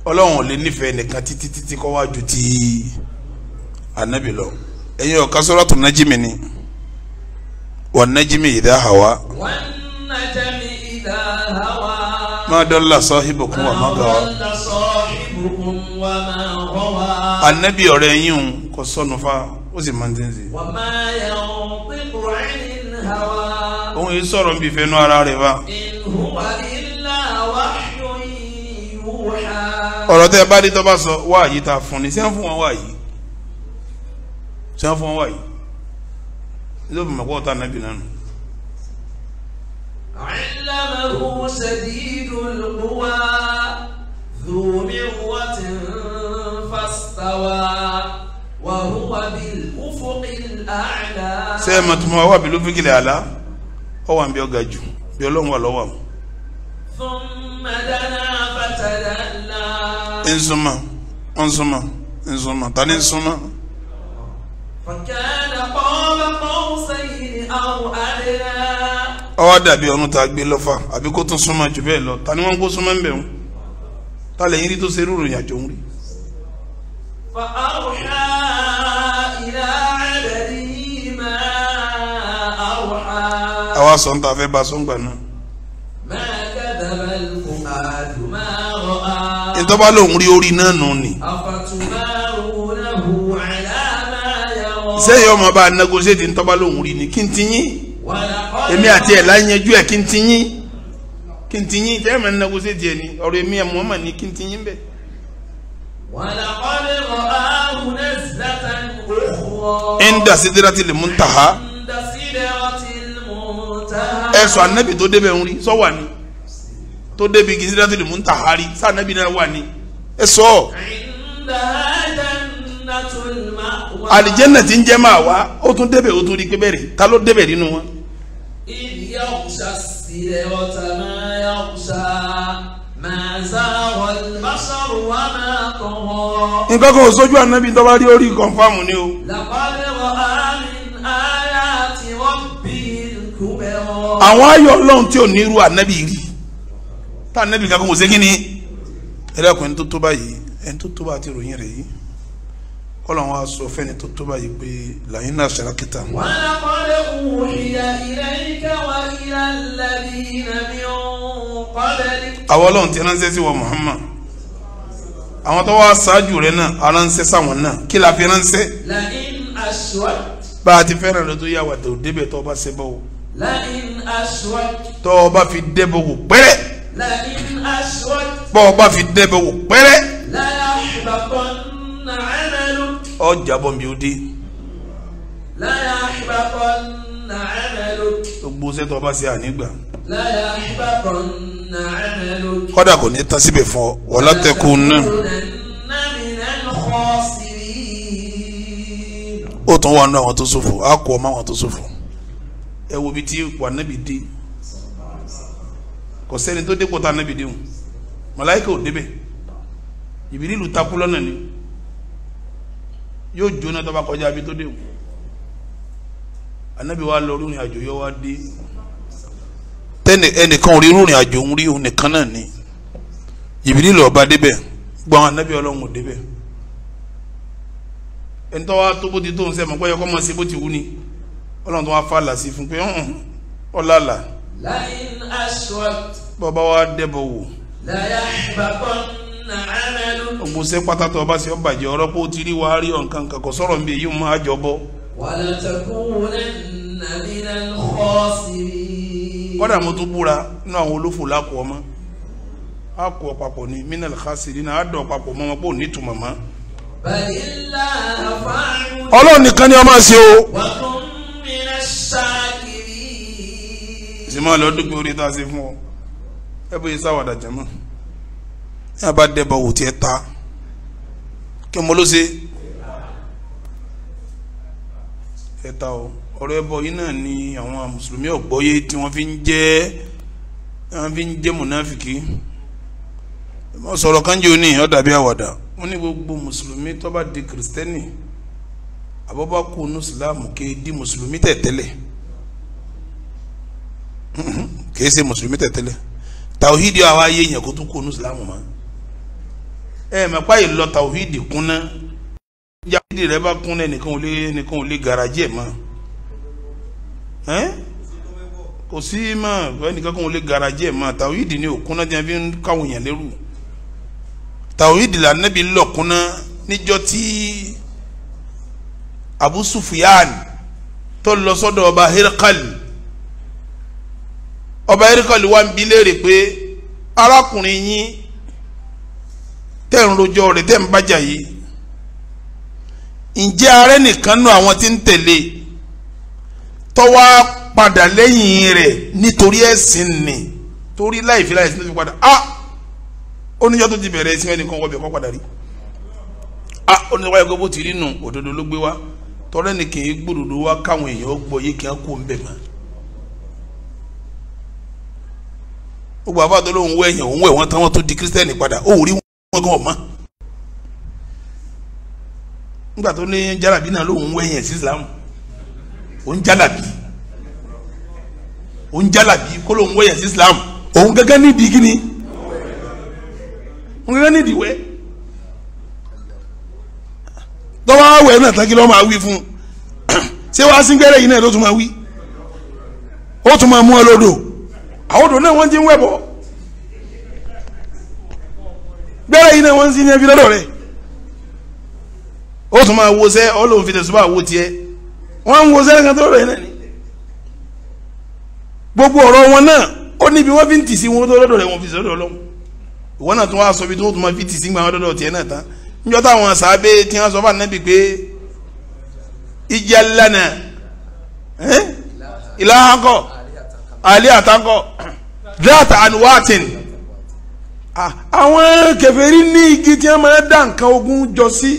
ọlọ́run ò lè nífẹ̀ẹ́ nìkan títí títí kọ́ wájú ti anabi lọ ẹ̀yin ọ̀ka suratu najimi ni wan najimi idha hawa. wan najimi idha hawa. ma dalla sahibukum wa ma gawa. ma dalla sahibukum wa ma gawa. anabi ọ̀rẹ́ yín kò sọnù fa ó sì máa ń tẹ́sí. wa ma yantiqu anil hawa òun yìí sọ̀rọ̀ ń bí fẹ́nu ara rẹ̀ bá. ọ̀rọ̀ tẹ́ ẹ bá dé tó bá sọ wáyé ta fún ni sẹ́wọ́n fún wọn wáyé sẹ́wọ́n fún wọn wáyé ló fi mọ̀ ọ̀tá nàbì nánu. علمه شديد القوى ذو مرة فاستوى وهو بالأفق الأعلى سيما تموى بالأفق الأعلى ọ wà ń bí ọgá jù bí ọlọ́run wà lọ́wọ́ àwọn. thumma dana fatadalla. nsúmọ nsúmọ nsúmọ tani nsúmọ. fakana qaba qawsayn aw adna. ọwọ́ dàbí ọ̀run tá a gbé lọ́fà àbí kó tún súnmọ́ jù bẹ́ẹ̀ lọ tani wọ́n kó súnmọ́ ń bẹ̀ wọ́n ta lẹ́yìn rí tó ṣe rúròyìn àjò ń fa awha. káwá sọ ń ta fẹ́ bá sọ́ngbà náà. máa dábàá lóko àdùmá rọ̀ á. ìtọ́ba lòun rí orí náà nù ni. àfàtúmá òun náà hù àlàmà yàwó. sẹ́yìn ọmọ bá nagosẹ́tì ìtọ́ba lòun rí ni kí n ti yín èmi àti ẹ̀ láyé yanjú ẹ̀ kí n ti yín kí n ti yín tẹ́ ẹ̀ máa nagosẹ́tì ẹ̀ ni ọ̀rọ̀ èmi ẹ̀ mọ́ mà ní kí n ti yín bẹ́ẹ̀. wàlàkọ́ ń dà sídírátì lè mú ń tà ẹ̀sọ́ anabi tó débẹ̀ ń rí sọ wà ní tó débi gidiratul muntahari sọ anabi náà wà ní ẹ̀sọ́. alijanna ti ń jẹ́ máa wá ó tún débẹ̀ ó tún rí pé bẹ́ẹ̀rẹ̀ ta ló débẹ̀ nínú wọn. ìdí ọ̀ṣà sílẹ̀ ọ̀tá máa yà ọ̀ṣà máa sá wọlé bá sọ̀rọ̀ wá máa tọ̀ wọ́. nǹkan kan ò sójú anabi tó bá rí orí kọ̀ǹfàmù ni o. làkọ́lẹ́ wọ ara. àwọn ayọ̀ ọlọ́run tí ò ní irú ànábì rí tá ànábì kankan kò sí kí ni ẹlẹ́kùn ẹni tó tó báyìí ẹni tó tó bá ti ròyìn rẹ̀ yìí kọ́lọ́n wa sọ fẹ́ni tó tó báyìí pé làyín náà ṣẹlá kíta. wọ́n á kọ́lé òwúrìyà ilẹ̀ ìkẹwà ilẹ̀ lẹ́bí nàbí ọ̀pọ̀lẹ́lì. àwọn ọlọ́run ti ránṣẹ́ sí wa Muhammad àwọn tó wá ṣáájú rẹ̀ náà ránṣẹ́ sáwọn náà kí la fi ránṣẹ́. làyín aṣọ. bá a ti fẹ́ràn lọ́dún yà wà tó débẹ̀ tó bá ṣe bọ́ o tọ́ ọ bá fi dẹ́bọ̀ wò pẹ́rẹ́ bọ́ ọ bá fi dẹ́bọ̀ wò pẹ́rẹ́ ọjà bọ̀ mi ò dé gbogbo sẹ́tọ̀ ọba sí ànígbà kọ́dà kò ní tán síbẹ̀ fún ọ wọ́n látẹ̀kùn náà ó tún wà nù àwọn tó ṣòfò á kó ọmọ àwọn tó ṣòfò ẹ wo bi tí wà nábì dé kò sẹ́ni tó dé kóta nábì dé o màláìkà ò débẹ̀ ìbílí lu takú lọ́nà ni yóò jóná tó bá kọjá abi tó dé o anabi wa lọ rìnrìn àjò yọ wa dé tẹ́ni ẹnìkan rí rìnrìn àjò ń rí òun nìkan náà ni ibiri lọ bá débẹ̀ gbọ́n anabi ọlọ́run ò débẹ̀ ẹnitọ́ wa tó bó ti tó ń sẹ́ mọ̀ pé ẹ̀kọ́ mọ̀ sí bó ti wú ni ọlọ́run tó wá fà làsí fún pé ọlọ́lá. láyìn aṣọ́t. bọ́ba wa dẹ́bọ̀ wò. láyà bàbá nàánú. gbogbo sẹ́ pátátọ̀ ọba sí ọbàjẹ́ ọ̀rọ̀ pé ó ti rí wa rí ọ̀nkan kankan sọ̀rọ̀ mi èyí máa jọ bọ́. kọ́dà mo tún búra nínú àwọn olófò lákọ̀ọ́ mọ́ a kọ̀ papọ̀ ni minal khasirina a dọ̀ papọ̀ mọ́ wọn pé ò ní tùmọ̀ mọ́. ọlọ́run nìkan ni ọ máa ṣe o ṣáàkiri. jìmọ̀ lọ dúpẹ́ orí tá a ṣe fún ọ ẹ bóyá sáwàdà jẹ̀mọ́ ní a bá dẹ́bọ̀ wò tiẹ̀ ta kí ọmọ ló ṣe ẹ ta o ọ̀rọ̀ ẹbọ yìí náà ni àwọn mùsùlùmí ọ̀gbọ́yé tí wọ́n fi ń jẹ́ wọ́n fi ń jẹ́ mùnáfìkì wọ́n sọ̀rọ̀ kánjú ní ó àwàdà wọ́n ní gbogbo mùsùlùmí tó bá di kìrìsìtẹ́nì abọ́bá kú nu sìláàmù kì í di mùsùlùmí tẹ̀tẹ́lẹ̀ kì í ṣe mùsùlùmí tẹ̀tẹ́lẹ̀ tàwíìdì àwọn ayé yẹn kó tún kú nu sìláàmù mọ́ ẹ mẹ́pá yìí lọ tàwíìdì kúnná ìjà tàwíìdì rẹ bá kúnná nìkan ò lè nìkan ò lè garaji ẹ̀ mọ́ kò sí mọ́ ẹnìkan kò lè garaji ẹ̀ mọ́ tàwíìdì ni òkúnná jẹ́ fi ń káwọn èèyàn lérù tàwíìdì là nẹ́bi lọ̀kúnná níjọ́ tí abu sufiyan tó lọ sọ́dọ̀ ọba hirikal ọba hirikal wá ń bi léèrè pé arákùnrin yín tẹ́ ń rojọ́ rẹ̀ tẹ́ ń bájà yìí ǹjẹ́ arẹ́ nìkan nù àwọn tí ń tẹ̀lé tó padà lẹ́yìn rẹ̀ nítorí ẹ̀sìn ni torí láìfi láìsí ló fi padà á ah! oníjọ́ tó ti bẹ̀rẹ̀ ẹ̀sìn ẹnìkan wọ́n bẹ̀ kọ́ padà rí á ah! oníjọ́ wáyé gbogbo tìrí nù òdodo ló gbé wá. torí ni kì í gbúdúdú wá káwọn èèyàn ó gbọ́ yìí kì í kú nbẹ o gbogbo àbádọ́ ló ń wọ òun di kírísítẹ́nì padà ó rí wọn gan ọmọ nígbà tó ní jálàbí náà lòun Islam òun jálàbí òun jálàbí kó lòun wọ Islam òun gẹ́gẹ́ nídìí kíni òun gẹ́gẹ́ nídìí wẹ̀ náà tán kí ló máa wí fún un ṣé wàá sí gbẹ́rẹ́ yìí náà ló tún máa wí ó tún máa mú ẹ lódò àwọn odò náà wọ́n ti ń wẹ̀ bọ̀ gbẹ́rẹ́ yìí náà wọ́n ti ń yẹn fi lọ́dọ̀ rẹ̀ ó tún máa wo sẹ́ fi wo ni gbogbo ọ̀rọ̀ wọn náà ó níbi wọ́n fi ń tì sí wọn tó lọ́dọ̀ fi sọ́dọ̀ ọlọ́run ìwọ náà tún wá sọ níjọ́ táwọn sàábé tí wọ́n sọ fún anabi pé ìjà lana ìlàhàkọ àlẹ́ àtàkọ dáàtà ànúwàtìn àwọn kèfèrí ní igi tí wọ́n máa dá nǹkan ogun jọ sí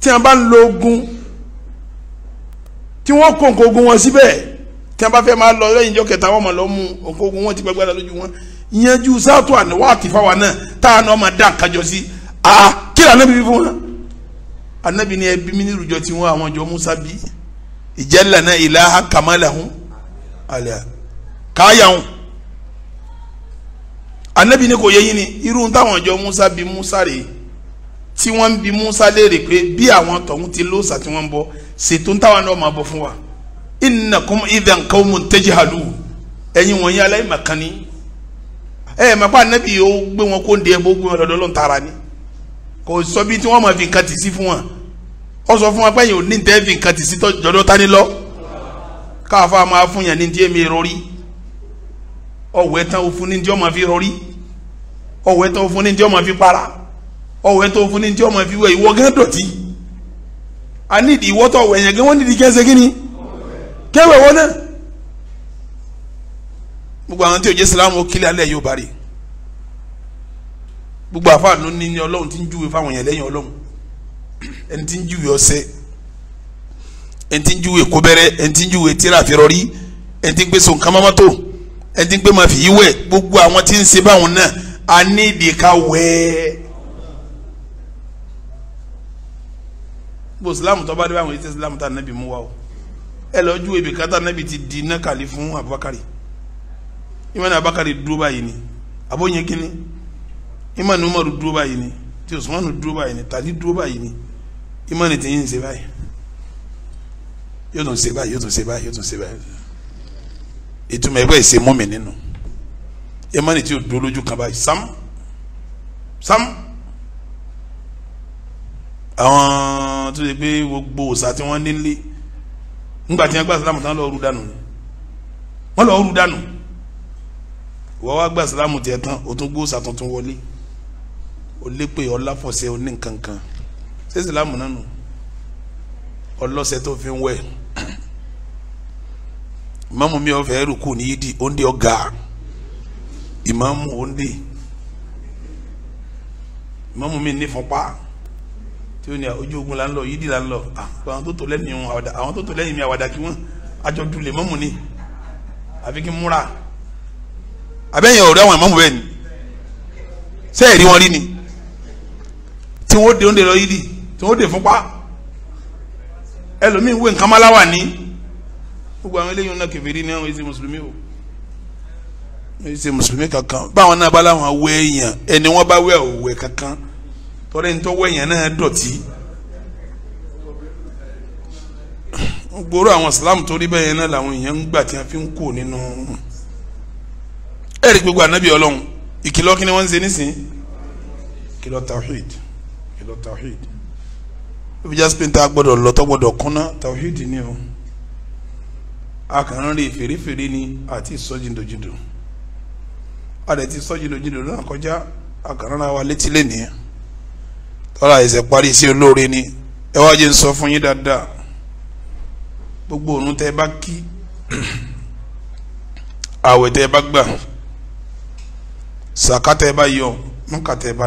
tí wọ́n bá ń lo ogun tí wọ́n kó nǹkan ogun wọn síbẹ̀ tí wọ́n bá fẹ́ máa lọ lẹ́yìn ìjọ́ kẹta wọ́n máa lọ mú nǹkan ogun wọn ti gbàgbára lójú wọn ìyẹn ju sáàtù ànúwàtì fáwọn náà táwọn náà máa dá nǹkan jọ sí kílà anabi fi fún wa anabi ni ẹbí mi ní ìrùjọ tí wọn àwọn ìjọ musa bí ìjẹlẹnà ilaha kamalahum aliya káyàwó anabi ni kò yẹ yín ni irú táwọn ìjọ musa bí musa rèé tí wọ́n ń bi musa léèrè pé bí àwọn tọ̀hún ti lóòsà tí wọ́n ń bọ ṣètò ń táwọn náà máa bọ fún wa innakum idhan qawmun tajhalu ẹ̀yin wọ̀nyí aláìmọ̀kan ni ẹ̀ máa pa anabi yìí ó gbé wọn kó ń di ẹ̀ bó gbé wọn lọ́dọ́ lọ́n tara ni kò sọ bí tí wọ́n máa fi nǹkan tì sí fún wọn ó sọ fún wọn pé yìí ò ní tẹ́ fi nǹkan tì sí jọdọ́ tání lọ káfa máa fún yàn ní tí èmi rọrí ọ̀wẹ́ tán ó fún ní tí ó máa fi rọrí ọ̀wẹ́ tán ó fún ní tí ó máa fi para ọ̀wẹ́ tán ó fún ní tí ó máa fi wẹ̀ ìwọ gán dọ̀tí a ní ìdí ìwọ́tọ̀ wẹ̀ yẹn gán wọ́n ní ìdí kẹ́sẹ̀ kí ni kẹ́wẹ̀ wọ́n náà gbogbo àwọn tí ò jẹ́ sàlámù kílẹ̀ alẹ́ yóò bá gbogbo àfáà ló ni ní ọlọ́run tí ń júwe fáwọn yẹn lẹ́yìn ọlọ́run ẹni tí ń júwe ọ̀sẹ̀ ẹni tí ń júwe kóbẹ́rẹ́ ẹni tí ń júwe tírafìrọ́rí ẹni tí ń gbé sọ̀nkán mọ́mọ́tò ẹni tí ń gbé máa fi yíwẹ̀ gbogbo àwọn tí ń ṣe báwọn náà a ní ìdí ká wẹ́ gbogbo islam tó bá dé báwọn ètò islam tá nàbì mú wa o ẹ lọ júwe ibì kátà nàbì ti di náà kàlí fún abubakar ìmọ̀ ní abubakar dúró báyìí ni àbóyẹ kínní. Imani ni umaru dúró báyìí ni tí usmanu dúró báyìí ni tàbí dúró báyìí ni ìmọ̀ ni tìyín ń ṣe báyìí yóò tún ṣe báyìí yóò tún ṣe báyìí yóò tún ṣe báyìí ìtumọ̀ ẹgbẹ́ ìṣe mọ́mì nínú ìmọ̀ tí o dúró lójú kan báyìí sam sam àwọn tó ṣe pé gbogbo òòṣà tí wọ́n nílé ńgbà tí wọ́n gbà sílámù tán lọ́ọ́ rú dànù wọ́n lọ́ọ́ rú dànù wọ́n wá gbà sílámù tiẹ̀ tán o tún gbóòṣà tuntun wọlé olépe ọláfọ̀sẹ̀ oníkankan ṣé ìsìlámù náà nù ọlọ́sẹ̀ tó fi ń wẹ̀ ìmáàmù mi ọ̀fẹ́ rúkú ní yídì ondi. ọ̀gá ìmáàmù òǹdí ìmáàmù mi nífọ̀pá tí ó ní ojú ogun la ń lọ yídì la ń lọ ah, àwọn tó tó lẹ́yìn mi àwàdà àwọn tó tó lẹ́yìn mi àwàdà kí wọ́n àjọ dulè mọ́mù ni àfi kí n múra abẹ́yẹn ọ̀rẹ́ àwọn ìmáàmù bẹ́ẹ̀ ni sẹ́ẹ̀rí wọn rí ni tí wọ́n dé oúnjẹ lọ yìí di tí wọ́n dé fúnpá ẹlòmíín wé nǹkan máláwà ní gbogbo àwọn eléyìí náà kẹfìrí ní àwọn èsì mùsùlùmí o èsì mùsùlùmí kankan báwọn náà bá láwọn wé èèyàn ẹni wọ́n bá wé òwe kankan tọ́lẹ̀ ní tó wé èèyàn náà dọ̀tí gbòòrò àwọn Islam torí bẹ́ẹ̀ náà làwọn èèyàn ń gbà tí wọ́n fi ń kó nínú ẹ̀rí gbogbo ànábì ọlọ́run ìkìlọ̀ kí ni wọ́n ń ṣe nísìnyí ìkìlọ̀ tawhid. lọ tawhid ó fi jásí pé lọ tó tawhid ni o a kàn ń rí fèrèfèrè ni àti a ti sọ́jìndòjìndò náà kọjá a kàn rán wa létí lẹ́nìí tọ́lá ẹ̀sẹ̀ parí sí olóore ni ẹ wá jẹ́ ń sọ fún yín dáadáa gbogbo òun tẹ́ ẹ bá kí [clears throat] àwẹ̀ tẹ́ ẹ bá gbà sàkátẹ́ ẹ bá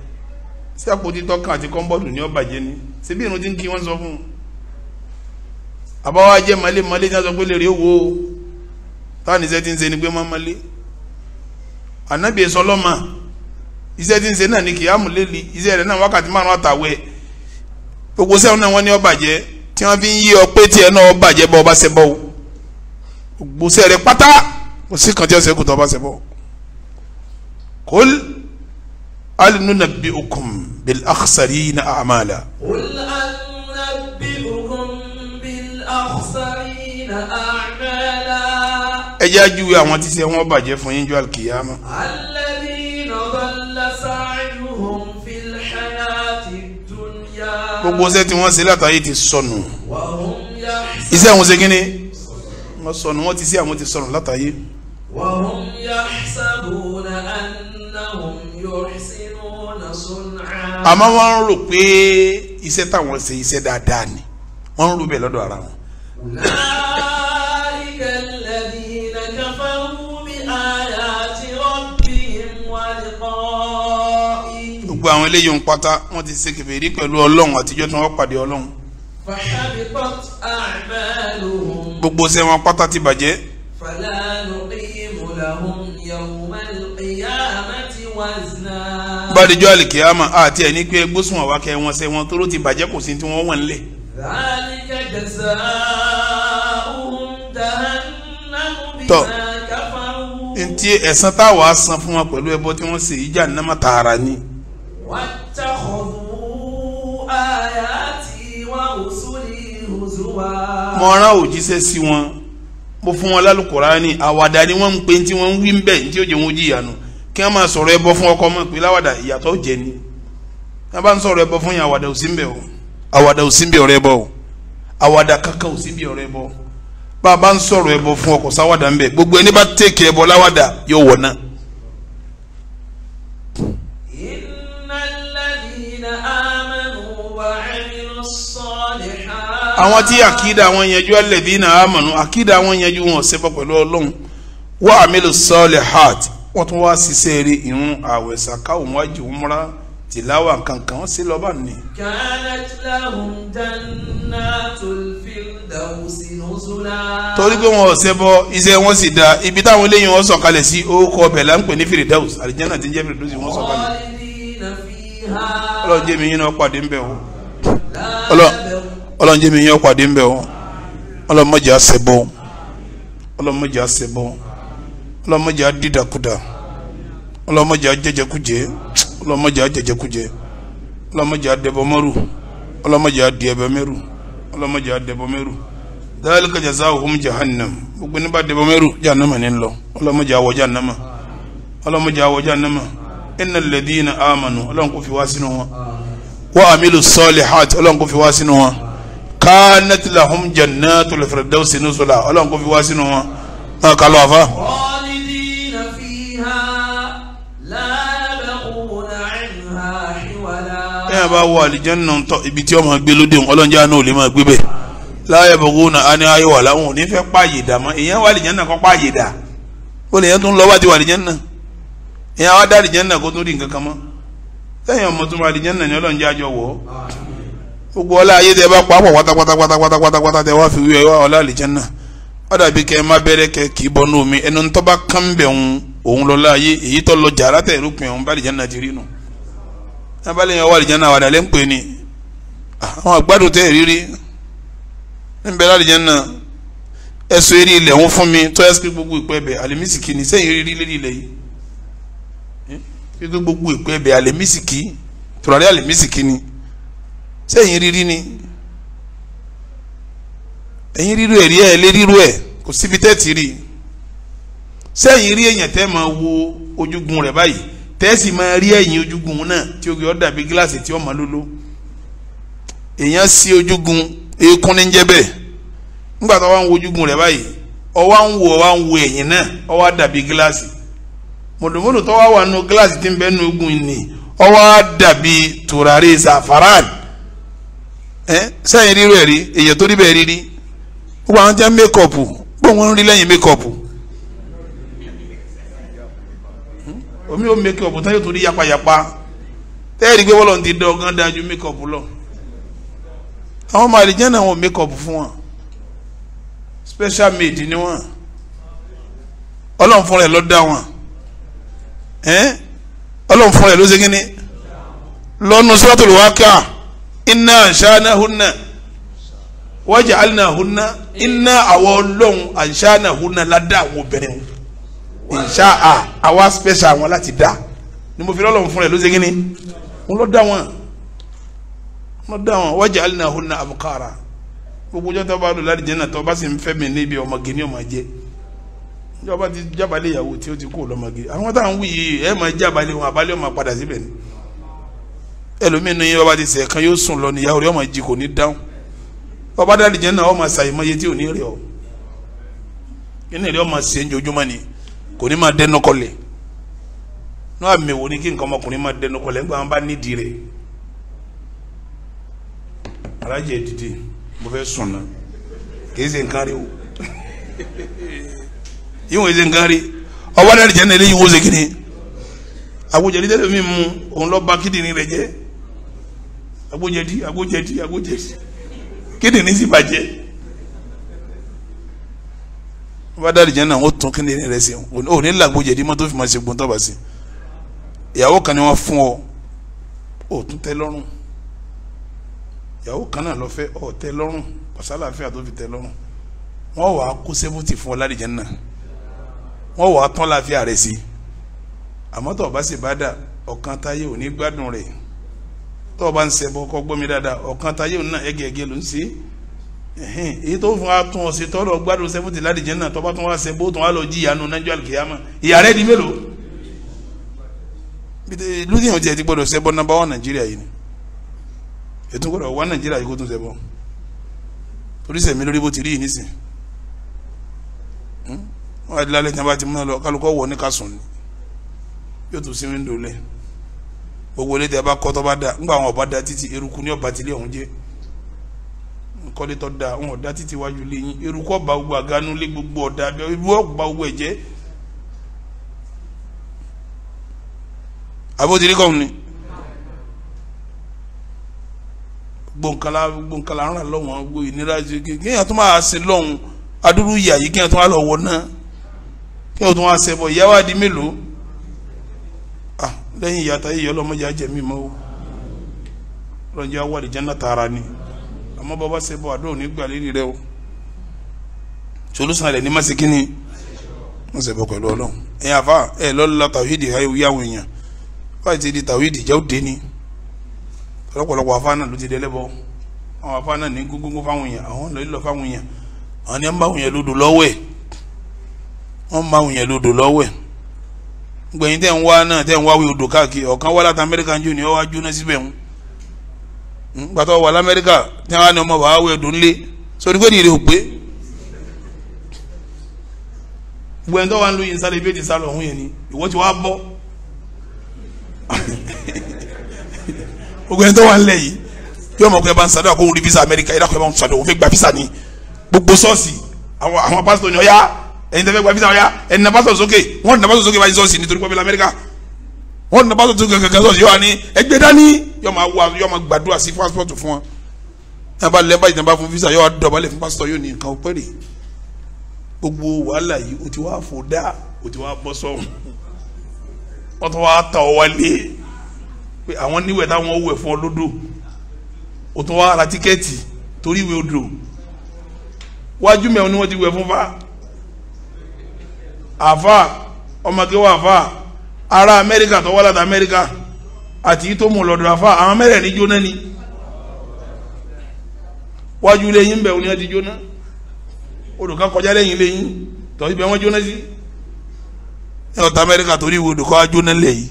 sí àpòtítọ́ kan àti kọ́ńbọ́ọ̀lù ní ọ̀bàjẹ́ ni ṣebí irun ti ń kí wọ́n sọ fún un àbáwá jẹ́ malé malé ní asọ́gbó lè rí owó táwọn iṣẹ́ ti ń ṣe ni pé má malé ànábìyẹ sọlọ́mà iṣẹ́ ti ń ṣe náà ni iṣẹ́ rẹ̀ náà wákàtí márùn àtàwẹ̀ gbogbo sẹ́wọ̀n náà wọ́n ní ọ̀bàjẹ́ tí wọ́n fi ń yí ọ pé tiẹ̀ náà o gbogbo pátá kò sí tí kù hal nunabbi'ukum bil akhsarina a'mala. qul hal nunabbi'ukum bil akhsarina a'mala. ẹ jẹ́ àjúwe àwọn tí ṣe wọ́n bàjẹ́ fún yín jọ́ àlùkìyàmá. alladhina dhalla sa'yuhum fil hayati dunya. gbogbo ṣẹ́ tí wọ́n ṣe látàyè ti sọnù. wa hum yahzanun. iṣẹ́ àwọn ṣe kí ni wọ́n sọnù wọ́n ti sí àwọn ti sọnù látàyè. wa hum yahsabuna annahum yuhsinuna àmọ́ wọ́n ń rò pé iṣẹ́ táwọn ṣe iṣẹ́ dáadáa ni wọ́n ń rò bẹ́ẹ̀ lọ́dọ̀ ara wọn. gbogbo àwọn eléyìí ń pátá wọ́n ti ṣe kèfèrí pẹ̀lú ọlọ́run àtijọ́ tí wọ́n pàdé ọlọ́run. gbogbo ṣe wọn pátá ti bàjẹ́. fàlànà ìmùlà hùn bàdìjọ́ àlìkìyàmà àti ẹni pé gbósùn àwa kẹ wọn sẹ wọn tóró ti bàjẹ́ kò sí tí wọ́n wọ̀ nílẹ̀. zalika jazaa'uhum jahannamu bima ntí ẹ̀san tá a wàá san fún wa pẹ̀lú ẹbọ tí wọ́n ṣe yìí jahannama tààrà ni. wattakhadhu ayati wa rusuli huzwa. mo rán òjíṣẹ́ sí wọn mo fún wọn lálùkùránì àwàdà ni wọ́n ń pè tí wọ́n ń wí ń bẹ̀ tí ó jẹ́ wọn ó jìyà kí wọ́n máa sọ̀rọ̀ ẹbọ fún ọkọ mọ̀ lawada láwàdà ìyàtọ̀ jẹ ni kí bá ń sọ̀rọ̀ ẹbọ fún awada àwàdà ò sí ń bẹ̀ o àwàdà ò sí ń bẹ̀ ọ̀rẹ́ bọ̀ o àwàdà kankan ò sí ń bẹ̀ ọ̀rẹ́ bọ̀ bá a bá ń sọ̀rọ̀ ẹbọ fún sáwàdà ń bẹ̀ gbogbo ẹni bá tẹ̀kẹ̀ ẹbọ láwàdà yóò wọ̀ náà. àwọn tí àkídà wọn àkídà wọn wọn ọ̀sẹ̀ pọ̀ pẹ̀lú ọlọ́run wa amilu wọ́n tún wá ṣiṣẹ́ rí irun àwẹ̀ ṣàká òun wájú múra tìláwà kankan sí lọ́ba ni. kanat lahum jannatul firdausi nuzula. torí pé wọn ò ṣẹbọ iṣẹ́ wọn sì dáa ibi táwọn eléyìí wọn sọ̀kalẹ̀ sí orúkọ ọbẹ̀ là ń pè ní firdaus àlìjánà tí ń jẹ́ firdaus wọn sọ̀kalẹ̀. ọlọ́run jẹ́ mi yín náà pàdé ń bẹ̀ o ọlọ́run jẹ́ mi yín náà pàdé ń bẹ̀ o ọlọ́run mọ̀jà ṣẹbọ ọlọ́run mọ̀jà ṣẹbọ ọlọ́mọdé adídàkudà ọlọ́mọdé ajẹjẹkujẹ ọlọ́mọdé ajẹjẹkujẹ ọlọ́mọdé adẹbọmọrù ọlọ́mọdé adẹbọmẹrù ọlọ́mọdé adẹbọmẹrù dhalika jazaohum jahannam gbogbo nípa adẹbọmẹrù jahannama ni lọ ọlọ́mọdé awọ jahannama ọlọ́mọdé awọ jahannama innal ladhina amanu ọlọ́nkó fi wá sínú wọn wa amilu salihat ọlọ́nkó fi wá sínú wọn kanat lahum jannatul firdausi nuzula ọlọ́nkó fi wá sínú wọn. kalọ́ àfa. tẹ́yà bá wọ àlìjánná tọ ibi tí ọmọ gbé lóde ọlọ́njẹ́ àná ò lè máa gbé bẹ́ẹ̀ láyé bọ̀gùn náà á ní ayé wà láwọn ò ní fẹ́ pààyè dà mọ́ wà kọ́ pààyè dà ó lè yẹn tó ń lọ́ ti wà àlìjánná èèyàn wá dá àlìjánná kó tó rí nǹkan kan mọ́ tẹ́yìn ọmọ tó wà àlìjánná ni ọlọ́njẹ́ àjọ wọ̀ gbogbo ọlá ayé tẹ bá papọ̀ pátápátápátápátá abalẹ̀ yẹn wà àlìjáná àwọn àdàlẹ́ ń pè ah, ní àwọn àgbàdùn tẹ́ ìrírí ń bẹ lálìjáná ẹ̀sùn eré ilẹ̀ ń fún mi tó ẹ̀sùn gbogbo ìpẹ́ bẹ̀ àlẹ́mísìkì ní sẹ́yìn rírí lérí ilẹ̀ yìí gbogbo ìpẹ́ bẹ̀ àlẹ́mísìkì tùràrí àlẹ́mísìkì ni sẹ́yìn rírí ni ẹ̀yin ríru ẹ̀rí ẹ̀ lé ríru ẹ̀ kò síbi tẹ́ẹ̀tì rí sẹ́yìn rí èèyàn tẹ́ẹ̀ máa wo ojúgun rẹ̀ báyìí tẹ́sì máa rí ẹ̀yìn ojúgun náà tí o yọ dàbí gíláàsì tí ọmọ lóló èèyàn sí ojúgun eékún ní jẹ́ bẹ́ẹ̀ nígbà tó wá ń wo ojúgun rẹ̀ báyìí ọwọ́ ń wo ọwọ́ ń wo ẹ̀yìn náà ọwọ́ dàbí gíláàsì mọ̀dọ̀mọ́dọ̀ tó wá wà nù gíláàsì tí ń bẹ́ẹ̀ nù ogun ni ẹ sẹ́yìn rírọ̀ ẹ̀rí èèyàn tó rí bẹ́ẹ̀ rírí gbogbo àwọn jẹ́ mékọ̀pù omi ò make up tán yóò tún rí yapayapa tẹ́ẹ̀rí pé wọ́lọ́ ti dọ́gán dájú make up lọ àwọn ọmọ àlìjẹ́ náà wọ́n make up fún wọn special made ni wọn ọlọ́run fúnra ẹ̀ ló dá wọn ọlọ́run fúnra ẹ̀ ló ṣe kí ni lọ́nu suratul waqi'a inna ansha'nahunna waja'alnahunna inna àwọn ọlọ́run ansha'nahunna ládàá àwọn obìnrin wọn ìṣá à awa special wọn láti dá ni mo fi lọ́lọ́run fún rẹ̀ ló ṣe kí ni wọn lọ́ dá wọn wọn dá wọn wajalna hunna abukara gbogbo ọjọ́ tó bá lò láti jẹ́ náà tó bá sì ń fẹ́ mi níbi ọmọge ní ọmọge ìjọba ti jábàlẹ̀ ìyàwó tí ó ti kó lọ́mọge àwọn táwọn wí yìí ẹ̀ máa jábàlẹ̀ wọn àbálẹ̀ ọmọ padà síbẹ̀ ni ẹlòmíín ní ọba ti sẹ̀ kan yóò sùn lọ níyàwó rẹ̀ ọmọ jì kò ní kò ní máa dẹnu kọlẹ̀ ní wàá mẹwò ní kí nǹkan ọmọkùnrin máa dẹnu kọlẹ̀ nígbà wọn bá nídìí rẹ̀ alájẹ dìde mo fẹ́ sùn náà kì í ṣe nǹkan rí o yíwọ ṣe nǹkan rí ọwọ́ náà jẹ́ nílé yíwọ ṣe kí ni agbójẹ̀dí tẹ́lẹ̀ mi mu òun lọ bà kídìrín rẹ̀ jẹ́ agbójẹ̀dí agbójẹ̀dí agbójẹ̀dí kídìrín sì bàjẹ́ bá dárí jẹ́ náà ó tún kí ni rẹ̀ sí ò ní làgbo jẹ̀dí mọ́tò fi máa ṣe gbọ́n tọ́ba sí ìyàwó kan ni wọ́n fún ọ ò tún tẹ́ lọ́rùn ìyàwó kan náà lọ fẹ́ ọ tẹ́ lọ́rùn pàṣálàfẹ́ àtó fi tẹ́ lọ́rùn wọ́n wà á kó sẹ́fúntì fún ọ láti jẹ́ náà wọ́n wà á tán láàfin rẹ̀ sí àmọ́ tó o bá sì bá dà ọ̀kan táyé ò ní gbádùn rẹ̀ tó o bá ń ṣẹbọ kọ́ gbọ́ mi dáadáa ọ̀kan táyé ò ní náà ẹgẹẹgẹ ló ń ṣe é èyí tó fún wa tún ọ̀sẹ̀ tọ́lọ̀ gbádùn sẹ́fúntì láti jẹ́ náà tọ́ba tún wá sẹ́ bó tún wá lọ jí ìyanu nájọ́ àlùkìyàmọ́ ìyá rẹ̀ di mélòó lùdíyàn tiẹ̀ ti gbọ́dọ̀ sẹ́bọ̀ nàbà wà nàìjíríà yìí ni ètò gbọ́dọ̀ wà nàìjíríà yìí kó tún sẹ́bọ̀ torí sẹ̀mí lórí bó ti rí yìí nísìn hmm? wọ́n á di lálẹ́ tí wọ́n bá ti múná lọ kálukọ́ wọ̀ ní kásùn ni yóò tún sí wíńdò lẹ̀ gbogbo ilé tí da ńgbà àwọn ọba da títí eruku kọ́lé tó da wọn ọ̀dá títí wájú lé yín erukọ́ ba gbogbo àgánú lé gbogbo ọ̀dà abẹ́ ibi wọ́n ba gbogbo ẹ̀jẹ̀ abódìrí kọ́hún ni gbọ̀nkala gbọ̀nkala ara lọ́wọ́n gbogbo ìnira ṣe kéèyàn tó máa ṣe lọ́hùn adúrú yà yìí kéèyàn tó máa lọ wọ náà kéèyàn tó máa ṣe bọ̀ ìyá wa di mélòó lẹ́yìn ìyá táyé yọ ọlọ́mọdé ajẹ́mí mọ́ o àmọ́ bọ́ bá ṣe bọ́ àdó òní gbà lérí rẹ o solúsàn rẹ̀ ní má ni má ṣe bọ́ pẹ̀lú ọlọ́run ẹ̀yin àfa ẹ̀ lọ́lọ́lá tàwídì ayéwu yáwọn èèyàn báyìí ti di tàwídì jẹ́ òde ni ọ̀pọ̀lọpọ̀ àfa náà ló ti dẹ́lẹ́bọ àwọn àfa náà ní gúngún fáwọn èèyàn àwọn lọ́ọ́ lọ fáwọn èèyàn àwọn ni wọ́n bá àwọn yẹn lódò lọ́wọ́ ẹ̀ wọ́n bá àwọn lódò lọ́wọ́ gbẹ̀yìn tẹ̀ ń wá náà tẹ̀ ń wá wí odò káàkiri ọ̀kan wá láti Amẹ́ríkà ń jó ni ọ wá jóná síbẹ̀ ń gbàtọ wà lamẹrika tí wọn á ní ọmọ wàá wẹ dùn lé sori pé nìyẹn ò pé gbogbo ẹni tó wà ń lu yin sálẹ ibi èdè sálọ ọhún yẹn ni ìwọ ti wá bọ gbogbo ẹni tó wà ń lẹ yìí yóò mọ̀ pé bá ń sàdọ̀ àkóhùn rí visa amẹ́ríkà yìí lákòóyè bá ń sàdọ̀ òun fẹ́ gba visa ni gbogbo sọ́ọ̀sì àwọn àwọn pásítọ̀ ni ọ̀ya ẹni tẹ́ fẹ́ gba visa ọ̀ya ẹni na pásítọ̀ sókè wọ́n na pásítọ̀ sókè bá yín nítorí pọ́bílẹ̀ amẹ́ríkà wọn nà pásítọ̀ tó gẹ̀gẹ̀ gẹ̀gẹ̀ sọ̀tún yóò wá ní ẹgbẹ́ dání yóò máa wá yóò máa gbàdúrà sí pásítọ̀tù fún wọn ní abá lẹ́bàá ìjàmbá fún fisa yóò wá dọ̀bálẹ̀ fún pásítọ̀ yóò ní nǹkan pẹ́rẹ́ gbogbo wàhálà yìí o ti wá fò dá o ti wá bọ́ sọ́hùn wọ́n tó wá ta ọ wálé pé àwọn níwẹ̀ táwọn wẹ̀ fún ọ lódò o tó wá ra tíkẹ́ẹ̀tì torí ìwé odò wájú mẹ́wọ́n ni wọ́n ti wẹ̀ fún fa àfa ọmọ kẹwàá àfa. Ara amẹ́ríkà tó wá láti amẹ́ríkà àti tó mú lọ́dọ̀ àfa àwọn mẹ́rẹ̀ẹ̀rin jóná ni wájú lẹ́yìn bẹ̀ òní àti jóná odòkan kọjá lẹ́yìn lẹ́yìn tọ́ ibẹ̀ wọ́n jóná sí ní ọ̀tá amẹ́ríkà torí ìwé odòkan wá jóná lẹ́yìn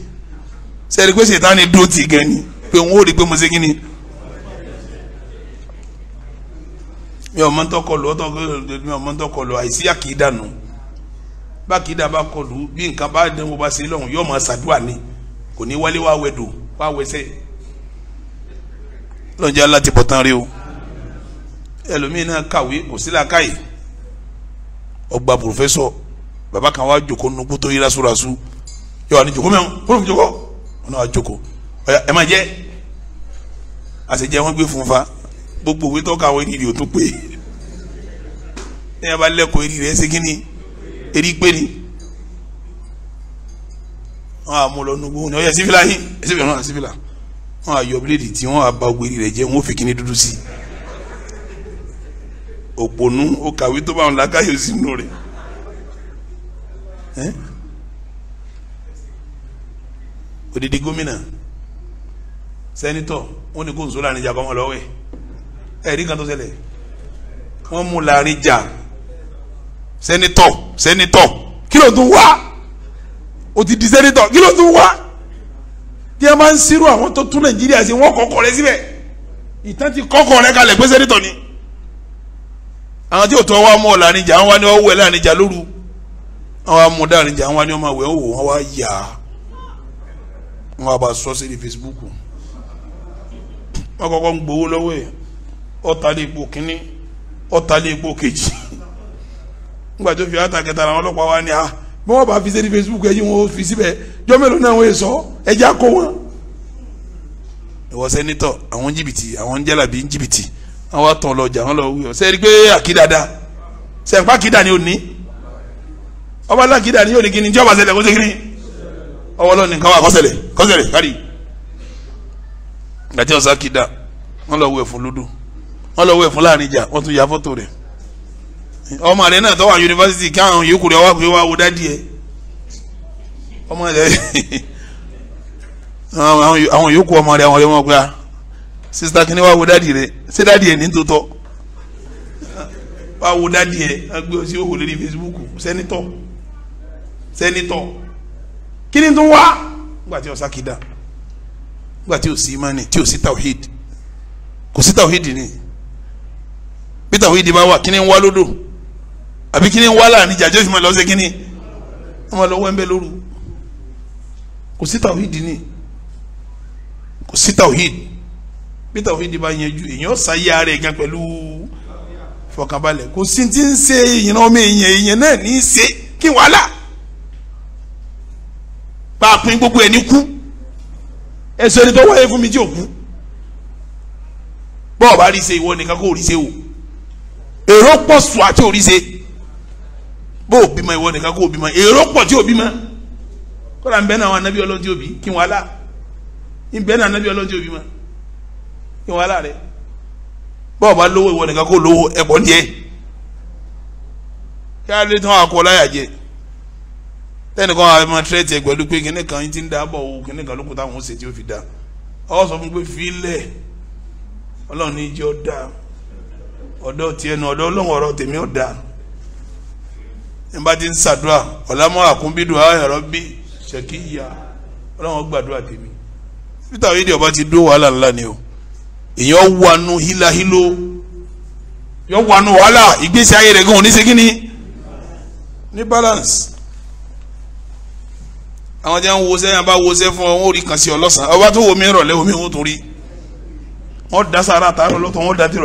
sẹ́ni pé sètáni dúró tì gan ni pé wọ́n ò rí pé mo ṣe kí ni mi ò mọ́tò kọlù ọ̀tọ̀ mi ò mọ́tò kọlù àìsí àkìí dànù bákìdá bá kọlù bí nǹkan bá dẹ́wọ́ bá ṣe lọ́hùn yóò máa ṣàdúrà ni kò ní wálé wá wẹ̀dò wá wẹsẹ̀ lọ́njẹ́ aláti bọ̀ tán rí o ẹlòmíín náà kàwé kò sí làákàyè ọgbà pòfẹ́sọ̀ bàbá kan wá jòkó nukú tó yí lásùràsù yóò wá ní jòkó mẹ́wọ́n kúrò jòkó wọn náà wá jòkó ẹ má jẹ́ àṣejẹ wọn gbé fún fa gbogbo òwe tọ́ka àwọn èrì rẹ̀ tó pé ẹ bá lẹ́kọ̀ọ́ èrì rẹ̀ ṣe kí ni eri gbé ni wọn à mú lọ nugbó ni ọyà sífìlà yín sífìlà náà sífìlà wọn à yọ bíléèdì tí wọn à bá gbèrè rẹ jẹ wọn ò fi kíní dúdú sí òpònú ó kàwé tó bá wọn làákàyè sínú rẹ odidi gómìnà sẹ́nitọ̀ wọn ni kò ń sọ láàrin ìjà kọ́ wọn lọ́wọ́ ẹ̀ ẹ̀rí kan tó ṣẹlẹ̀ wọ́n mú láàrin ìjà sẹ́nitọ̀ sẹ́nitọ̀ kí ló tún wá o ti di sẹ́nitọ̀ kí ló tún wá tí a máa ń sírò àwọn tó tún nàìjíríà sí wọ́n kọ́kọ́ rẹ síbẹ̀ ìtàn ti kọ́kọ́ rẹ kalẹ̀ pé sẹ́nitọ̀ ni àwọn tí òtún wa mú ọ lànìjà wọn wá ní ọwọ́ ẹ lànìjà lóru àwọn amúdá lànìjà wọn wá ní ọmọ àwẹ̀ ọwọ́ wọn wá yà wọn bá sọ sí Facebook wọn kọ́kọ́ ń gbowó lọ́wọ́ ẹ̀ ọ̀tàlẹ̀ epo kínní ọ̀tàlẹ̀ epo kejì nígbà tó fi àtà kẹta làwọn ọlọ́pàá wa ni a ah, bí wọ́n bá fi sẹ́ni Facebook ẹ̀yìn wọn fi síbẹ̀ jọ́ mélòó náà wọ́n yẹ sọ ẹ̀jẹ̀ akọ wọn. ìwọ sẹ́nitọ̀ àwọn jìbìtì àwọn jẹ́làbí jìbìtì àwọn wa tàn lọ́jà wọn lọ wí ọ sẹ́ni pé àkídàdà sẹ́npá àkídà ni ò ní ọba alákídà ni yóò ní kíni jọba ṣẹlẹ̀ kó ṣe kíni ọwọ́ lọ́ni nǹkan wà kọ́sẹ̀lẹ̀ kọ́sẹ̀lẹ̀ gàtí ọ̀sán kídà wọ́n lọ wẹ̀ fún lúdú wọ́n lọ wẹ̀ fún láàrin ìjà wọ́n tún ya fọ́tò rẹ̀ ọmọ rẹ náà tó wà yunifásitì káwọn yòókù rẹ wá pé wá wo dádì ẹ ọmọ rẹ [laughs] àwọn yòókù ọmọ rẹ àwọn rẹ wọn gba sista kìíní wá wo dádì rẹ ṣé dádì ẹ ní tòótọ́ wá wo dádì ẹ agbé ọ sí òwò lórí Facebook sẹ́nitọ́ sẹ́nitọ́ kí ni tó wá nígbà tí ọ̀sá kìdá nígbà tí ò sí imani tí ò sí tawhid kò sí tawhid ni bí tawhid bá wà kí ni ń wá lódò àbí kíni wà láàrin ìjà jésù máa lọ sí kíni wọ́n lọ wẹ́ńbẹ́ lóru kò sí tawhid ni kò sí tawhid bí tawhid bá yanjú èèyàn sáyé ara ẹ̀ gan pẹ̀lú fọkànbalẹ̀ kò sí ti ń ṣe ìyẹn ọmọ èèyàn èèyàn náà ní í ṣe kí wàhálà bá a pín gbogbo ẹ̀ ní kú ẹsẹ̀ ẹni tó wáyé fún mi tí ò kú bọ́ọ̀ bá rí ṣe ìwọ nìkan kó rí ṣe o èrò pọ̀ sùn àti òrí ṣe. bó o bímọ ìwọ nìkan kó o bímọ èrò pọ̀ tí obi bímọ kọ́ra ń bẹ́ náà àwọn anabi ọlọ́dí obi kí wọ́n alá ń bẹ́ náà ọlọ́dí kí bọ́ọ̀ bá lówó ìwọ nìkan kó o lówó ẹ̀pọ̀ ní ẹ̀ kí á lè tán láyà jẹ àwọn ọmọ ẹ pé kíní kan ti ń bọ̀ kíní kan táwọn ṣe tí ọ sọ fún pé ọ nígbà tí ń sàdúrà ọ̀làmọ́ àkúnbídùn ẹ̀rọ bí ṣèkì ìyá ọlọ́wọ́n gbàdúrà tèmi peter oyede ọba ti dún wàhálà ńlá ni o èèyàn wanu hílahílo yọ wanu wàhálà ìgbésí ayé rẹ̀ gan òní ṣe ní balance àwọn jẹ́ ń wo sẹ́yìn bá wo sẹ́ fún ọ wọn ò rí kàn sí ọ lọ́sàn-án ọba tó wo mi rọ̀lẹ́ omi wọn tó rí wọn da sára àtàrọ̀ lọ́tọ̀ wọn da ti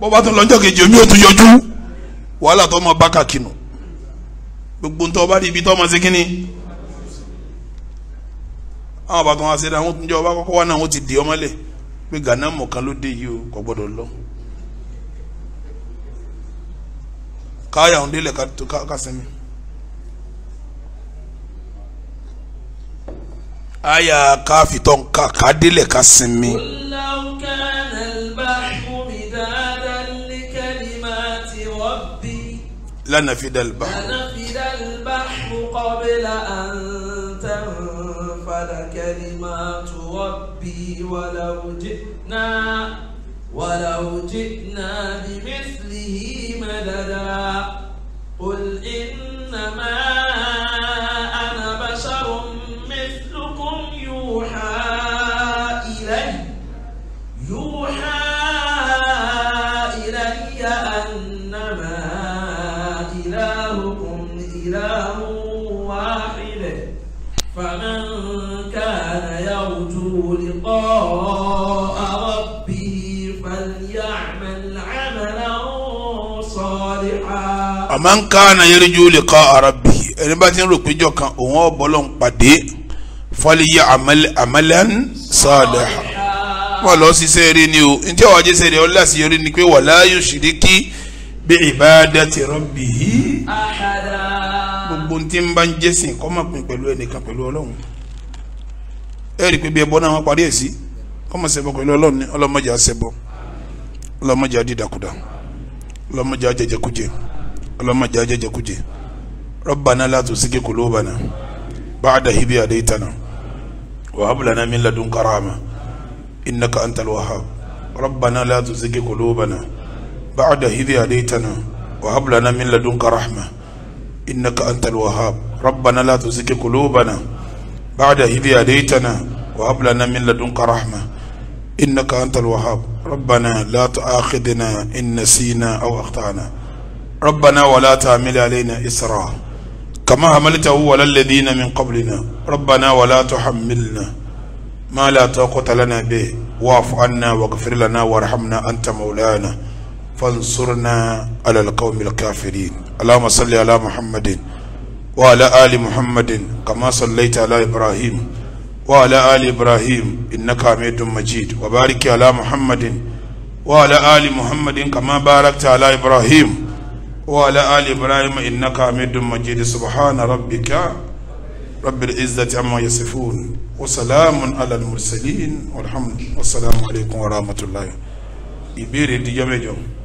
bọ́ba tó lọ́jọ́ kejì omi ò tún yọjú wàhálà tó mọ bákà kinu gbogbo ntọ́ ọba di ibi tọ́ ọmọ sí kínní àwọn bàtà wọn àṣẹ àwọn tóun jẹ ọba kọ́kọ́ wà náà wọn ti di ọmọ lẹ̀ pé gànà mọ̀kan ló dé yìí o kò gbọ́dọ̀ lọ. káyà òun délẹ̀ ká sẹ́mi. àyà káfíntàn ká délẹ̀ ká sẹ́mi. لنفد البحر لنفد البحر قبل أن تنفد كلمات ربي ولو جئنا ولو جئنا بمثله مددا قل إنما أنا بشر مثلكم يوحى فمن كان يرجو لقاء ربه فليعمل عملا صالحا ومن كان يرجو لقاء ربه ẹni bá ti ń rò péjọ kan òun ọ̀bọ̀ ló ń pàdé fọlíyà àmàlẹ́n sọ̀dẹ̀ wọn lọ ṣiṣẹ́ eré ni o ntí àwọn ajé sẹ́rẹ̀ ọ̀la sì yọrí ni pé wàlá yóò ṣìríkí bí ìbádà ti rọ́bì yìí ohun tí ń bá ń jẹ́sìn kọ́ máa pin pẹ̀lú ẹnìkan pẹ̀lú ọlọ́run ẹ rí i pé bí ẹbọ náà wọ́n parí ẹ̀ sí kọ́ máa ṣẹbọ pẹ̀lú ọlọ́run ní ọlọ́mọdé àṣẹbọ ọlọ́mọdé àdídàkudà ọlọ́mọdé àjẹjẹkújẹ ọlọ́mọdé àjẹjẹkújẹ rabbana la tuzigh qulubana ba'da idh hadaytana wa hab lana min ladunka rahma innaka antal wahhab rabbana la tuzigh qulubana ba'da idh hadaytana wa hab lana min ladunka rahma إنك أنت الوهاب ربنا لا تزك قلوبنا بعد إذ هديتنا وهب لنا من لدنك رحمة إنك أنت الوهاب ربنا لا تؤاخذنا إن نسينا أو أخطأنا ربنا ولا تعمل علينا إسرا كما حملته على الذين من قبلنا ربنا ولا تحملنا ما لا طاقة لنا به واعف عنا واغفر لنا وارحمنا أنت مولانا فانصرنا على القوم الكافرين اللهم صل على محمد وعلى آل محمد كما صليت على إبراهيم وعلى آل إبراهيم إنك حميد مجيد وبارك على محمد وعلى آل محمد كما باركت على إبراهيم وعلى آل إبراهيم إنك حميد مجيد سبحان ربك رب العزة عما يصفون وسلام على المرسلين والحمد والسلام عليكم ورحمة الله ìbéèrè dijọ́ mẹ́jọ.